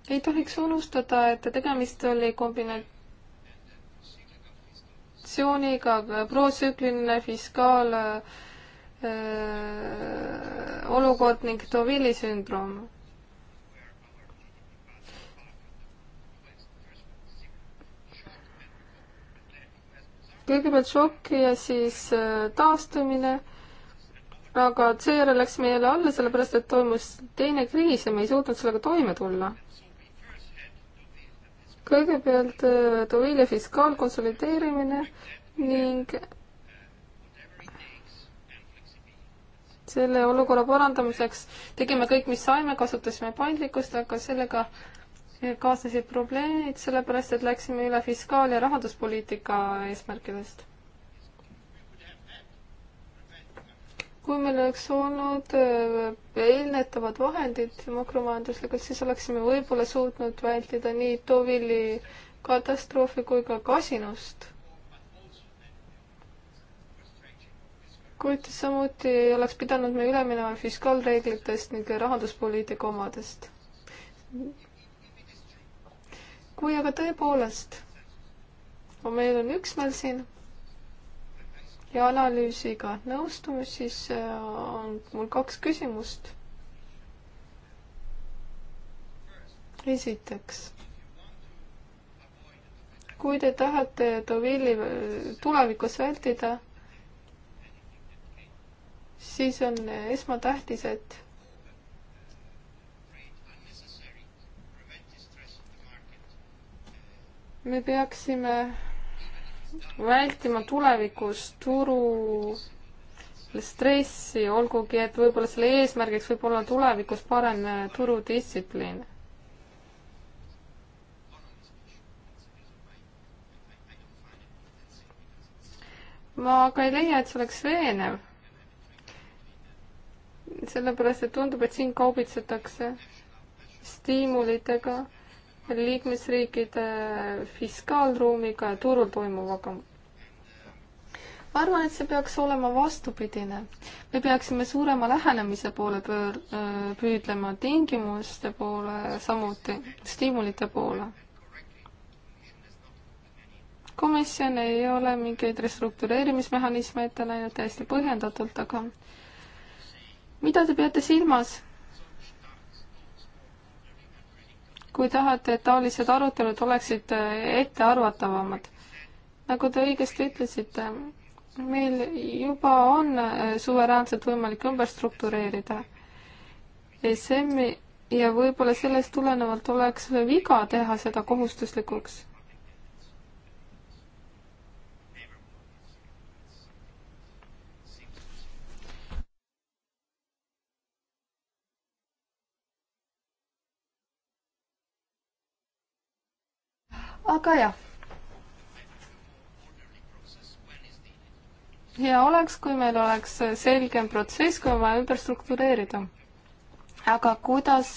ei tohiks unustada, et tegemist oli kombinatsiooniga protsükliline fiskaal öö, äh, olukord ning Deauville'i sündroom kõigepealt šokk ja siis äh, taastumine. aga seejärel läks meile alla, sellepärast et toimus teine kriis ja me ei suutnud sellega toime tulla kõigepealt Deauville'i äh, fiskaalkonsolideerimine ning selle olukorra parandamiseks tegime kõik, mis saime, kasutasime paindlikkust, aga sellega äh, kaasnesid probleemid, sellepärast et läksime üle fiskaal- ja rahanduspoliitika eesmärkidest. kui meil oleks olnud äh, eelnetavad vahendid makromajanduslikult, siis oleksime võib-olla suutnud vältida nii Deauville'i katastroofi kui ka kasinust. kuid samuti ei oleks pidanud me üle minema fiskaalreeglitest ning rahanduspoliitika omadest. kui aga tõepoolest on meil on üksmeel siin ja analüüsiga nõustumus, siis äh, on mul kaks küsimust. esiteks, kui te tahate Deauville'i äh, tulevikus vältida, siis on esmatähtis, et me peaksime vältima tulevikus turu stressi, olgugi et võib-olla selle eesmärgiks võib olla tulevikus parem äh, turudistsipliin. ma aga ei leia, et see oleks veenev. sellepärast, et tundub, et siin kaubitsetakse stiimulitega liikmesriikide fiskaalruumiga ja turul toimuvaga. ma arvan, et see peaks olema vastupidine. me peaksime suurema lähenemise poole pöör-, äh, püüdlema, tingimuste poole samuti, stiimulite poole. komisjon ei ole mingeid restruktureerimismehhanisme ette näinud täiesti põhjendatult, aga mida te peate silmas? kui tahate, et taolised arutelud oleksid äh, ettearvatavamad. nagu te õigesti ütlesite, meil juba on äh, suveräänselt võimalik ümber struktureerida SM-i ja võib-olla sellest tulenevalt oleks viga teha seda kohustuslikuks. aga jah. hea oleks, kui meil oleks selgem protsess, kui on vaja ümber struktureerida. aga kuidas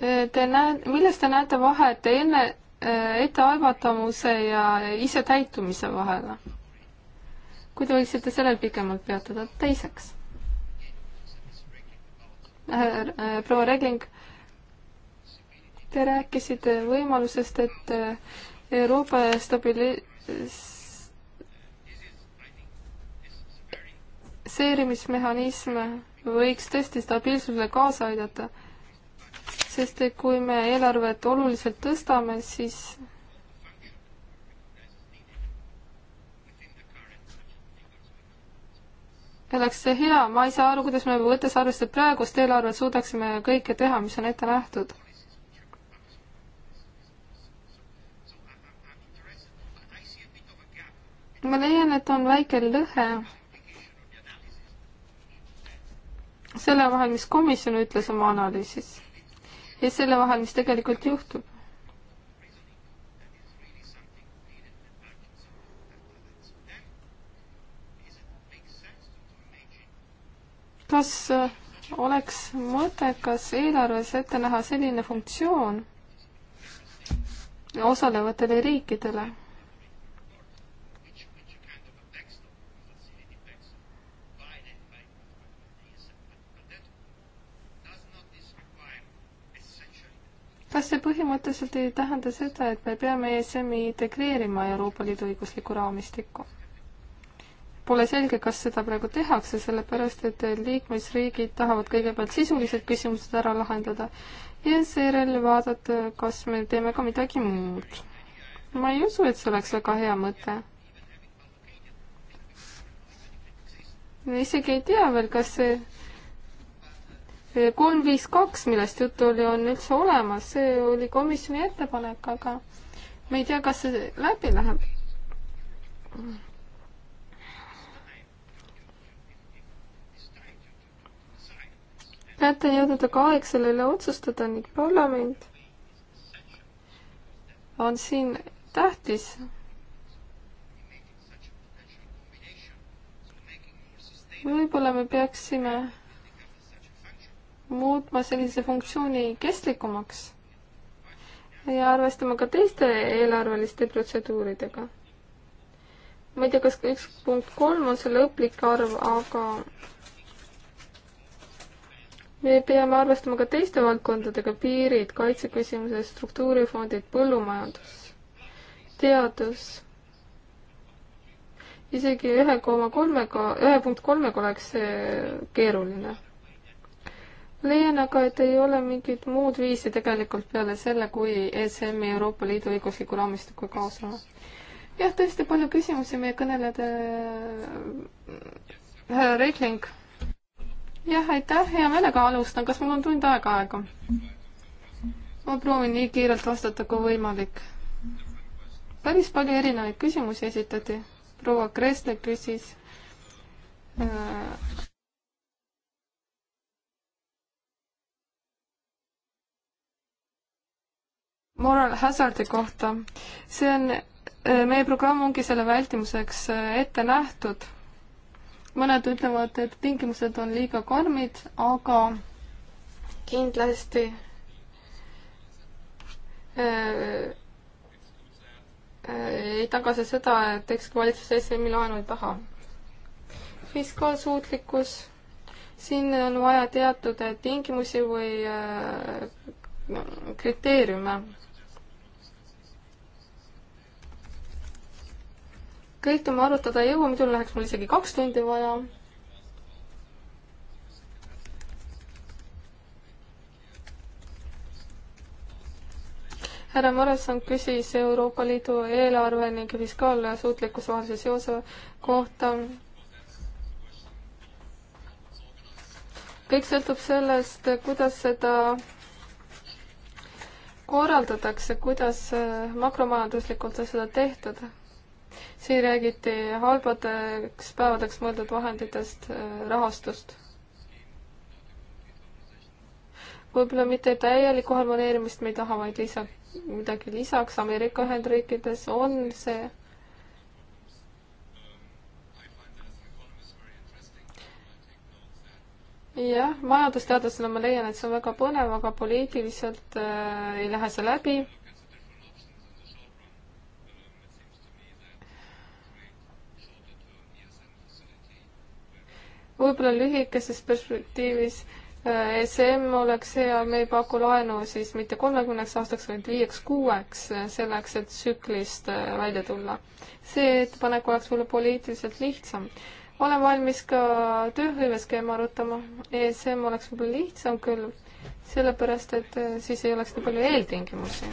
e, te näe-, milles te näete vahet enne, e, etteaimatavuse ja isetäitumise vahel? kui te võiksite sellel pikemalt peatuda, teiseks äh, äh, proua Regling Te rääkisite võimalusest, et äh, Euroopa stabiliseerimismehhanism võiks tõesti stabiilsusele kaasa aidata, sest et kui me eelarvet oluliselt tõstame, siis oleks see hea, ma ei saa aru, kuidas me võttes arvesse praegust eelarvet suudaksime kõike teha, mis on ette nähtud. ma leian, et on väike lõhe selle vahel, mis komisjon ütles oma analüüsis ja selle vahel, mis tegelikult juhtub. kas äh, oleks mõttekas eelarves ette näha selline funktsioon osalevatele riikidele? kas see põhimõtteliselt ei tähenda seda, et me peame ESM-i integreerima Euroopa Liidu õiguslikku raamistikku? Pole selge, kas seda praegu tehakse, sellepärast et liikmesriigid tahavad kõigepealt sisulised küsimused ära lahendada ja seejärel vaadata, kas me teeme ka midagi muud. ma ei usu, et see oleks väga hea mõte. isegi ei tea veel, kas see kolm, viis, kaks, millest juttu oli, on üldse olemas, see oli komisjoni ettepanek, aga ma ei tea, kas see läbi läheb. kätte on jõudnud aga aeg selle üle otsustada ning parlament on siin tähtis võib-olla me peaksime muutma sellise funktsiooni kestlikumaks ja arvestama ka teiste eelarveliste protseduuridega. ma ei tea, kas üks punkt kolm on selle õplik arv, aga me peame arvestama ka teiste valdkondadega, piirid, kaitseküsimused, struktuurifondid, põllumajandus, teadus. isegi ühe koma kolmega, ühe punkt kolmega oleks see keeruline leian aga, et ei ole mingit muud viisi tegelikult peale selle, kui ESM-i Euroopa Liidu õigusliku raamistikuga kaasama. jah, tõesti palju küsimusi meie kõnelejate äh, härra Reikling. jah, aitäh, hea meelega alustan, kas mul on tund aega aega? ma proovin nii kiirelt vastata kui võimalik. päris palju erinevaid küsimusi esitati. proua Kressler küsis äh, moral hazard'i kohta. see on, äh, meie programm ongi selle vältimiseks äh, ette nähtud. mõned ütlevad, et tingimused on liiga karmid, aga kindlasti äh, äh, ei taga see seda, et ükski valitsus SMi laenu ei taha. fiskaalsuutlikkus, siin on vaja teatud äh, tingimusi või äh, kriteeriume kõike me arutada ei jõua, muidu läheks mul isegi kaks tundi vaja. härra Morrison küsis Euroopa Liidu eelarve ning fiskaalsuutlikkuse vahelise seose kohta. kõik sõltub sellest, kuidas seda korraldatakse, kuidas makromajanduslikult on seda tehtud siin räägiti halbadeks päevadeks mõeldud vahenditest, äh, rahastust. võib-olla mitte täielikku harmoneerimist me ei taha, vaid lisa, midagi lisaks, Ameerika Ühendriikides on see. jah, majandusteadlasena ma leian, et see on väga põnev, aga poliitiliselt äh, ei lähe see läbi võib-olla lühikeses perspektiivis äh, ESM oleks hea, me ei paku laenu siis mitte kolmekümneks aastaks, vaid viieks-kuueks, äh, selleks, et tsüklist äh, välja tulla. see ettepanek oleks mulle poliitiliselt lihtsam. olen valmis ka tööhõiveskeema arutama, ESM oleks võib-olla lihtsam küll, sellepärast et siis ei oleks nii palju eeltingimusi.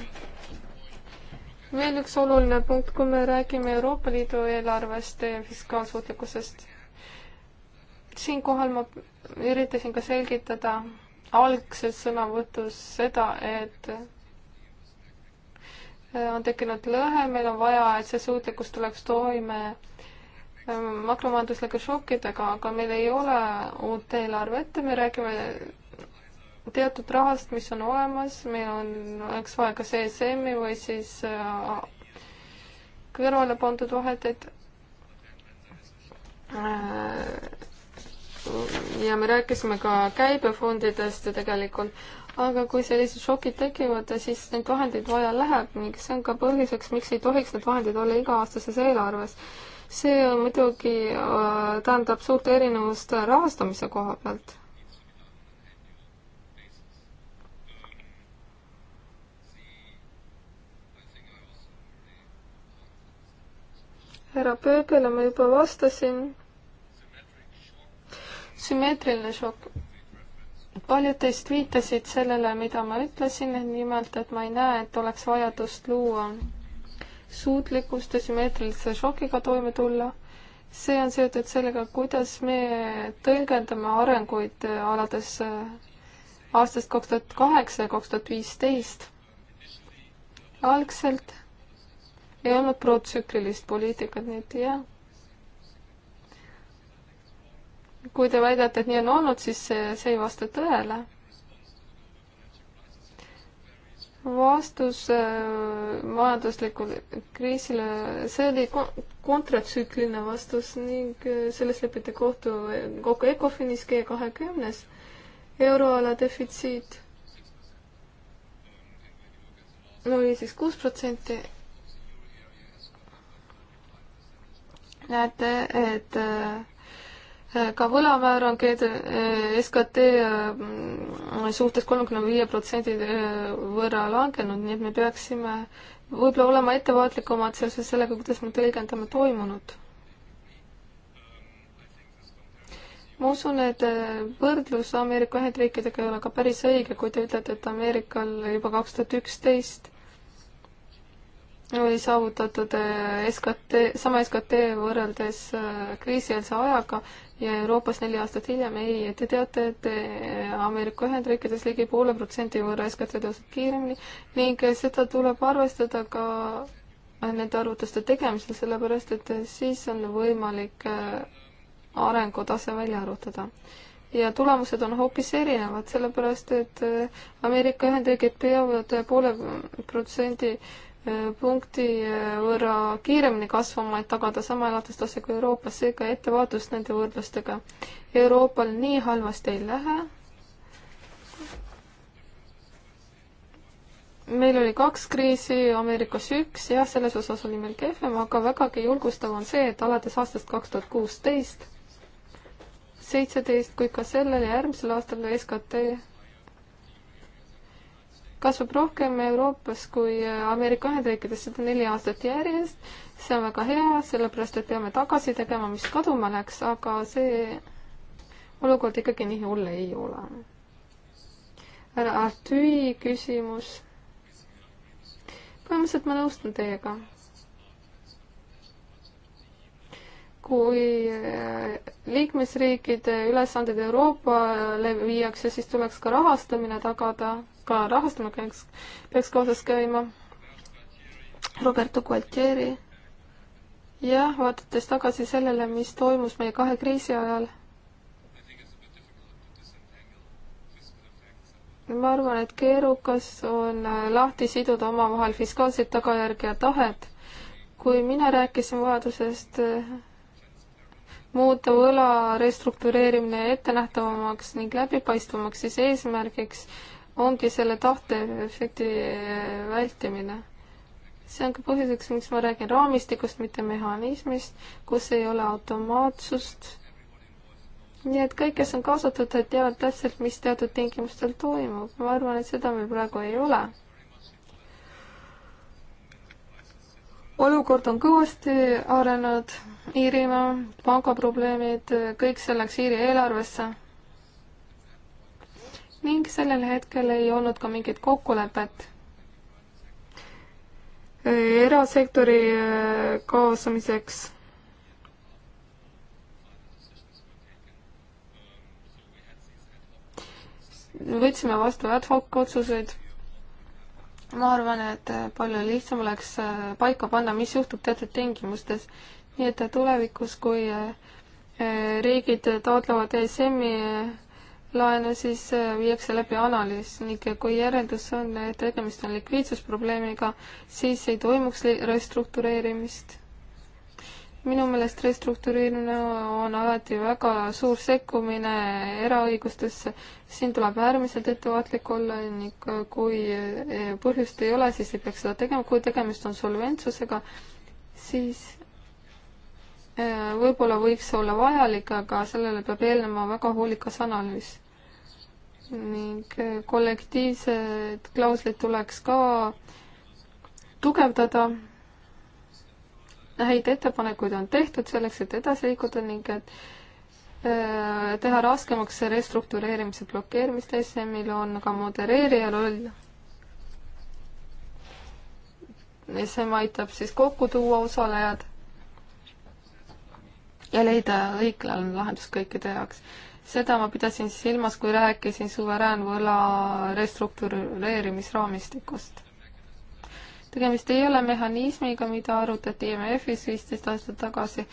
veel üks oluline punkt, kui me räägime Euroopa Liidu eelarvest ja fiskaalsuutlikkusest siinkohal ma üritasin ka selgitada algses sõnavõtus seda, et äh, on tekkinud lõhe, meil on vaja, et see suutlikkus tuleks toime ähm, makromajanduslike šokkidega, aga meil ei ole uut eelarvet, me räägime teatud rahast, mis on olemas, meil on, oleks vaja kas ESM-i või siis äh, kõrvale pandud vahendeid äh, ja me rääkisime ka käibefondidest ju tegelikult, aga kui sellised šokid tekivad, siis neid vahendeid vaja läheb ning see on ka põhjuseks, miks ei tohiks need vahendid olla iga-aastases eelarves. see muidugi äh, tähendab suurt erinevust rahastamise koha pealt. härra Pööbele ma juba vastasin sümmeetriline šokk. paljud teist viitasid sellele, mida ma ütlesin, nimelt, et ma ei näe, et oleks vajadust luua suutlikkust ja sümmeetrilise šokiga toime tulla. see on seotud sellega, kuidas me tõlgendame arenguid alates äh, aastast kaks tuhat kaheksa ja kaks tuhat viisteist. algselt ei olnud protsüklilist poliitikat, nii et jah kui te väidate, et nii on olnud, siis see, see ei vasta tõele. vastus äh, majanduslikule kriisile, see oli kontratsükliline vastus ning äh, selles lepiti kohtu, kokku ECOFINis G kahekümnes, euroala defitsiit oli siis kuus protsenti näete, et äh, ka võlamäär on eh, SKT eh, suhtes kolmekümne viie protsendi eh, võrra langenud, nii et me peaksime võib-olla olema ettevaatlikumad seoses sellega, kuidas me tõlgendame toimunut. ma usun, et võrdlus Ameerika Ühendriikidega ei ole ka päris õige, kui te ütlete, et Ameerikal juba kaks tuhat üksteist oli saavutatud äh, SKT, sama SKT võrreldes äh, kriisieelse ajaga ja Euroopas neli aastat hiljem ei. Te teate, et äh, Ameerika Ühendriikides ligi poole protsendi võrra SKT tõuseb kiiremini ning seda tuleb arvestada ka nende arvutuste tegemisel, sellepärast et siis on võimalik arengutase välja arvutada. ja tulemused on hoopis erinevad, sellepärast et Ameerika Ühendriigid peavad poole protsendi punkti äh, võrra kiiremini kasvama, et tagada sama elatustase kui Euroopas, seega ettevaatust nende võrdlustega. Euroopal nii halvasti ei lähe. meil oli kaks kriisi, Ameerikas üks, jah, selles osas oli meil kehvem, aga vägagi julgustav on see, et alates aastast kaks tuhat kuusteist, seitseteist kui ka sellel ja järgmisel aastal SKT kasvab rohkem Euroopas kui äh, Ameerika Ühendriikides, seda neli aastat järjest. see on väga hea, sellepärast et peame tagasi tegema, mis kaduma läks, aga see olukord ikkagi nii hull ei ole. härra Artüi küsimus. põhimõtteliselt ma nõustun teiega. kui äh, liikmesriikide ülesanded Euroopale viiakse, siis tuleks ka rahastamine tagada ka rahastama peaks, peaks kaasas käima. Roberto Gualtieri. jah, vaadates tagasi sellele, mis toimus meie kahe kriisi ajal. ma arvan, et keerukas on äh, lahti siduda omavahel fiskaalseid tagajärgi ja tahet. kui mina rääkisin vajadusest äh, muuta võla restruktureerimine ettenähtavamaks ning läbipaistvamaks, siis eesmärgiks äh, ongi selle tahteefekti äh, vältimine. see on ka põhjuseks, miks ma räägin raamistikust, mitte mehhanismist, kus ei ole automaatsust. nii et kõik, kes on kaasatud, teavad täpselt, mis teatud tingimustel toimub. ma arvan, et seda meil praegu ei ole. olukord on kõvasti arenenud, Iirimaa pangaprobleemid, kõik see läks Iiri eelarvesse ning sellel hetkel ei olnud ka mingit kokkulepet erasektori äh, kaasamiseks. võtsime vastu ad hoc otsuseid. ma arvan, et palju lihtsam oleks äh, paika panna, mis juhtub teatud tingimustes. nii et tulevikus, kui äh, riigid taotlevad ESM-i laene, siis äh, viiakse läbi analüüs ning kui järeldus on, et tegemist on likviidsusprobleemiga, siis ei toimuks restruktureerimist. minu meelest restruktureerimine on alati väga suur sekkumine eraõigustesse, siin tuleb äärmiselt ettevaatlik olla ning äh, kui äh, põhjust ei ole, siis ei peaks seda tegema, kui tegemist on solventsusega, siis Äh, võib-olla võiks olla vajalik, aga sellele peab eelnema väga hoolikas analüüs. ning äh, kollektiivsed klauslid tuleks ka tugevdada. häid ettepanekuid on tehtud selleks, et edasi liikuda ning et äh, teha raskemaks restruktureerimise blokeerimist SM-il on ka modereerija roll SM aitab siis kokku tuua osalejad ja leida õiglane lahendus kõikide jaoks. seda ma pidasin silmas, kui rääkisin suveräänvõla restruktureerimisraamistikust. tegemist ei ole mehhanismiga, mida arutati IMF-is viisteist aastat tagasi,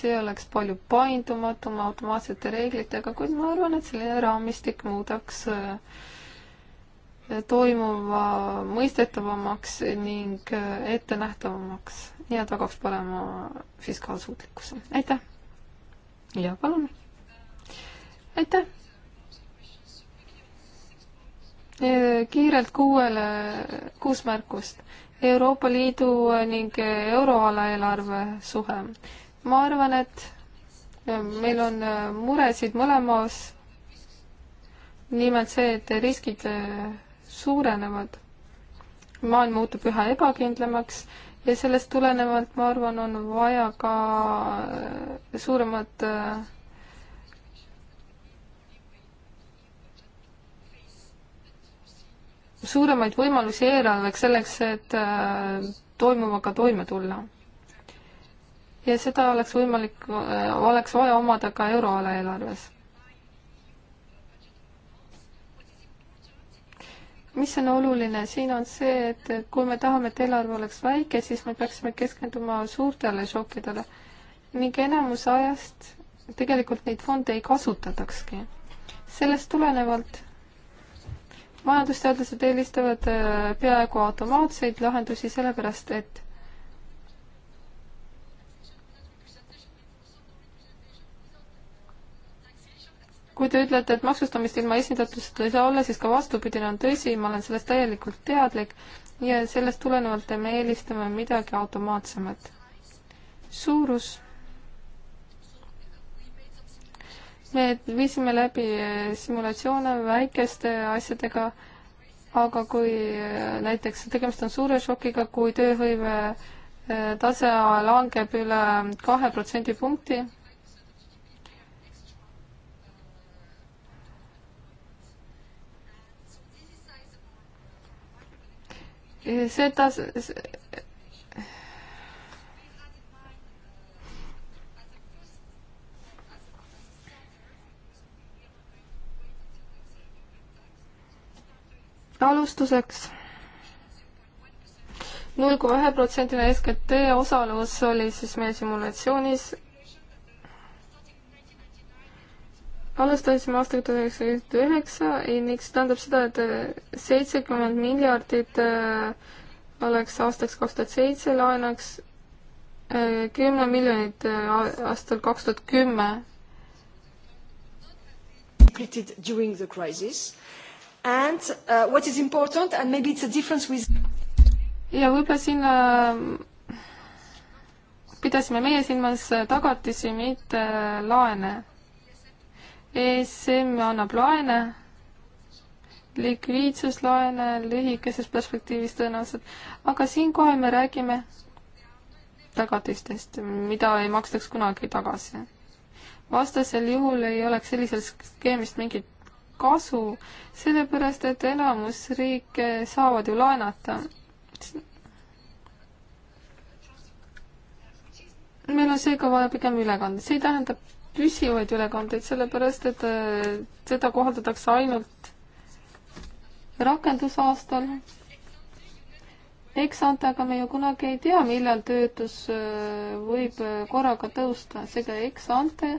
see oleks palju paindumatum automaatsete reeglitega, kuid ma arvan, et selline raamistik muudaks äh, toimuva mõistetavamaks ning äh, ettenähtavamaks nii et tagaks parema fiskaalsuutlikkuse. aitäh! ja palun. aitäh. kiirelt kuuele, kuus märkust. Euroopa Liidu ning euroala eelarve suhe. ma arvan, et e, meil on e, muresid mõlemas. nimelt see, et riskid e, suurenevad. maailm muutub üha ebakindlamaks ja sellest tulenevalt ma arvan, on vaja ka äh, suuremat äh, suuremaid võimalusi eelarveks selleks, et äh, toimuvaga toime tulla. ja seda oleks võimalik, oleks vaja omada ka euroala eelarves mis on oluline siin, on see, et kui me tahame, et eelarve oleks väike, siis me peaksime keskenduma suurtele šokkidele ning enamus ajast tegelikult neid fonde ei kasutatakski. sellest tulenevalt majandusteadlased eelistavad äh, peaaegu automaatseid lahendusi, sellepärast et kui te ütlete, et maksustamist ilma esindatuseta ei saa olla, siis ka vastupidine on tõsi, ma olen sellest täielikult teadlik ja sellest tulenevalt me eelistame midagi automaatsemat. suurus. me viisime läbi eh, simulatsioone väikeste asjadega, aga kui eh, näiteks tegemist on suure šokiga, kui tööhõive eh, tase langeb üle kahe protsendi punkti seda alustuseks null koma ühe protsendina SKT osalus oli siis meie simulatsioonis alustasime aastal tuhat üheksasada üheksakümmend üheksa ning see tähendab seda, et seitsekümmend miljardit äh, oleks aastaks kaks tuhat seitse laenaks, äh, kümme miljonit äh, aastal kaks tuhat kümme. Completed during the crisis and uh, what is important and maybe it's a difference with ja võib-olla siin pidasime meie silmas tagatisi, mitte laene ESM annab laene, likviidsuslaene lühikeses perspektiivis tõenäoliselt, aga siinkohal me räägime tagatistest, mida ei makstaks kunagi tagasi. vastasel juhul ei oleks sellisest skeemist mingit kasu, sellepärast et enamus riike saavad ju laenata. meil on seega vaja pigem ülekandeid, see tähendab püsivaid ülekandeid, sellepärast et äh, seda kohaldatakse ainult rakendusaastal. eks anta, aga me ju kunagi ei tea, millal töötus äh, võib äh, korraga tõusta, seega eks ante,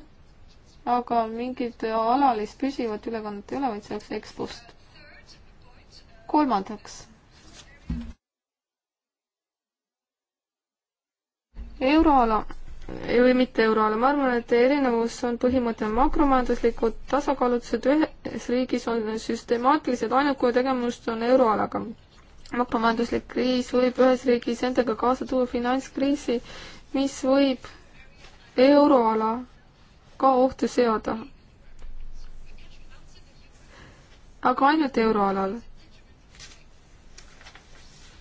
aga mingit alalist püsivat ülekannet ei ole, vaid see oleks eks post. kolmandaks. euroala või mitte euroala, ma arvan, et erinevus on põhimõte makromajanduslikud tasakaalutused ühes riigis on süstemaatilised ainult kui tegemist on euroalaga. makromajanduslik kriis võib ühes riigis endaga kaasa tuua finantskriisi, mis võib euroala ka ohtu seada. aga ainult euroalal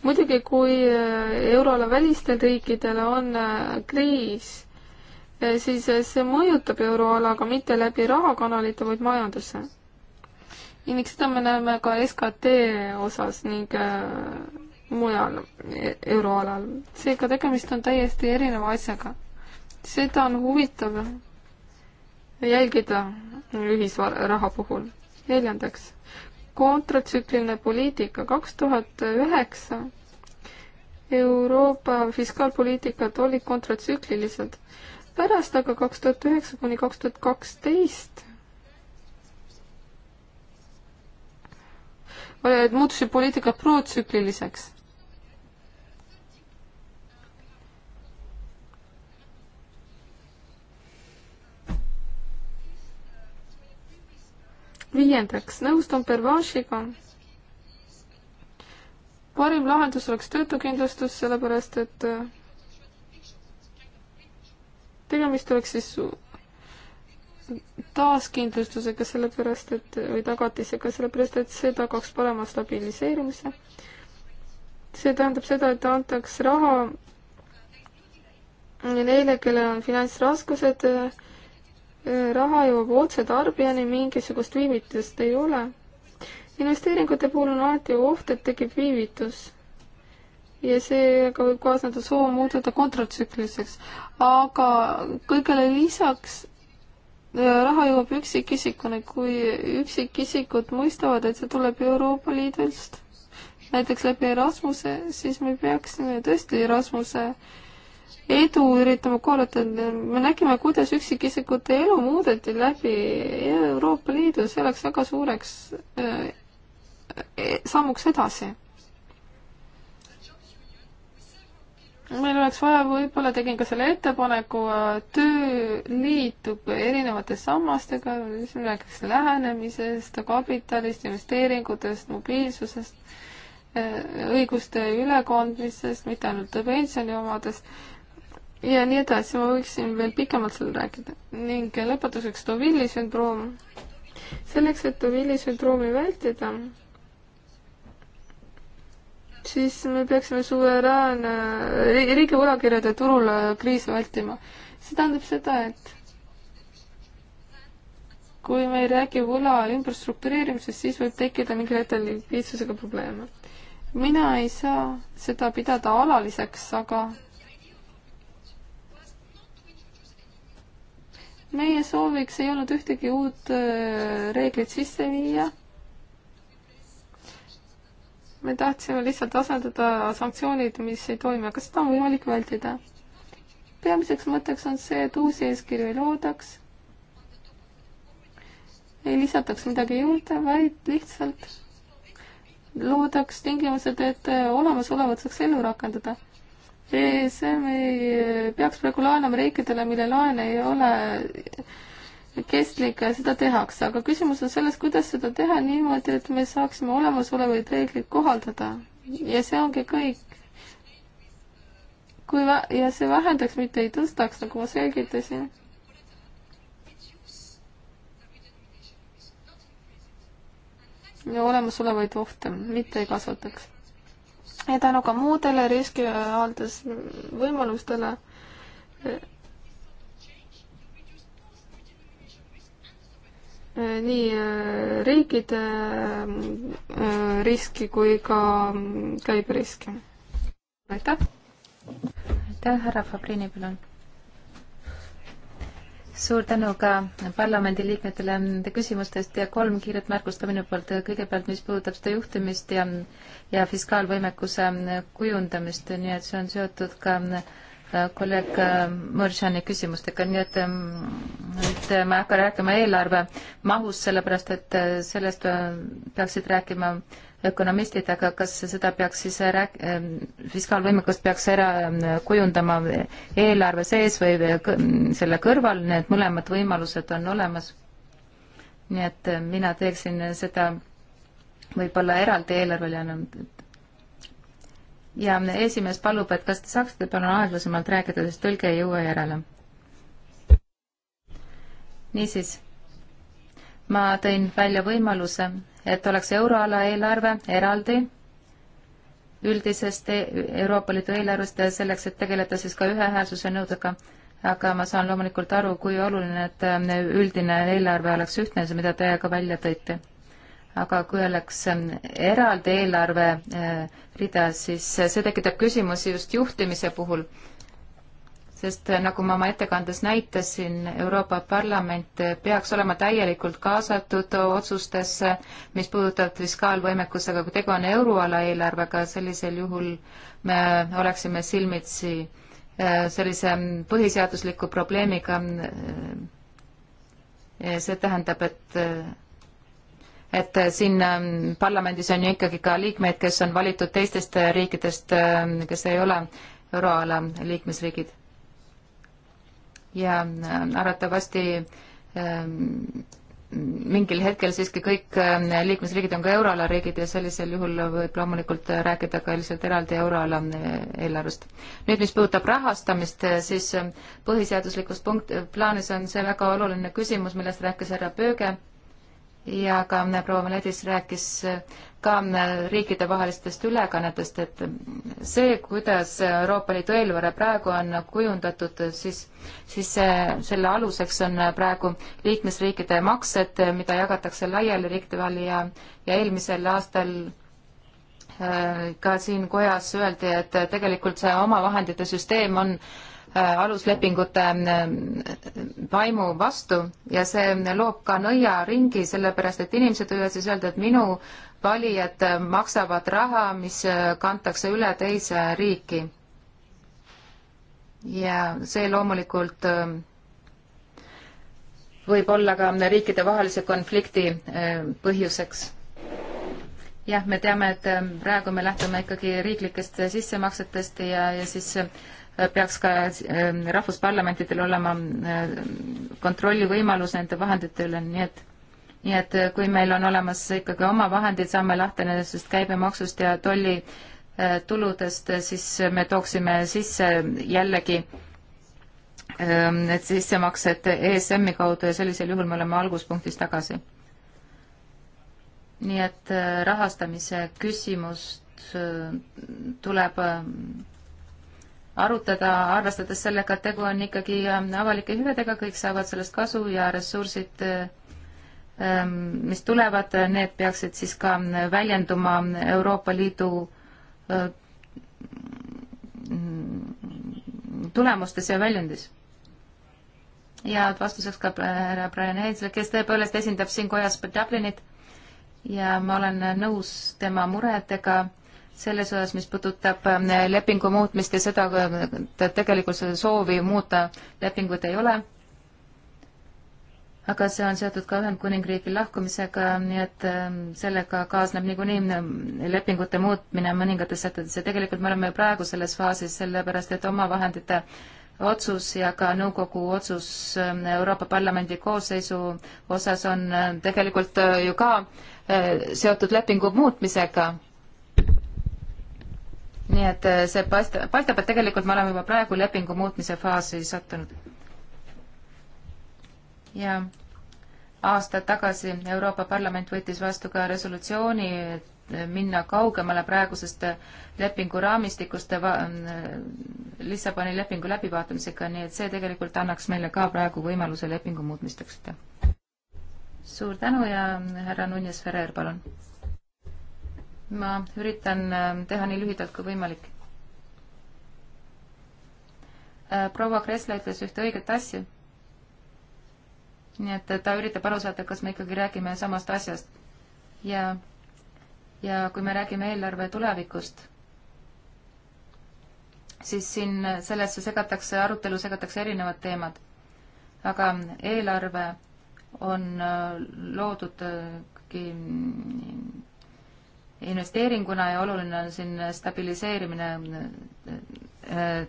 muidugi, kui äh, euroala välistel riikidel on äh, kriis, äh, siis see mõjutab euroala, aga mitte läbi rahakanalite, vaid majanduse. ning seda me näeme ka SKT osas ning mujal e-, euroalal. seega tegemist on täiesti erineva asjaga. seda on huvitav jälgida ühisraha puhul. neljandaks kontratsükliline poliitika. kaks tuhat üheksa Euroopa fiskaalpoliitikad olid kontratsüklilised. pärast aga kaks tuhat üheksa kuni kaks tuhat kaksteist muutusid poliitikad protsükliliseks viiendaks, nõustun Pervašiga. parim lahendus oleks töötukindlustus, sellepärast et äh, tegemist oleks siis taaskindlustusega, sellepärast et, või tagatisega, sellepärast et see tagaks parema stabiliseerimise. see tähendab seda, et antaks raha neile, kellel on finantsraskused äh, raha jõuab otse tarbijani, mingisugust viivitust ei ole. investeeringute puhul on alati oht, et tekib viivitus. ja seega võib kaasneda soov muutuda kontratsükliliseks. aga kõigele lisaks äh, raha jõuab üksikisikuni, kui üksikisikud mõistavad, et see tuleb Euroopa Liidust, näiteks läbi Erasmuse, siis me peaksime tõesti Erasmuse äh, edu üritama korrata, me nägime, kuidas üksikisikute elu muudeti läbi Euroopa Liidu, see oleks väga suureks äh, sammuks edasi. meil oleks vaja, võib-olla tegin ka selle ettepaneku, äh, töö liitub erinevate sammastega, mis me rääkis lähenemisest, kapitalist, investeeringutest, mobiilsusest, äh, õiguste ülekandmisest, mitte ainult pensioni omadest ja nii edasi, ma võiksin veel pikemalt seal rääkida. ning lõpetuseks Deauville'i sündroom. selleks, et Deauville'i sündroomi vältida, siis me peaksime suveräänne riigi võlakirjade turul kriise vältima. see tähendab seda, et kui me ei räägi võla ümberstruktureerimisest, siis võib tekkida mingil hetkel likviidsusega probleeme. mina ei saa seda pidada alaliseks, aga meie sooviks ei olnud ühtegi uut äh, reeglit sisse viia. me tahtsime lihtsalt asendada sanktsioonid, mis ei toimi, aga seda on võimalik vältida. peamiseks mõtteks on see, et uusi eeskirju ei loodaks, ei lisataks midagi juurde, vaid lihtsalt loodaks tingimused, et äh, olemasolevat saaks ellu rakendada ESM ei eh, peaks praegu laenama riikidele, mille laen ei ole kestlik ja seda tehakse, aga küsimus on selles, kuidas seda teha niimoodi, et me saaksime olemasolevaid reegleid kohaldada ja see ongi kõik. kui vä-, ja see vähendaks, mitte ei tõstaks, nagu ma selgitasin. ja olemasolevaid ohte mitte ei kasvataks ja tänu ka muudele riskihaldusvõimalustele eh, nii eh, riikide eh, riski kui ka mm, käiberiski. aitäh! aitäh, härra Fabrini, palun! suur tänu ka parlamendiliikmetele nende küsimuste eest ja kolm kiiret märkust ka minu poolt. kõigepealt, mis puudutab seda juhtimist ja, ja fiskaalvõimekuse kujundamist, nii et see on seotud ka äh, kolleeg äh, Mõršani küsimustega, nii et nüüd mm, ma ei hakka rääkima eelarve mahust, sellepärast et äh, sellest peaksid rääkima ökonomistidega, kas seda peaks siis rääk-, ähm, fiskaalvõimekust peaks ära ähm, kujundama eelarve sees või selle kõrval, need mõlemad võimalused on olemas. nii et äh, mina teeksin seda võib-olla eraldi eelarveline. ja äh, esimees palub, et kas te saaksite palun aeglasemalt rääkida, sest tõlge ei jõua järele. niisiis, ma tõin välja võimaluse et oleks euroala eelarve eraldi üldisest e-, Euroopa Liidu eelarvest selleks, et tegeleda siis ka ühehäälsuse nõudega. aga ma saan loomulikult aru, kui oluline, et ähm, üldine eelarve oleks ühtne, see, mida teie ka välja tõite. aga kui oleks ähm, eraldi eelarve äh, rida, siis see tekitab küsimusi just juhtimise puhul sest nagu ma oma ettekandes näitasin, Euroopa Parlament peaks olema täielikult kaasatud otsustesse, mis puudutavad fiskaalvõimekust, aga kui tegu on euroala eelarvega, sellisel juhul me oleksime silmitsi äh, sellise põhiseadusliku probleemiga. see tähendab, et äh, et siin ähm, parlamendis on ju ikkagi ka liikmeid, kes on valitud teistest riikidest, äh, kes ei ole euroala liikmesriigid ja äh, arvatavasti ähm, mingil hetkel siiski kõik äh, liikmesriigid on ka euroala riigid ja sellisel juhul võib loomulikult rääkida ka lihtsalt eraldi euroala äh, eelarvest. nüüd, mis puudutab rahastamist, siis põhiseaduslikus punkt, plaanis on see väga oluline küsimus, millest rääkis härra Pööge ja ka äh, proua Meledis rääkis äh, ka äh, riikidevahelistest ülekannetest, et see, kuidas Euroopa Liidu eelarve praegu on kujundatud, siis, siis selle aluseks on praegu liikmesriikide maksed, mida jagatakse laiali riikide vahel ja, ja eelmisel aastal ka siin kojas öeldi, et tegelikult see omavahendite süsteem on äh, Äh, aluslepingute äh, vaimu vastu ja see loob ka nõiaringi, sellepärast et inimesed võivad siis öelda, et minu valijad äh, maksavad raha, mis kantakse üle teise riiki. ja see loomulikult võib olla ka riikidevahelise konflikti põhjuseks jah, me teame, et praegu me lähtume ikkagi riiklikest sissemaksetest ja, ja siis peaks ka ähm, rahvusparlamentidel olema äh, kontrollivõimalus nende vahendite üle, nii et nii et äh, kui meil on olemas ikkagi oma vahendid, saame lahti nendest käibemaksust ja tolli äh, tuludest, siis me tooksime sisse jällegi ähm, need sissemaksed ESM-i kaudu ja sellisel juhul me oleme alguspunktis tagasi. nii et rahastamise küsimust tuleb ähm, arutada, arvestades sellega, et tegu on ikkagi ähm, avalike hüvedega, kõik saavad sellest kasu ja ressursid, ähm, mis tulevad, need peaksid siis ka ähm, väljenduma Euroopa Liidu äh, tulemustes ja väljundis. ja vastuseks ka härra Brian Hainsel, kes tõepoolest esindab siin kojas Dublinit ja ma olen nõus tema muredega selles osas, mis puudutab äh, lepingu muutmist ja seda, et tegelikult seda soovi muuta lepingut ei ole. aga see on seotud ka Ühendkuningriigi lahkumisega, nii et ähm, sellega kaasneb niikuinii ähm, lepingute muutmine mõningates sätetes ja tegelikult me oleme praegu selles faasis, sellepärast et omavahendite otsus ja ka nõukogu otsus ähm, Euroopa Parlamendi koosseisu osas on äh, tegelikult äh, ju ka seotud lepingu muutmisega nii et äh, see paista, paistab, et tegelikult me oleme juba praegu lepingu muutmise faasi sattunud. ja aasta tagasi Euroopa Parlament võttis vastu ka resolutsiooni, et äh, minna kaugemale praegusest äh, lepinguraamistikust Lissaboni lepingu läbivaatamisega, nii et see tegelikult annaks meile ka praegu võimaluse lepingu muutmisteks. suur tänu ja härra Nunes Ferrer, palun! ma üritan ähm, teha nii lühidalt kui võimalik. Äh, proua Kressle ütles ühte õiget asja. nii et äh, ta üritab aru saada, kas me ikkagi räägime samast asjast. ja, ja kui me räägime eelarve tulevikust, siis siin äh, sellesse segatakse, arutelu segatakse erinevad teemad. aga eelarve on loodud ikkagi investeeringuna ja oluline on siin stabiliseerimine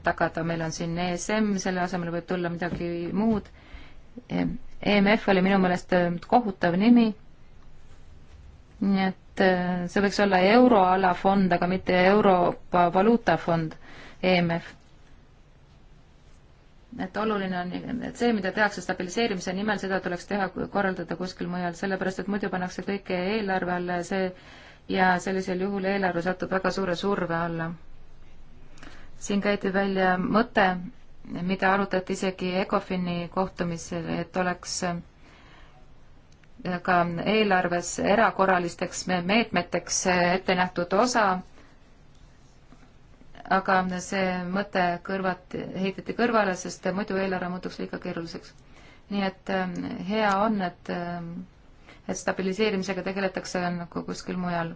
tagada, meil on siin ESM, selle asemel võib tulla midagi muud. EMF oli minu meelest kohutav nimi. nii et eh, see võiks olla euroala fond, aga mitte Euroopa valuutafond, EMF. et oluline on, et see, mida tehakse stabiliseerimise nimel, seda tuleks teha, korraldada kuskil mujal, sellepärast et muidu pannakse kõike eelarve alla ja see ja sellisel juhul eelarve satub väga suure surve alla. siin käidi välja mõte, mida arutati isegi ECOFIN-i kohtumisel, et oleks äh, ka eelarves erakorralisteks meetmeteks ette nähtud osa, aga see mõte kõrvati, heideti kõrvale, sest muidu eelarve muutuks liiga keeruliseks. nii et äh, hea on, et äh, et stabiliseerimisega tegeletakse nagu kuskil mujal.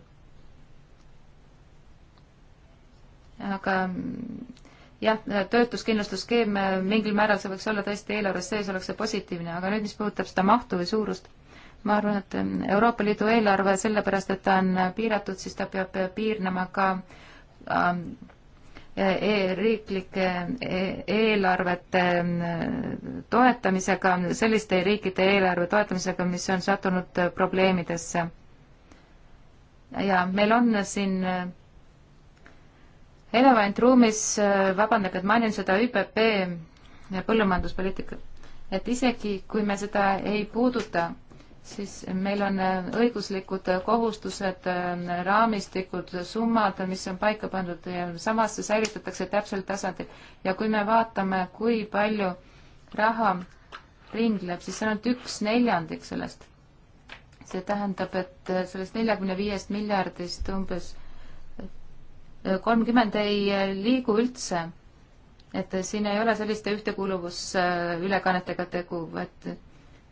aga jah, töötuskindlustusskeem mingil määral see võiks olla tõesti eelarves sees, oleks see positiivne, aga nüüd, mis puudutab seda mahtu või suurust, ma arvan, et Euroopa Liidu eelarve sellepärast, et ta on piiratud, siis ta peab piirnema ka äh, E, e, riiklike e, eelarvete toetamisega, selliste riikide eelarve toetamisega, mis on sattunud probleemidesse. ja meil on siin elevant ruumis, vabandage, et mainin seda ÜPP põllumajanduspoliitikat, et isegi kui me seda ei puuduta, siis meil on äh, õiguslikud äh, kohustused, äh, raamistikud, summad, mis on paika pandud ja samas see säilitatakse täpsel tasandil. ja kui me vaatame, kui palju raha ringleb, siis see on ainult üks neljandik sellest. see tähendab, et sellest neljakümne viiest miljardist umbes kolmkümmend ei liigu üldse. et siin ei ole selliste ühtekuuluvusülekannetega tegu, et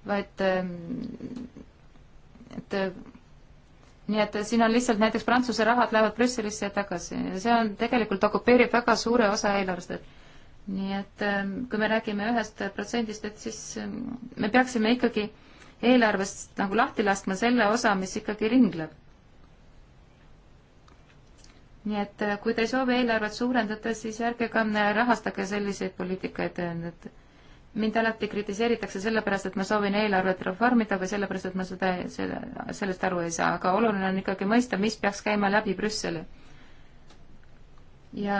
vaid ähm, et äh, nii et siin on lihtsalt näiteks Prantsuse rahad lähevad Brüsselisse ja tagasi ja see on tegelikult okupeerib väga suure osa eelarvest, et nii et ähm, kui me räägime ühest protsendist, et siis ähm, me peaksime ikkagi eelarvest nagu lahti laskma selle osa, mis ikkagi ringleb. nii et äh, kui te ei soovi eelarvet suurendada, siis ärge ka rahastage selliseid poliitikaid, et mind alati kritiseeritakse sellepärast, et ma soovin eelarvet reformida või sellepärast, et ma seda, seda, sellest aru ei saa, aga oluline on ikkagi mõista, mis peaks käima läbi Brüsseli. ja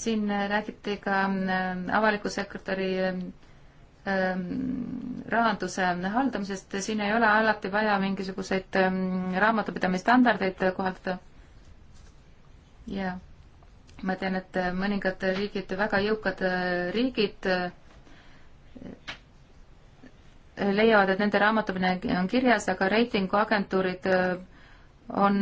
siin räägiti ka ähm, avaliku sektori ähm, ähm, rahanduse haldamisest, siin ei ole alati vaja mingisuguseid raamatupidamisstandardeid kohaldada. jah ma tean, et mõningad riigid, väga jõukad riigid leiavad, et nende raamatupidamine on kirjas, aga reitinguagentuurid on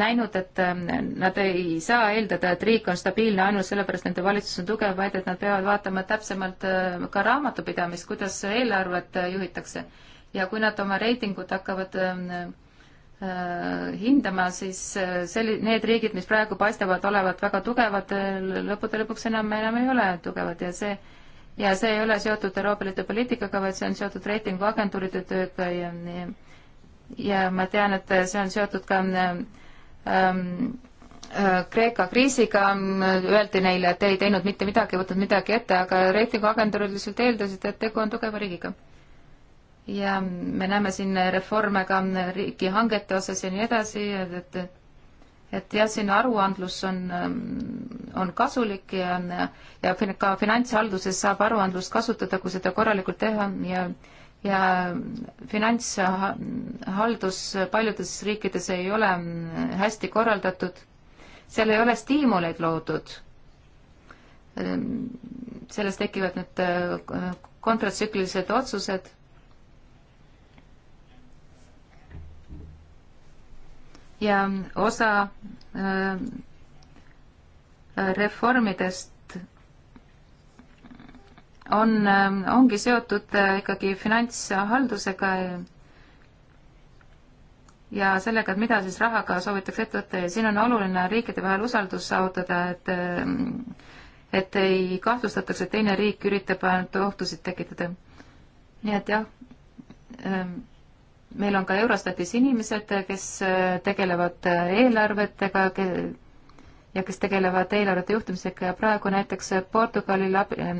näinud, et nad ei saa eeldada, et riik on stabiilne ainult sellepärast, nende valitsus on tugev, vaid et nad peavad vaatama täpsemalt ka raamatupidamist, kuidas eelarvet juhitakse. ja kui nad oma reitingut hakkavad Äh, hindama, siis äh, selli-, need riigid, mis praegu paistavad olevat väga tugevad, äh, lõppude lõpuks enam, enam ei ole tugevad ja see, ja see ei ole seotud Euroopa Liidu poliitikaga, vaid see on seotud reitinguagentuuride tööga ja, ja, ja ma tean, et see on seotud ka ähm, Kreeka kriisiga, öeldi neile, et ei teinud mitte midagi, ei võtnud midagi ette, aga reitinguagentuurid lihtsalt eeldasid, et tegu on tugeva riigiga ja me näeme siin reforme ka riigihangete osas ja nii edasi, et, et et jah, siin aruandlus on, on kasulik ja, ja ka finantshalduses saab aruandlust kasutada, kui seda korralikult teha ja ja finantshaldus paljudes riikides ei ole hästi korraldatud, seal ei ole stiimuleid loodud. sellest tekivad need kontratsüklilised otsused ja osa äh, reformidest on, ähm, ongi seotud äh, ikkagi finantshaldusega ja sellega, et mida siis rahaga soovitakse ette võtta ja siin on oluline riikide vahel usaldus saavutada, et ähm, et ei kahtlustataks, et teine riik üritab ainult ohtusid tekitada. nii et jah ähm,, meil on ka Eurostatis inimesed, kes äh, tegelevad äh, eelarvetega ja kes tegelevad eelarvete juhtimisega ja praegu näiteks Portugalil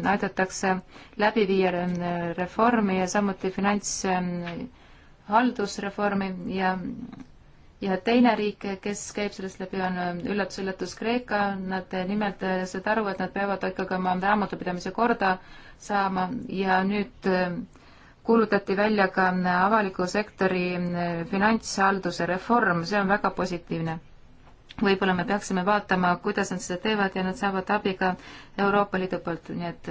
aidatakse läbi viia äh, reformi ja samuti finantshaldusreformi ähm, ja ja teine riik, kes käib sellest läbi, on üllatus-üllatus Kreeka, nad nimelt said aru, et nad peavad ikkagi oma raamatupidamise korda saama ja nüüd äh, kuulutati välja ka avaliku sektori finantshalduse reform, see on väga positiivne. võib-olla me peaksime vaatama, kuidas nad seda teevad ja nad saavad abi ka Euroopa Liidu poolt, nii et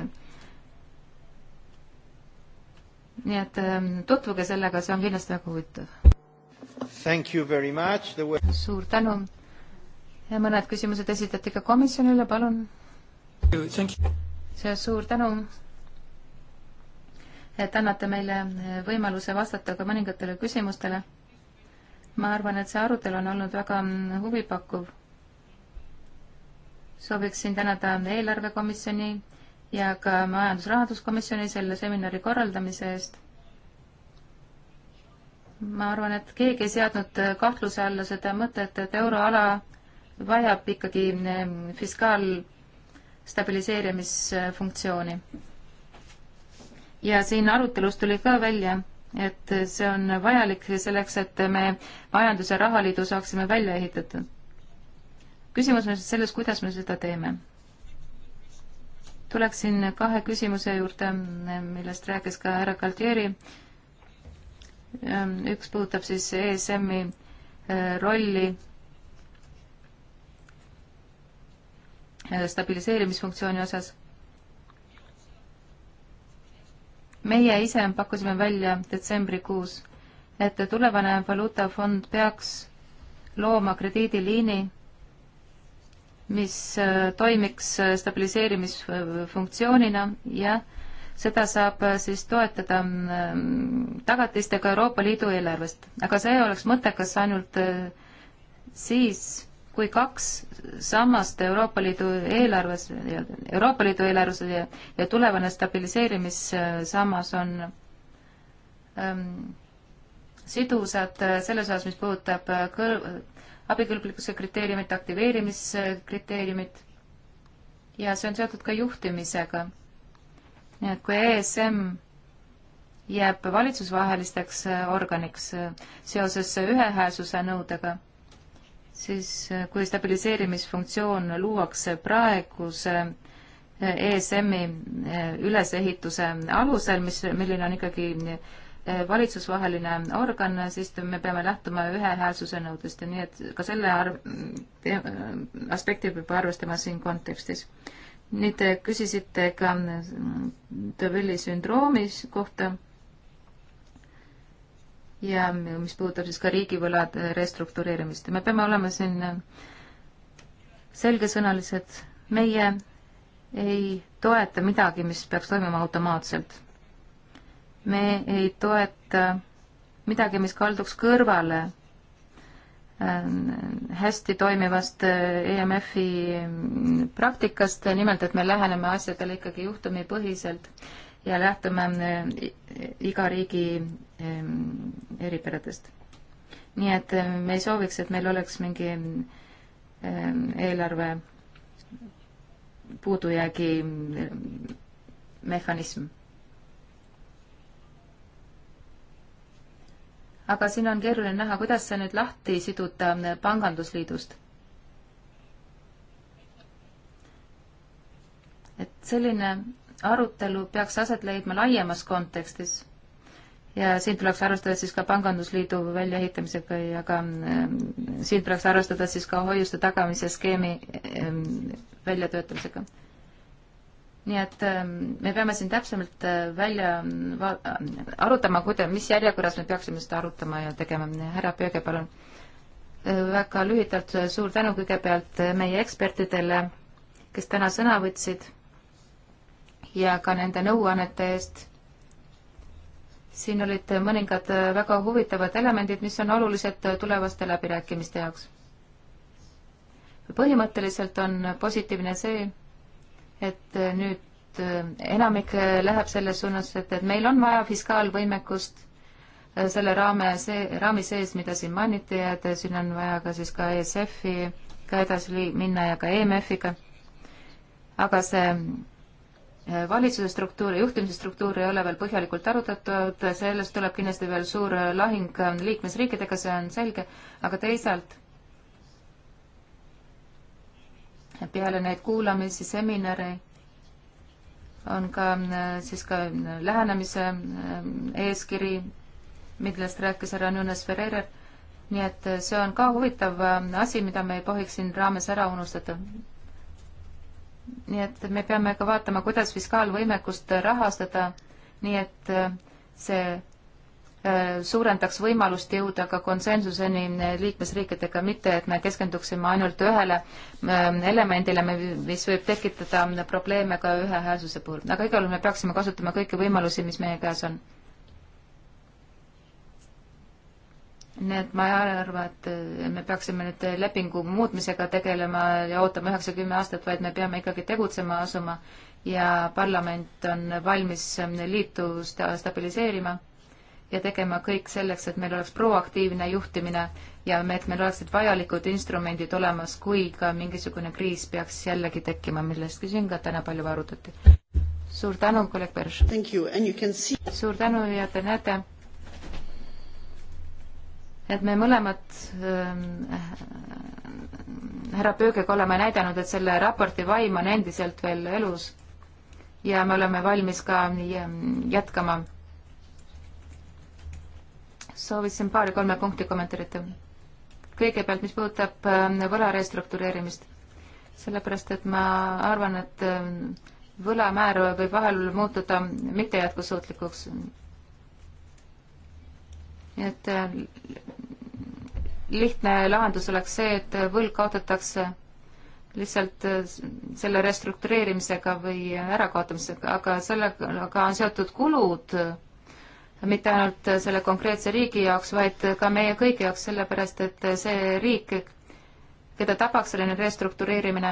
nii et ähm, tutvuge sellega, see on kindlasti väga huvitav. Were... suur tänu ja mõned küsimused esitati ka komisjonile, palun. suur tänu et annate meile eh, võimaluse vastata ka mõningatele küsimustele. ma arvan, et see arutelu on olnud väga mm, huvipakkuv. sooviksin tänada eelarvekomisjoni ja ka majandus-rahanduskomisjoni selle seminari korraldamise eest. ma arvan, et keegi ei seadnud eh, kahtluse alla seda mõtet, et euroala vajab ikkagi mm, fiskaal stabiliseerimisfunktsiooni ja siin arutelus tuli ka välja, et see on vajalik selleks, et me majandus- ja rahaliidu saaksime välja ehitatud. küsimus on siis selles, kuidas me seda teeme. tuleksin kahe küsimuse juurde, millest rääkis ka härra Galtieri. üks puudutab siis ESM-i äh, rolli äh, stabiliseerimisfunktsiooni osas meie ise pakkusime välja detsembrikuus, et tulevane valuutafond peaks looma krediidiliini, mis äh, toimiks äh, stabiliseerimisfunktsioonina ja seda saab äh, siis toetada ähm, tagatistega Euroopa Liidu eelarvest. aga see oleks mõttekas ainult siis, kui kaks sammast Euroopa Liidu eelarves, Euroopa Liidu eelarves ja, ja tulevane stabiliseerimissammas on ähm, sidusad äh, selles osas, mis puudutab äh, kõr-, abikõlblikkuse kriteeriumit, aktiveerimiskriteeriumit ja see on seotud ka juhtimisega. nii et kui ESM jääb valitsusvahelisteks äh, organiks seoses ühehäälsuse nõudega siis eh, kui stabiliseerimisfunktsioon luuakse praeguse ESM-i eh, e eh, ülesehituse alusel, mis, milline on ikkagi valitsusvaheline organ, siis me peame lähtuma ühehäälsuse nõudest ja nii et ka selle arv, aspekti peab arvestama siin kontekstis. nüüd te küsisite ka mm, Devilli sündroomi kohta ja mis puudutab siis ka riigivõlade eh, restruktureerimist. me peame olema siin eh, selgesõnalised, meie ei toeta midagi, mis peaks toimuma automaatselt. me ei toeta midagi, mis kalduks kõrvale eh, hästi toimivast EMF-i e praktikast, nimelt et me läheneme asjadele ikkagi juhtumipõhiselt ja lähtume eh, iga riigi eh, eripäradest. nii et eh, me ei sooviks, et meil oleks mingi eelarve puudujäägi mehhanism. aga siin on keeruline näha, kuidas see nüüd lahti siduda pangandusliidust et selline arutelu peaks aset leidma laiemas kontekstis ja siin tuleks arvestada siis ka pangandusliidu väljaehitamisega ja ka ähm, siin tuleks arvestada siis ka hoiuste tagamise skeemi ähm, väljatöötamisega. nii et ähm, me peame siin täpsemalt äh, välja äh, arutama, kuida-, mis järjekorras me peaksime seda arutama ja tegema. härra Pööge, palun. Äh, väga lühidalt suur tänu kõigepealt meie ekspertidele, kes täna sõna võtsid ja ka nende nõuannete eest. siin olid mõningad väga huvitavad elemendid, mis on olulised tulevaste läbirääkimiste jaoks. põhimõtteliselt on positiivne see, et nüüd enamik läheb selles suunas, et, et meil on vaja fiskaalvõimekust selle raame see, raami sees, mida siin mainiti, et siin on vaja ka siis ka ESF-i ka edasi minna ja ka EMF-iga. aga see valitsuse struktuuri, juhtimise struktuuri ei ole veel põhjalikult arutatud, sellest tuleb kindlasti veel suur lahing liikmesriikidega, see on selge, aga teisalt peale neid kuulamisi, seminare on ka siis ka lähenemise äh, eeskiri, millest rääkis härra Nunes Ferreira, nii et see on ka huvitav äh, asi, mida me ei tohiks siin raames ära unustada nii et me peame ka vaatama, kuidas fiskaalvõimekust rahastada, nii et äh, see äh, suurendaks võimalust jõuda ka konsensuseni äh, liikmesriikidega, mitte et me keskenduksime ainult ühele elemendile, mis võib tekitada probleeme ka ühehäälsuse puhul. aga igal juhul me peaksime kasutama kõiki võimalusi, mis meie käes on nii et ma ei arva, et äh, me peaksime nüüd äh, lepingu muutmisega tegelema ja ootama üheksa, kümme aastat, vaid me peame ikkagi tegutsema asuma ja parlament on valmis ähm, liitu sta-, stabiliseerima ja tegema kõik selleks, et meil oleks proaktiivne juhtimine ja me, et meil oleksid vajalikud instrumendid olemas, kui ka mingisugune kriis peaks jällegi tekkima, millest siin ka täna palju arutati. suur tänu, kolleeg Perš! See... suur tänu ja te näete, et me mõlemad ähm, härra Pöögega oleme näidanud, et selle raporti vaim on endiselt veel elus ja me oleme valmis ka ähm, jätkama. soovisin paari-kolme punkti kommenteerida. kõigepealt, mis puudutab ähm, võla restruktureerimist, sellepärast et ma arvan, et võlamäär võib vahel muutuda mittejätkusuutlikuks nii et äh, lihtne lahendus oleks see, et võlg kaotatakse lihtsalt äh, selle restruktureerimisega või ärakaotamisega, aga sellega on seotud kulud mitte ainult selle konkreetse riigi jaoks, vaid ka meie kõigi jaoks, sellepärast et see riik, keda tabaks selline restruktureerimine,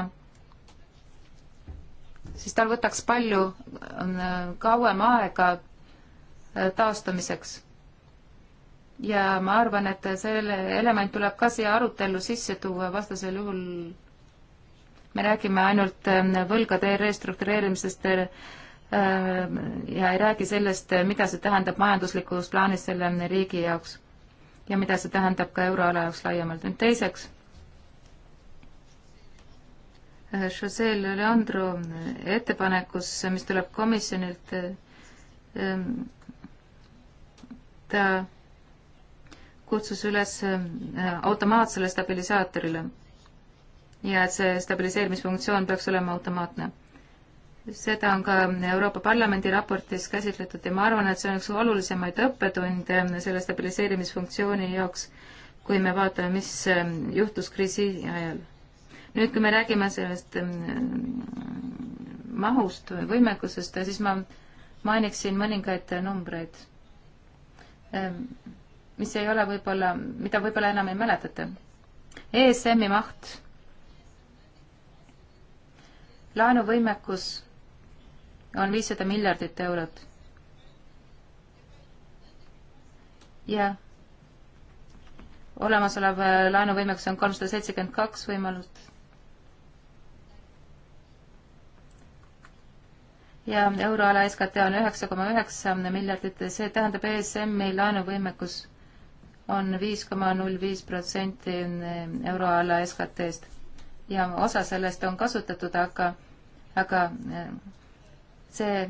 siis tal võtaks palju äh, kauem aega taastumiseks ja ma arvan, et selle element tuleb ka siia arutellu sisse tuua, vastasel juhul me räägime ainult ähm, võlgade restruktureerimisest äh, ja ei räägi sellest, mida see tähendab majanduslikus plaanis selle riigi jaoks ja mida see tähendab ka euroala jaoks laiemalt. nüüd teiseks, äh, Jose Leandro ettepanekus, mis tuleb komisjonilt, äh, ähm, ta kutsus üles äh, automaatsele stabilisaatorile ja et see stabiliseerimisfunktsioon peaks olema automaatne. seda on ka Euroopa Parlamendi raportis käsitletud ja ma arvan, et see on üks olulisemaid õppetunde selle stabiliseerimisfunktsiooni jaoks, kui me vaatame, mis äh, juhtus kriisi ajal. nüüd, kui me räägime sellest äh, mahust või võimekusest, siis ma mainiksin mõningaid numbreid mis ei ole võib-olla, mida võib-olla enam ei mäletata. ESM-i maht, laenuvõimekus on viissada miljardit eurot. ja olemasolev äh, laenuvõimekus on kolmsada seitsekümmend kaks võimalust. ja euroala SKT on üheksa koma üheksa miljardit, see tähendab ESM-i laenuvõimekus on viis koma null viis protsenti euroala SKT-st ja osa sellest on kasutatud, aga, aga eh, see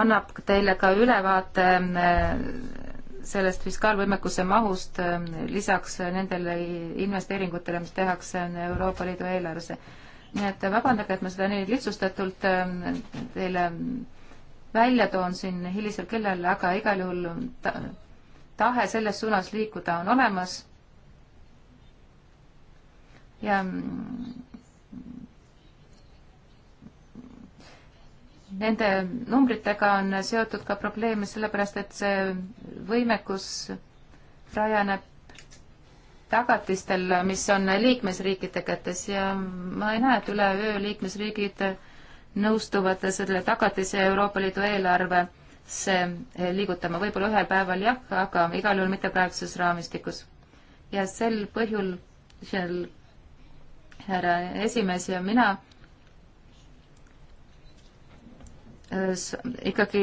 annab teile ka ülevaate eh, sellest fiskaalvõimekuse mahust eh, lisaks nendele investeeringutele, mis tehakse Euroopa Liidu eelarvesse. nii et vabandage, et ma seda nii lihtsustatult teile välja toon siin hilisel kellel, aga igal juhul ta, tahe selles suunas liikuda on olemas. ja mm, nende numbritega on seotud ka probleeme, sellepärast et see võimekus rajaneb tagatistel, mis on liikmesriikide kätes ja ma ei näe, et üleöö liikmesriigid nõustuvad selle tagatise Euroopa Liidu eelarve Eh, liigutama, võib-olla ühel päeval jah, aga igal juhul mitte praeguses raamistikus. ja sel põhjul seal härra esimees ja mina eh, ikkagi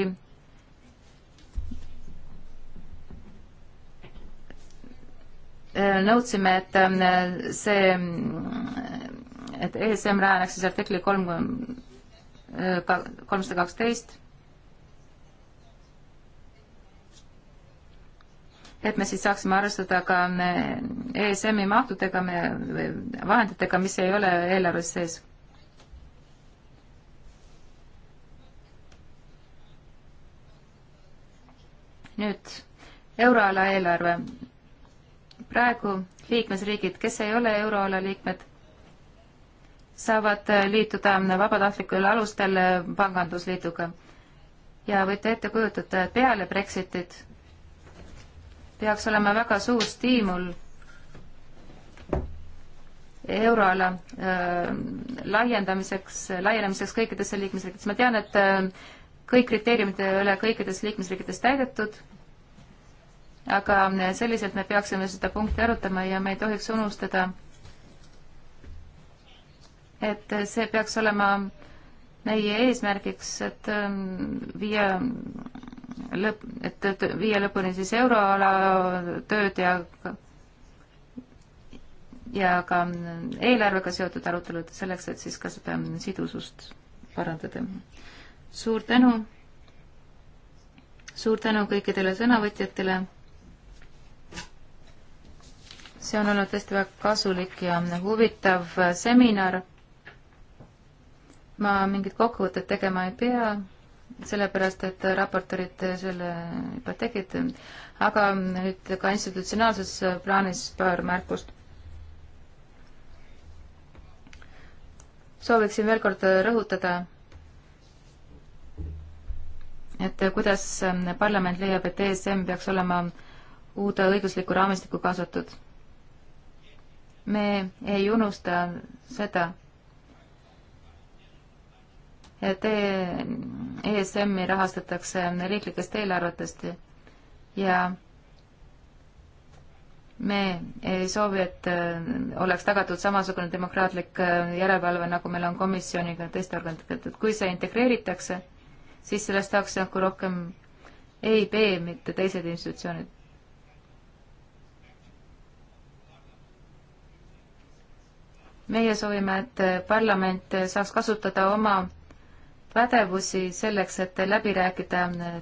eh, nõudsime, et see, et ESM rajaneks siis artikli kolm, kolmsada kaksteist et me siis saaksime arvestada ka ESM-i e mahtudega, vahenditega, mis ei ole eelarves sees. nüüd euroala eelarve. praegu liikmesriigid, kes ei ole euroala liikmed, saavad liituda vabatahtlikul alustel pangandusliiduga. ja võite ette kujutada, et peale Brexitit peaks olema väga suur stiimul euroala äh, laiendamiseks, laienemiseks kõikidesse liikmesriikides. ma tean, et äh, kõik kriteeriumid ei ole kõikides liikmesriikides täidetud, aga äh, selliselt me peaksime seda punkti arutama ja me ei tohiks unustada, et see peaks olema meie eesmärgiks, et äh, viia lõpp, et, et viia lõpuni siis euroala tööd ja ja ka eelarvega seotud arutelud selleks, et siis ka seda sidusust parandada. suur tänu, suur tänu kõikidele sõnavõtjatele. see on olnud tõesti väga kasulik ja huvitav seminar. ma mingit kokkuvõtet tegema ei pea sellepärast, et raportorid selle juba tegid, aga nüüd ka institutsionaalses plaanis paar märkust. sooviksin veel kord rõhutada, et kuidas parlament leiab, et ESM peaks olema uude õiguslikku raamistikku kaasatud. me ei unusta seda et ESM-i rahastatakse riiklikest eelarvetest ja me ei soovi, et äh, oleks tagatud samasugune demokraatlik äh, järelevalve, nagu meil on komisjoniga ja teiste organitega, et kui see integreeritakse, siis sellest saaks nagu rohkem EIB, mitte teised institutsioonid. meie soovime, et äh, parlament saaks kasutada oma pädevusi selleks, et läbi rääkida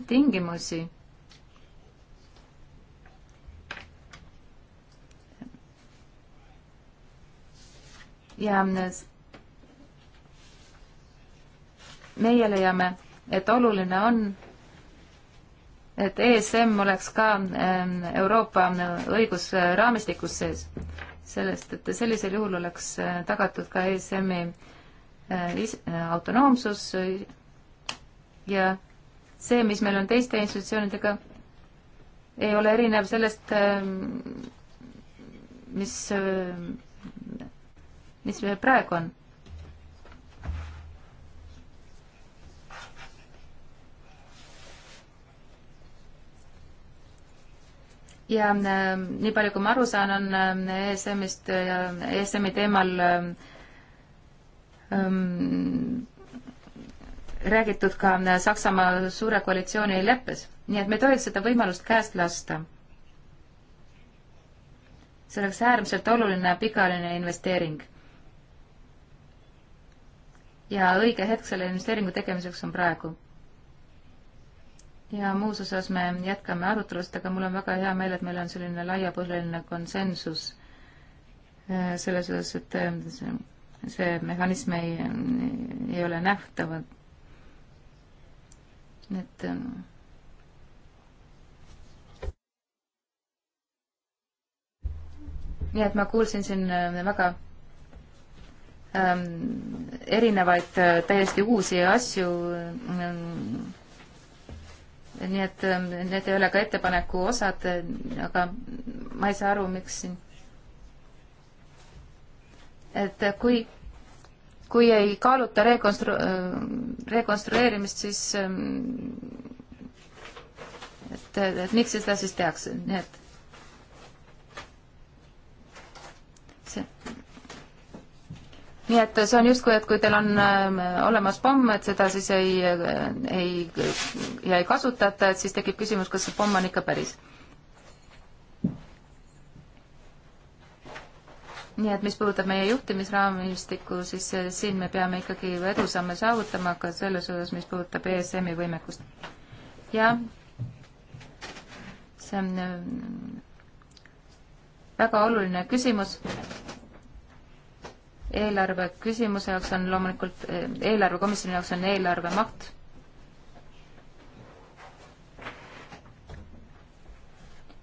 tingimusi ja meie leiame, et oluline on, et ESM oleks ka ähm, Euroopa õigusraamistikus sees, sellest, et sellisel juhul oleks äh, tagatud ka ESM-i Äh, äh, autonoomsus ja see, mis meil on teiste institutsioonidega, ei ole erinev sellest, ähm, mis, äh, mis meil praegu on. ja nii palju, kui ma aru saan, on ESM-ist ja ESM-i teemal äh, ähm, räägitud ka Saksamaa suure koalitsiooni leppes, nii et me ei tohiks seda võimalust käest lasta. see oleks äärmiselt oluline pikaajaline investeering. ja õige hetk selle investeeringu tegemiseks on praegu. ja muus osas me jätkame arutelust, aga mul on väga hea meel, et meil on selline laiapõhjaline konsensus äh, selles osas, et äh, see mehhanism ei, ei ole nähtav. et ähm, nii et ma kuulsin siin äh, väga ähm, erinevaid äh, täiesti uusi asju ähm,. nii et ähm, need ei ole ka ettepaneku osad, äh, aga ma ei saa aru, miks siin et kui, kui ei kaaluta rekonstru-, rekonstrueerimist, siis et, et miks seda siis tehakse, nii et see nii et see on justkui, et kui teil on olemas pomm, et seda siis ei, ei, ja ei kasutata, et siis tekib küsimus, kas see pomm on ikka päris nii et mis puudutab meie juhtimisraamistikku, siis eh, siin me peame ikkagi edusamme saavutama ka selles osas, mis puudutab ESM-i võimekust. ja see on eh, väga oluline küsimus. eelarve küsimuse jaoks on loomulikult, eh, eelarvekomisjoni jaoks on eelarve maht.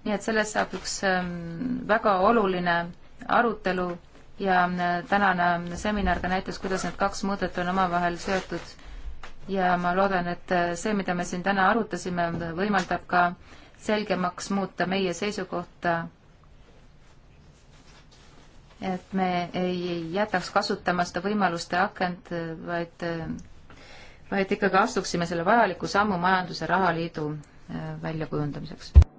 nii et sellest saab üks väga oluline arutelu ja äh, tänane seminar ka näitas, kuidas need kaks mõõdet on omavahel seotud ja ma loodan, et äh, see, mida me siin täna arutasime, võimaldab ka selgemaks muuta meie seisukohta, et me ei jätaks kasutama seda võimaluste akent, vaid, vaid ikkagi astuksime selle vajaliku sammu majanduse rahaliidu äh, väljakujundamiseks.